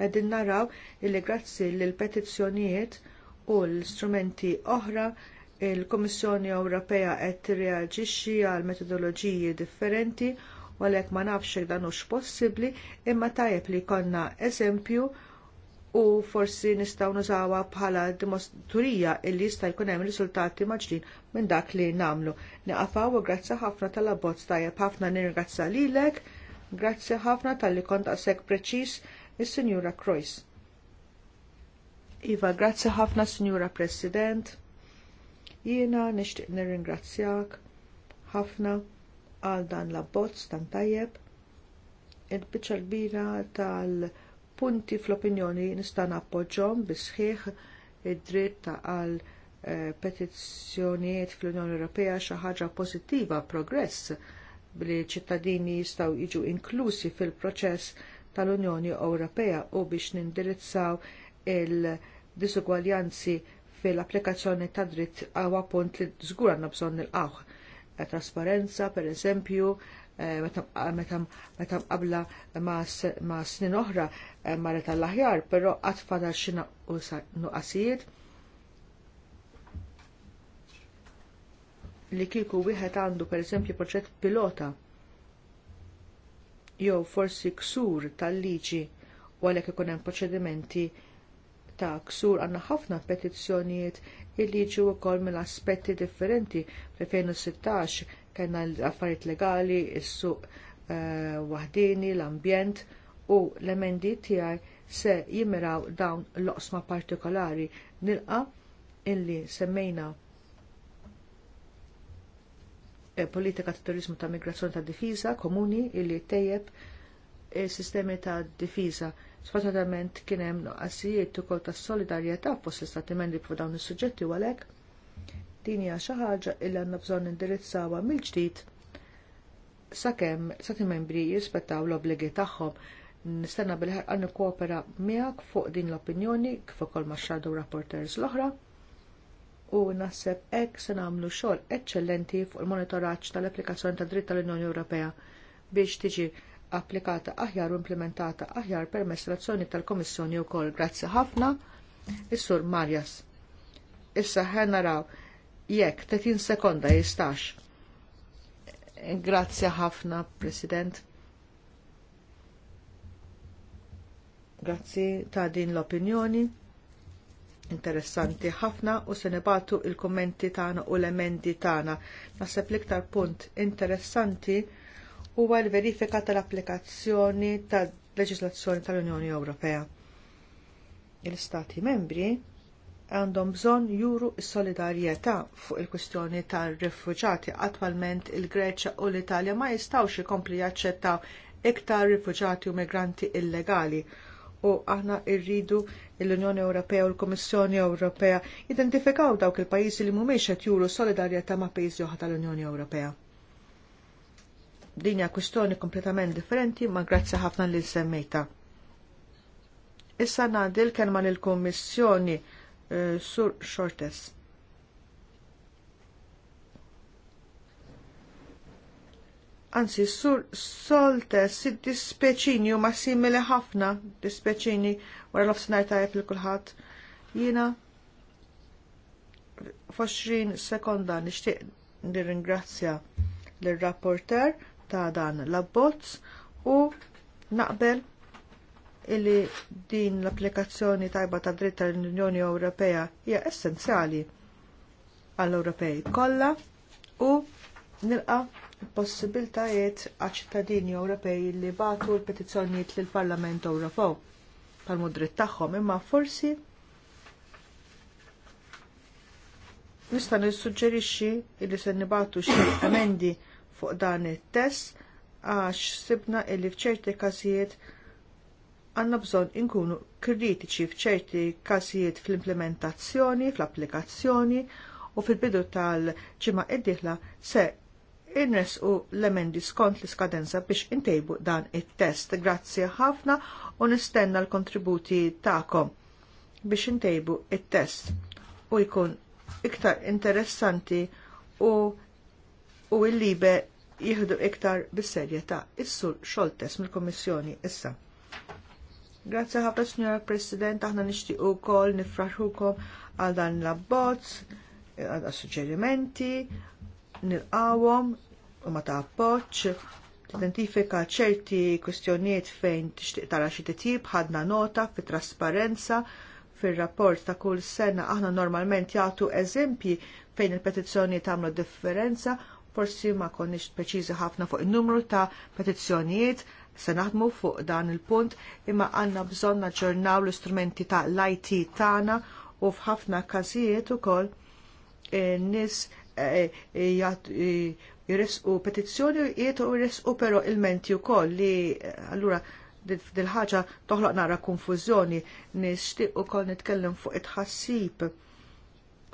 qegħdin naraw li grazzi lill petizzjonijiet u l-strumenti oħra il-Kummissjoni Ewropea qed tirreaġixxi għal metodoloġiji differenti u għalhekk ma nafx dan hux possibbli imma tajjeb li jkollna eżempju u forsi nistgħu nużawha bħala dimostrija illi jista' jkun hemm riżultati maġlin minn dak li nagħmlu. Naqafaw u grazzi ħafna tal-abbozz tajjeb ħafna nirgrazza lilek, grazzi ħafna tal-li kont għasek preċiż is-Sinjura Croix. Iva, grazzi ħafna Sinjura President. Jiena nixtieq nirringrazzjak ħafna għal dan l-abbozz tan tajjeb. Il-biċċa kbira tal- punti fl-opinjoni nista' nappoġġhom bisħieħ id-dritt għal eh, petizzjonijiet fl-Unjoni Ewropea xi ħaġa pożittiva progress li ċittadini jistgħu jiġu inklusi fil-proċess tal-Unjoni Ewropea u biex nindirizzaw il-disugwaljanzi fil-applikazzjoni ta' dritt għawa punt li żgur għandna bżonn il-qawħ. Eh, trasparenza, pereżempju, Eh, meta qabla ma' snin oħra eh, mara tal-aħjar, però qatt fadal xi nuqasijiet. li kieku wieħed għandu pereżempju proġett pilota jew forsi ksur tal-liġi u għalhekk ikun hemm proċedimenti ta' ksur għandna ħafna petizzjonijiet il-liġi wkoll mill aspetti differenti fl-2016 Kellna l-affarijiet legali, is-suq uh, waħdini, l-ambjent u l-emendi tiegħi se jimmiraw dawn l-oqsma partikolari nilqa illi semmejna eh, politika ta' turizmu ta' migrazzjoni ta' difiża komuni illi tejjeb eh, sistemi ta' difiża. Sfortunatament kien hemm noqqasijiet ukoll ta' solidarjetà fost l-istati membri fuq dawn is-suġġetti u għalhekk Din hija xi ħaġa illi għandna bżonn indirizzawha mill-ġdid sakemm sati membri jirrispettaw l-obligi tagħhom. Nistenna bil-ħarqa nikkopera miegħek fuq din l-opinjoni kif ukoll ma' shadow rapporters l-oħra u naħseb hekk se nagħmlu xogħol eċċellenti fuq il-monitoraġġ tal-applikazzjoni tad dritt tal-Unjoni Ewropea biex tiġi applikata aħjar u implementata aħjar permess l-azzjoni tal-Komissjoni wkoll. Grazzi ħafna, is-Sur Marjas. Issa ħen naraw jekk 30 sekonda jistax. Grazzi ħafna, President. Grazzi ta' din l-opinjoni. Interessanti ħafna u se nibatu il-kommenti tagħna u l-emendi tagħna. Naħseb l-iktar punt interessanti huwa l-verifika tal-applikazzjoni tal-leġislazzjoni tal-Unjoni Ewropea. Il-Stati membri għandhom bżonn juru s-solidarjetà fuq il-kwistjoni tar-rifuġati. Attwalment il-Greċja u l-Italja ma jistgħux ikompli jaċċettaw iktar rifuġati u migranti illegali u aħna rridu l-Unjoni Ewropea u l-Komissjoni Ewropea identifikaw dawk il-pajjiżi li mhumiex qed juru solidarjetà ma' pajjiżi oħra tal-Unjoni Ewropea. Din hija kwistjoni kompletament differenti ma grazzi ħafna li semmejta. Issa ngħaddi l-kelma lill-Kummissjoni Eh, sur Shortes. Anzi, sur soltes, dispeċini u ma simile ħafna dispeċini wara l snajta jep li kulħadd. Jiena Foxrin sekonda nixtieq nirringrazzja lir rapporter ta' dan la u naqbel illi din l-applikazzjoni tajba ta' dritt tal-Unjoni Ewropea hija essenzjali għall-Ewropej kollha u nilqa possibiltajiet għal ċittadini Ewropej li batu l-petizzjonijiet lill parlament Ewropew tal mudrit tagħhom imma forsi nista' nissuġġerixxi li se nibatu xi emendi fuq dan it-test għax sibna illi f'ċerti każijiet għanna bżonn inkunu kritiċi f'ċerti każijiet fl-implementazzjoni, fl-applikazzjoni u fil-bidu tal-ġimgħa id dihla se inresqu l-emendi skont l-iskadenza biex intejbu dan it-test. Grazzi ħafna u nistenna l-kontributi tagħkom biex intejbu it-test u jkun iktar interessanti u u il libe jihdu iktar bis-serjetà. Is-sur Xoltes mill komissjoni issa. Grazzi ħafna Signora President, aħna nixtieq ukoll nifraħukom għal dan l-abbozz, għal suġġerimenti, nilqawhom u ma ta' appoġġ, tidentifika ċerti kwistjonijiet fejn tixtieq tara xi titjib ħadna nota fit trasparenza fir-rapport ta' kull sena aħna normalment jagħtu eżempji fejn il-petizzjoni tagħmlu differenza, forsi ma konniex preċiżi ħafna fuq in-numru ta' petizzjonijiet se naħdmu fuq dan il-punt imma għandna bżonn naġġornaw l-istrumenti ta' l-IT tagħna u f'ħafna każijiet ukoll eh, nis eh, eh, jirrisqu petizzjoni jietu jirrisqu però il-menti wkoll li allura dil-ħaġa toħloq nara konfużjoni nixtieq ukoll nitkellem fuq it-ħassib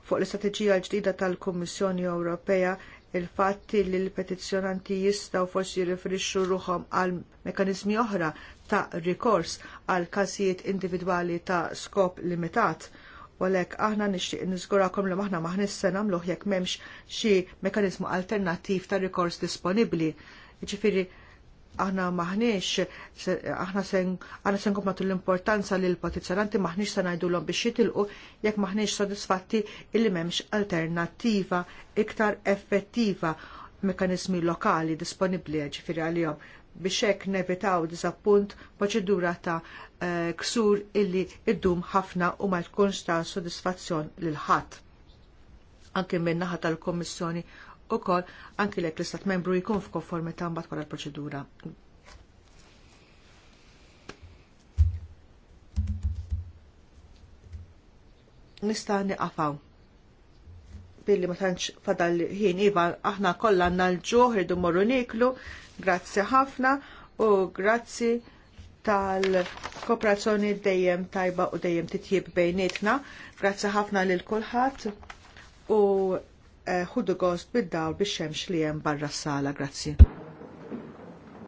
fuq l-istrateġija l-ġdida tal-Kummissjoni Ewropea il-fatti li l-petizjonanti jistgħu forsi jirrifrixxu ruhom għal mekanizmi oħra ta' rikors għal każijiet individwali ta' skop limitat. u Walek aħna nixtieq niżgurakom li maħna maħnissa nagħmluh jekk m'hemmx xi mekanizmu alternattiv ta' rikors disponibbli. Ġifieri aħna maħniex, aħna sen, aħna sen kompatu l-importanza li l-patizjonanti maħniex sen għajdu l-om biex jitilqu, jek maħniex sodisfatti illi memx alternativa iktar effettiva mekanizmi lokali disponibli ġifiri għal-jom biex hekk nevitaw disappunt proċedura ta' eh, ksur illi iddum ħafna u ma tkunx ta' sodisfazzjon lil ħadd. Anke min-naħa tal-Kommissjoni kol anki lek l-istat membru jkun f'konformi mbagħad wara l-proċedura. Nista' niqafaw billi ma tantx fadal ħin iva aħna kollha għandna l-ġuħ irdu morru niklu, grazzi ħafna u grazzi tal-kooperazzjoni dejjem tajba u dejjem titjib bejnietna. Grazzi ħafna lil kulħadd u Eh, ħudu gost bid-dawl bix xemx li hemm barra s-sala. Grazzi.